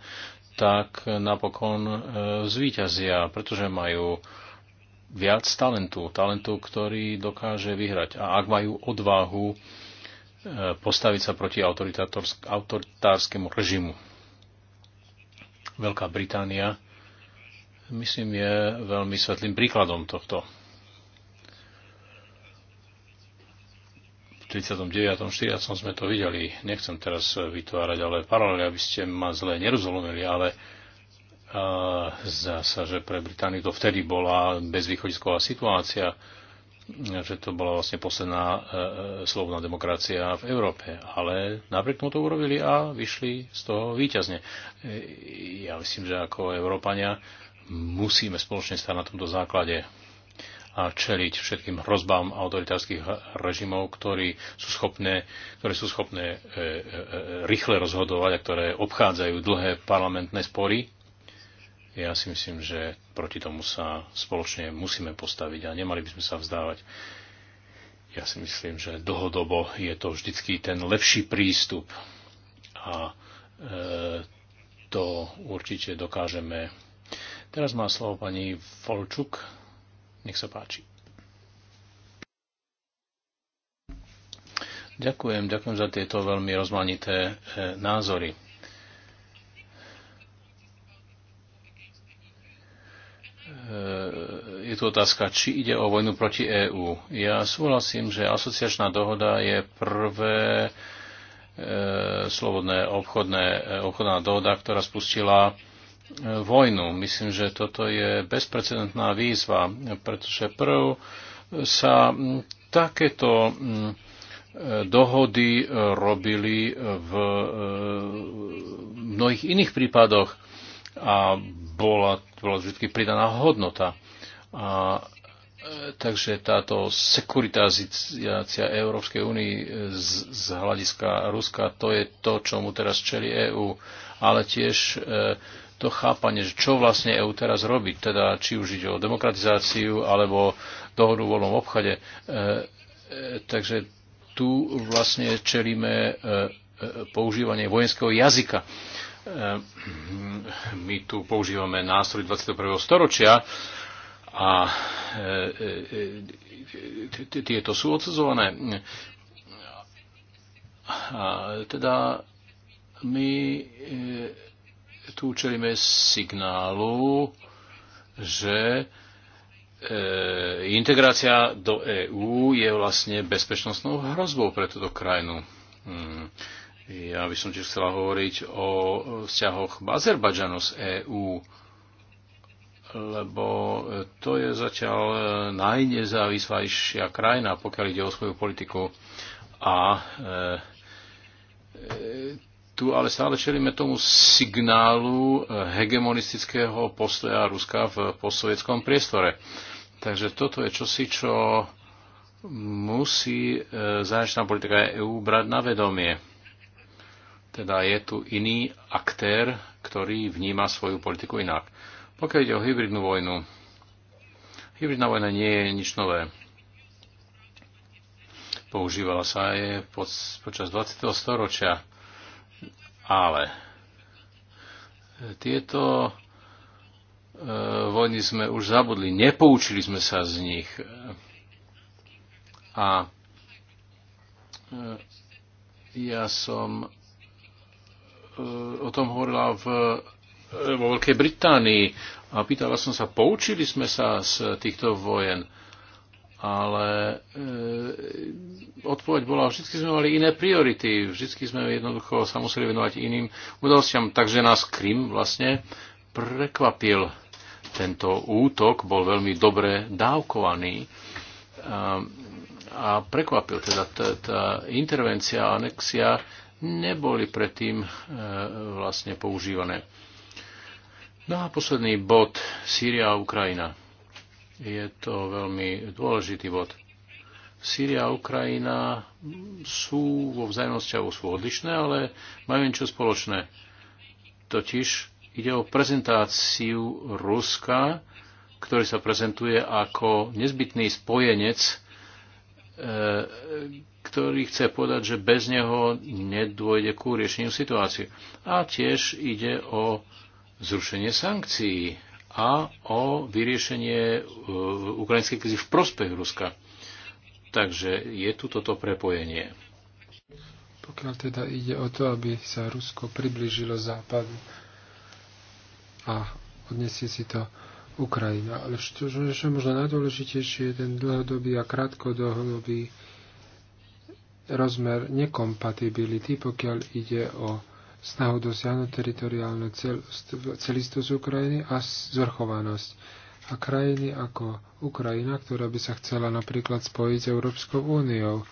tak napokon e, zvíťazia, pretože majú viac talentu, talentu, ktorý dokáže vyhrať. A ak majú odvahu postaviť sa proti autoritárskemu režimu. Veľká Británia, myslím, je veľmi svetlým príkladom tohto. V 39. 40. sme to videli. Nechcem teraz vytvárať ale paralely, aby ste ma zle nerozumeli, ale zdá sa, že pre Britániu to vtedy bola bezvýchodisková situácia že to bola vlastne posledná e, e, slobodná demokracia v Európe. Ale napriek tomu to urobili a vyšli z toho výťazne. E, ja myslím, že ako Európania musíme spoločne stať na tomto základe a čeliť všetkým hrozbám autoritárskych režimov, ktorí sú schopné, ktoré sú schopné e, e, e rýchle rozhodovať a ktoré obchádzajú dlhé parlamentné spory ja si myslím, že proti tomu sa spoločne musíme postaviť a nemali by sme sa vzdávať. Ja si myslím, že dlhodobo je to vždycky ten lepší prístup a e, to určite dokážeme. Teraz má slovo pani Folčuk. Nech sa páči. Ďakujem, ďakujem za tieto veľmi rozmanité e, názory. je tu otázka, či ide o vojnu proti EÚ. Ja súhlasím, že asociačná dohoda je prvé e, slobodné obchodné, e, obchodná dohoda, ktorá spustila e, vojnu. Myslím, že toto je bezprecedentná výzva, pretože prv sa takéto e, dohody e, robili v mnohých iných prípadoch a bola, bola vždy pridaná hodnota. A e, Takže táto sekuritácia Európskej únii e, z, z hľadiska Ruska, to je to, čomu teraz čeli EÚ, ale tiež e, to chápanie, že čo vlastne EÚ teraz robí, teda či už ide o demokratizáciu alebo dohodu o voľnom obchode. E, e, takže tu vlastne čelíme e, e, používanie vojenského jazyka. E, my tu používame nástroj 21. storočia, a e, e, e, tieto sú odsudzované. A teda my tu čelíme signálu, že integrácia do EÚ je vlastne bezpečnostnou hrozbou pre túto krajinu. Hmm. Ja by som tiež chcela hovoriť o vzťahoch Azerbajdžanu z EÚ lebo to je zatiaľ najnezávislejšia krajina, pokiaľ ide o svoju politiku. A e, e tu ale stále čelíme tomu signálu e, hegemonistického postoja Ruska v postsovietskom priestore. Takže toto je čosi, čo musí e, zahraničná politika EÚ brať na vedomie. Teda je tu iný aktér, ktorý vníma svoju politiku inak. Pokiaľ ide o hybridnú vojnu, hybridná vojna nie je nič nové. Používala sa aj počas 20. storočia, ale tieto e, vojny sme už zabudli, nepoučili sme sa z nich. A e, ja som e, o tom hovorila v E, vo Veľkej Británii a pýtala som sa, poučili sme sa z týchto vojen, ale e, odpoveď bola, vždy sme mali iné priority, vždy sme jednoducho sa museli venovať iným udalostiam, takže nás Krym vlastne prekvapil. Tento útok bol veľmi dobre dávkovaný. A, a prekvapil. Teda tá, tá intervencia a anexia neboli predtým e, vlastne používané. No a posledný bod, Sýria a Ukrajina. Je to veľmi dôležitý bod. Sýria a Ukrajina sú vo vzájomnosťahu sú odlišné, ale majú niečo spoločné. Totiž ide o prezentáciu Ruska, ktorý sa prezentuje ako nezbytný spojenec, e, ktorý chce povedať, že bez neho nedôjde ku riešeniu situácie. A tiež ide o zrušenie sankcií a o vyriešenie e, ukrajinskej krízy v prospech Ruska. Takže je tu toto prepojenie. Pokiaľ teda ide o to, aby sa Rusko priblížilo západu a odniesie si to Ukrajina. Ale čo, čo, čo možno najdôležitejšie je ten dlhodobý a krátkodobý rozmer nekompatibility, pokiaľ ide o snahu dosiahnuť teritoriálnu cel, celistosť Ukrajiny a zvrchovanosť. A krajiny ako Ukrajina, ktorá by sa chcela napríklad spojiť s Európskou úniou.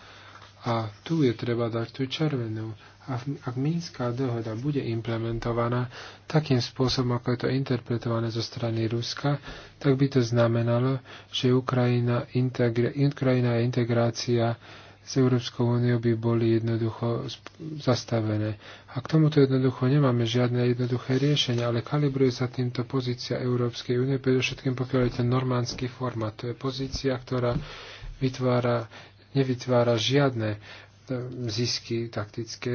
A tu je treba dať tú červenú. A ak Minská dohoda bude implementovaná takým spôsobom, ako je to interpretované zo strany Ruska, tak by to znamenalo, že Ukrajina, integra- Ukrajina je integrácia s Európskou úniou by boli jednoducho zastavené. A k tomuto jednoducho nemáme žiadne jednoduché riešenie, ale kalibruje sa týmto pozícia Európskej únie, predovšetkým pokiaľ je ten normánsky format. To je pozícia, ktorá vytvára, nevytvára žiadne e, zisky taktické,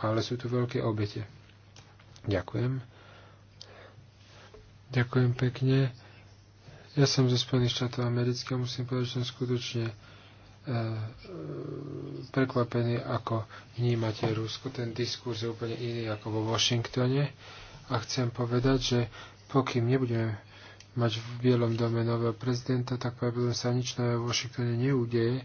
ale sú tu veľké obete. Ďakujem. Ďakujem pekne. Ja som zo Spojených štátov amerických a musím povedať, že som skutočne E, prekvapení, ako vnímate Rusko. Ten diskurs je úplne iný ako vo Washingtone. A chcem povedať, že pokým nebudeme mať v Bielom dome nového prezidenta, tak pravdepodobne sa nič nové v Washingtone neudeje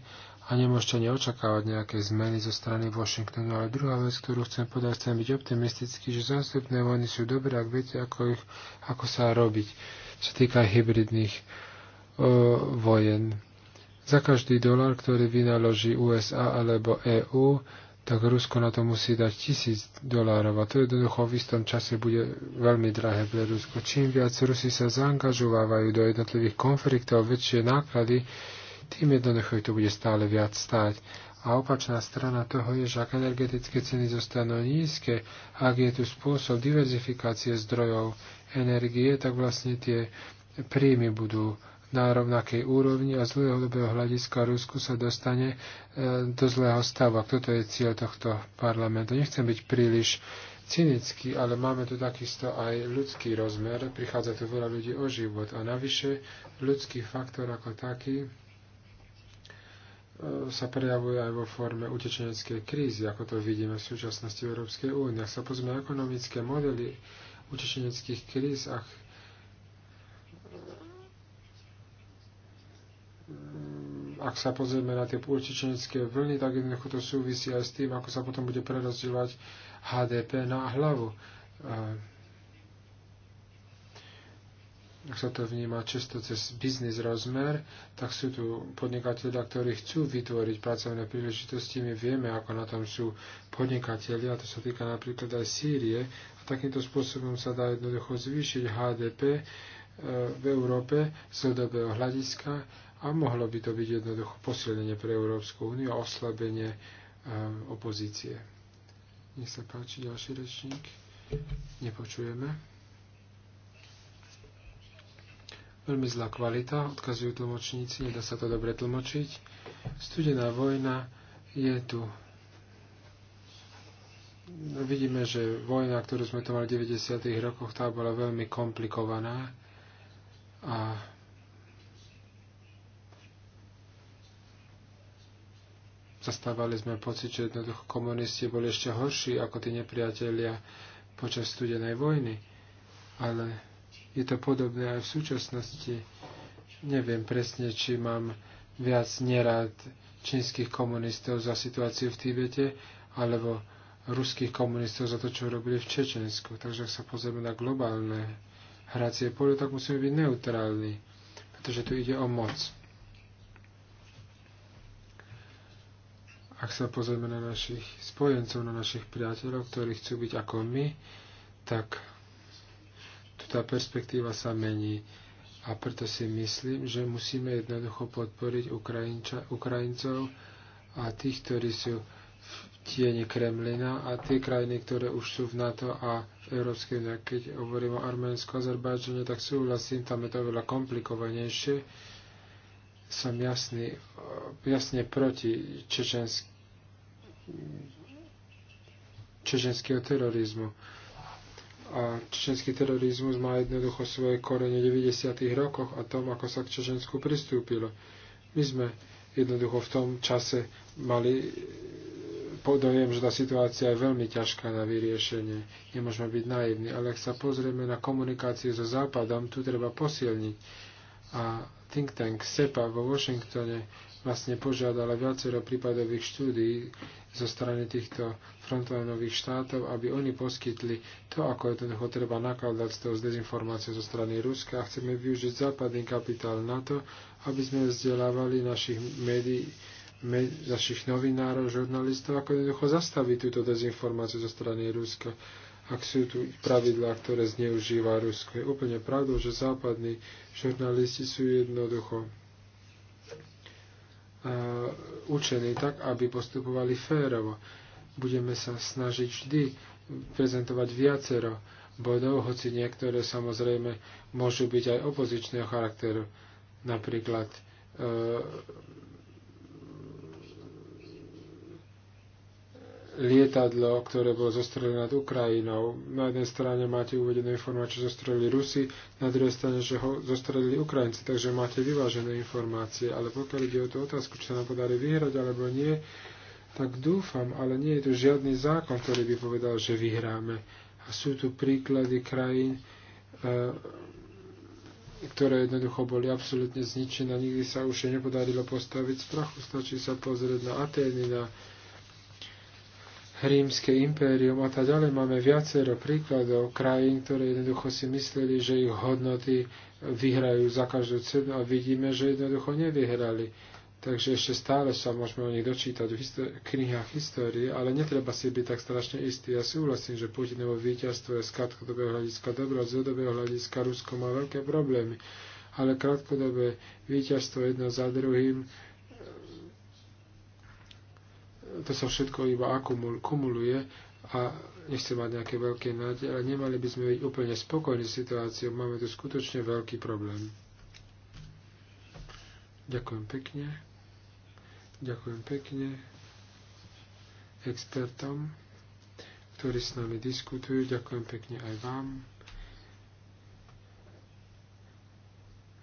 a nemôžete neočakávať nejaké zmeny zo strany Washingtonu. Ale druhá vec, ktorú chcem povedať, chcem byť optimistický, že zástupné vojny sú dobré, ak viete, ako, ich, ako sa robiť, čo týka hybridných uh, vojen. Za každý dolar, ktorý vynaloží USA alebo EU, tak Rusko na to musí dať tisíc dolárov a to jednoducho v istom čase bude veľmi drahé pre Rusko. Čím viac Rusi sa zaangažovávajú do jednotlivých konfliktov, väčšie náklady, tým jednoducho to bude stále viac stáť. A opačná strana toho je, že ak energetické ceny zostanú nízke, ak je tu spôsob diverzifikácie zdrojov energie, tak vlastne tie príjmy budú na rovnakej úrovni a z dlhodobého hľadiska Rusku sa dostane e, do zlého stavu. Toto je cieľ tohto parlamentu. Nechcem byť príliš cynický, ale máme tu takisto aj ľudský rozmer. Prichádza tu veľa ľudí o život a navyše ľudský faktor ako taký e, sa prejavuje aj vo forme utečeneckej krízy, ako to vidíme v súčasnosti v Európskej únii. Ak sa pozrieme ekonomické modely utečeneckých kríz, ak ak sa pozrieme na tie pôlčičenské vlny, tak jednoducho to súvisí aj s tým, ako sa potom bude prerozdielovať HDP na hlavu. Ehm, ak sa to vníma často cez biznis rozmer, tak sú tu podnikatelia, ktorí chcú vytvoriť pracovné príležitosti. My vieme, ako na tom sú podnikatelia, a to sa týka napríklad aj Sýrie. A takýmto spôsobom sa dá jednoducho zvýšiť HDP ehm, v Európe z hľadiska a mohlo by to byť jednoducho posilnenie pre Európsku úniu a oslabenie e, opozície. Nech sa páči ďalší rečník. Nepočujeme. Veľmi zlá kvalita, odkazujú tlmočníci, nedá sa to dobre tlmočiť. Studená vojna je tu no, vidíme, že vojna, ktorú sme tu mali v 90. rokoch, tá bola veľmi komplikovaná a zastávali sme pocit, že jednoducho komunisti boli ešte horší ako tí nepriatelia počas studenej vojny. Ale je to podobné aj v súčasnosti. Neviem presne, či mám viac nerád čínskych komunistov za situáciu v Tibete, alebo ruských komunistov za to, čo robili v Čečensku. Takže ak sa pozrieme na globálne hracie pole, tak musíme byť neutrálni, pretože tu ide o moc. ak sa pozrieme na našich spojencov, na našich priateľov, ktorí chcú byť ako my, tak tu tá perspektíva sa mení. A preto si myslím, že musíme jednoducho podporiť Ukrajinča, Ukrajincov a tých, ktorí sú v tieni Kremlina a tie krajiny, ktoré už sú v NATO a v Európskej únii. Keď hovorím o Arménsku a Azerbajdžane, tak súhlasím, tam je to veľa komplikovanejšie som jasný, e, jasne proti čečensk... čečenského terorizmu. A čečenský terorizmus má jednoducho svoje korene v 90. rokoch a tom, ako sa k Čečensku pristúpilo. My sme jednoducho v tom čase mali e, podojem, že tá situácia je veľmi ťažká na vyriešenie. Nemôžeme byť naivní, ale ak sa pozrieme na komunikáciu so Západom, tu treba posilniť a think tank SEPA vo Washingtone vlastne požiadala viacero prípadových štúdií zo strany týchto frontlinových štátov, aby oni poskytli to, ako je jednoducho treba nakladať z toho dezinformácie zo strany Ruska a chceme využiť západný kapitál na to, aby sme vzdelávali našich médií, našich novinárov, žurnalistov, ako jednoducho zastaviť túto dezinformáciu zo strany Ruska ak sú tu pravidlá, ktoré zneužíva Rusko. Je úplne pravdou, že západní žurnalisti sú jednoducho uh, učení tak, aby postupovali férovo. Budeme sa snažiť vždy prezentovať viacero bodov, hoci niektoré samozrejme môžu byť aj opozičného charakteru. Napríklad uh, lietadlo, ktoré bolo zostrelené nad Ukrajinou. Na jednej strane máte uvedené informácie, že zostrelili Rusi, na druhej strane, že ho zostrelili Ukrajinci, takže máte vyvážené informácie. Ale pokiaľ ide o tú otázku, či sa nám podarí vyhrať alebo nie, tak dúfam, ale nie je tu žiadny zákon, ktorý by povedal, že vyhráme. A sú tu príklady krajín, e, ktoré jednoducho boli absolútne zničené, nikdy sa už nepodarilo postaviť z prachu. Stačí sa pozrieť na Atény, na rímske impérium a tak ďalej. Máme viacero príkladov krajín, ktoré jednoducho si mysleli, že ich hodnoty vyhrajú za každú cenu a vidíme, že jednoducho nevyhrali. Takže ešte stále sa môžeme o nich dočítať v histori- knihách histórie, ale netreba si byť tak strašne istý. Ja súhlasím, že Putinovo víťazstvo je z krátkodobého hľadiska dobré, z dlhodobého hľadiska Rusko má veľké problémy. Ale krátkodobé víťazstvo jedno za druhým to sa všetko iba akumul, kumuluje a nechcem mať nejaké veľké nádeje, ale nemali by sme byť úplne spokojní s situáciou. Máme tu skutočne veľký problém. Ďakujem pekne. Ďakujem pekne expertom, ktorí s nami diskutujú. Ďakujem pekne aj vám.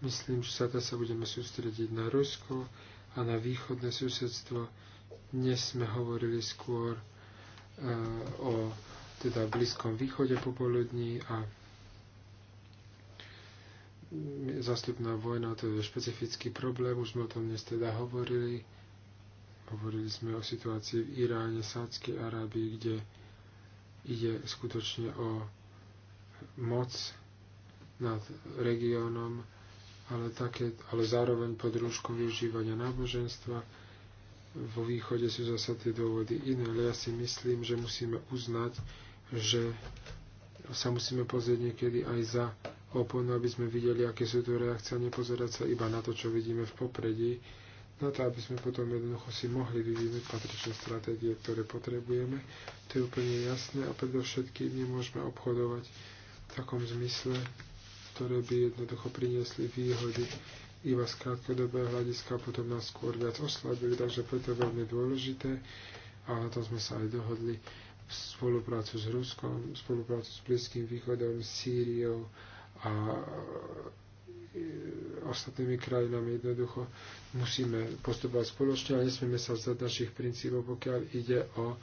Myslím, že sa sa budeme sústrediť na Rusko a na východné susedstvo dnes sme hovorili skôr e, o teda Blízkom východe popoludní a zastupná vojna to je špecifický problém, už sme o tom dnes teda hovorili. Hovorili sme o situácii v Iráne, Sádskej Arábii, kde ide skutočne o moc nad regiónom, ale, také, ale zároveň pod rúškom využívania náboženstva vo východe sú zase tie dôvody iné, ale ja si myslím, že musíme uznať, že sa musíme pozrieť niekedy aj za oponu, aby sme videli, aké sú tu reakcie a nepozerať sa iba na to, čo vidíme v popredí, na to, aby sme potom jednoducho si mohli vyvinúť patričné stratégie, ktoré potrebujeme. To je úplne jasné a predovšetkým nemôžeme obchodovať v takom zmysle, ktoré by jednoducho priniesli výhody iba z krátkodobého hľadiska, potom nás skôr viac oslabili, takže preto je veľmi dôležité a na tom sme sa aj dohodli v spoluprácu s Ruskom, spoluprácu s Blízkým východom, Sýriou a e, ostatnými krajinami jednoducho musíme postupovať spoločne a nesmieme sa vzdať našich princípov, pokiaľ ide o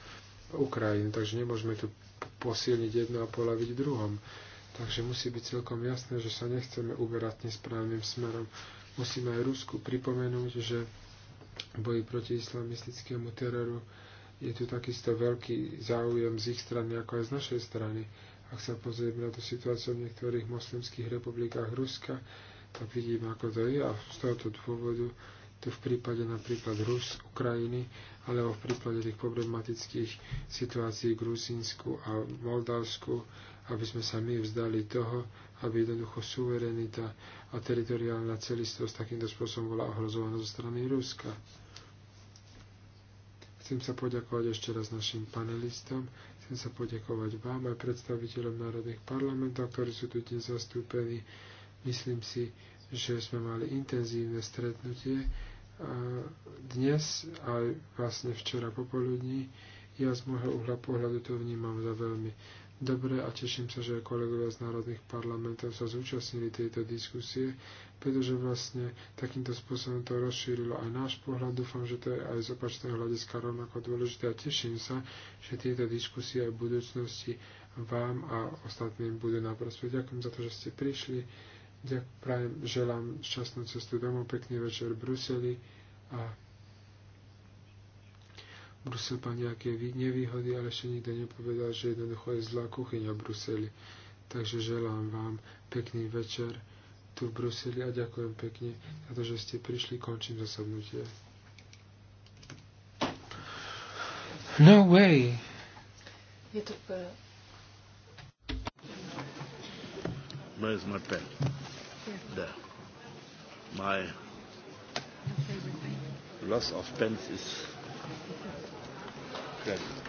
Ukrajinu. Takže nemôžeme tu posilniť jedno a polaviť druhom. Takže musí byť celkom jasné, že sa nechceme uberať nesprávnym smerom. Musíme aj Rusku pripomenúť, že v boji proti islamistickému teroru je tu takisto veľký záujem z ich strany, ako aj z našej strany. Ak sa pozrieme na tú situáciu v niektorých moslimských republikách Ruska, tak vidíme, ako to je a z tohoto dôvodu to v prípade napríklad Rus, Ukrajiny, alebo v prípade tých problematických situácií v Gruzínsku a Moldavsku aby sme sa my vzdali toho, aby jednoducho suverenita a teritoriálna celistvosť takýmto spôsobom bola ohrozovaná zo strany Ruska. Chcem sa poďakovať ešte raz našim panelistom, chcem sa poďakovať vám aj predstaviteľom národných parlamentov, ktorí sú tu dnes zastúpení. Myslím si, že sme mali intenzívne stretnutie dnes aj vlastne včera popoludní. Ja z môjho uhla pohľadu to vnímam za veľmi Dobre a teším sa, že kolegovia z národných parlamentov sa zúčastnili tejto diskusie, pretože vlastne takýmto spôsobom to rozšírilo aj náš pohľad. Dúfam, že to je aj z opačného hľadiska rovnako dôležité a teším sa, že tieto diskusie aj v budúcnosti vám a ostatným budú na prospech. Ďakujem za to, že ste prišli. Ďakujem, želám šťastnú cestu domov, pekný večer v Bruseli a Brusel má nejaké nevýhody, ale ešte nikto nepovedal, že jednoducho je zlá kuchyňa v Bruseli. Takže želám vám pekný večer tu v Bruseli a ďakujem pekne za to, že ste prišli. Končím zasadnutie. No way! Je to Where's my pen? Da. There. My loss of pens is Okay.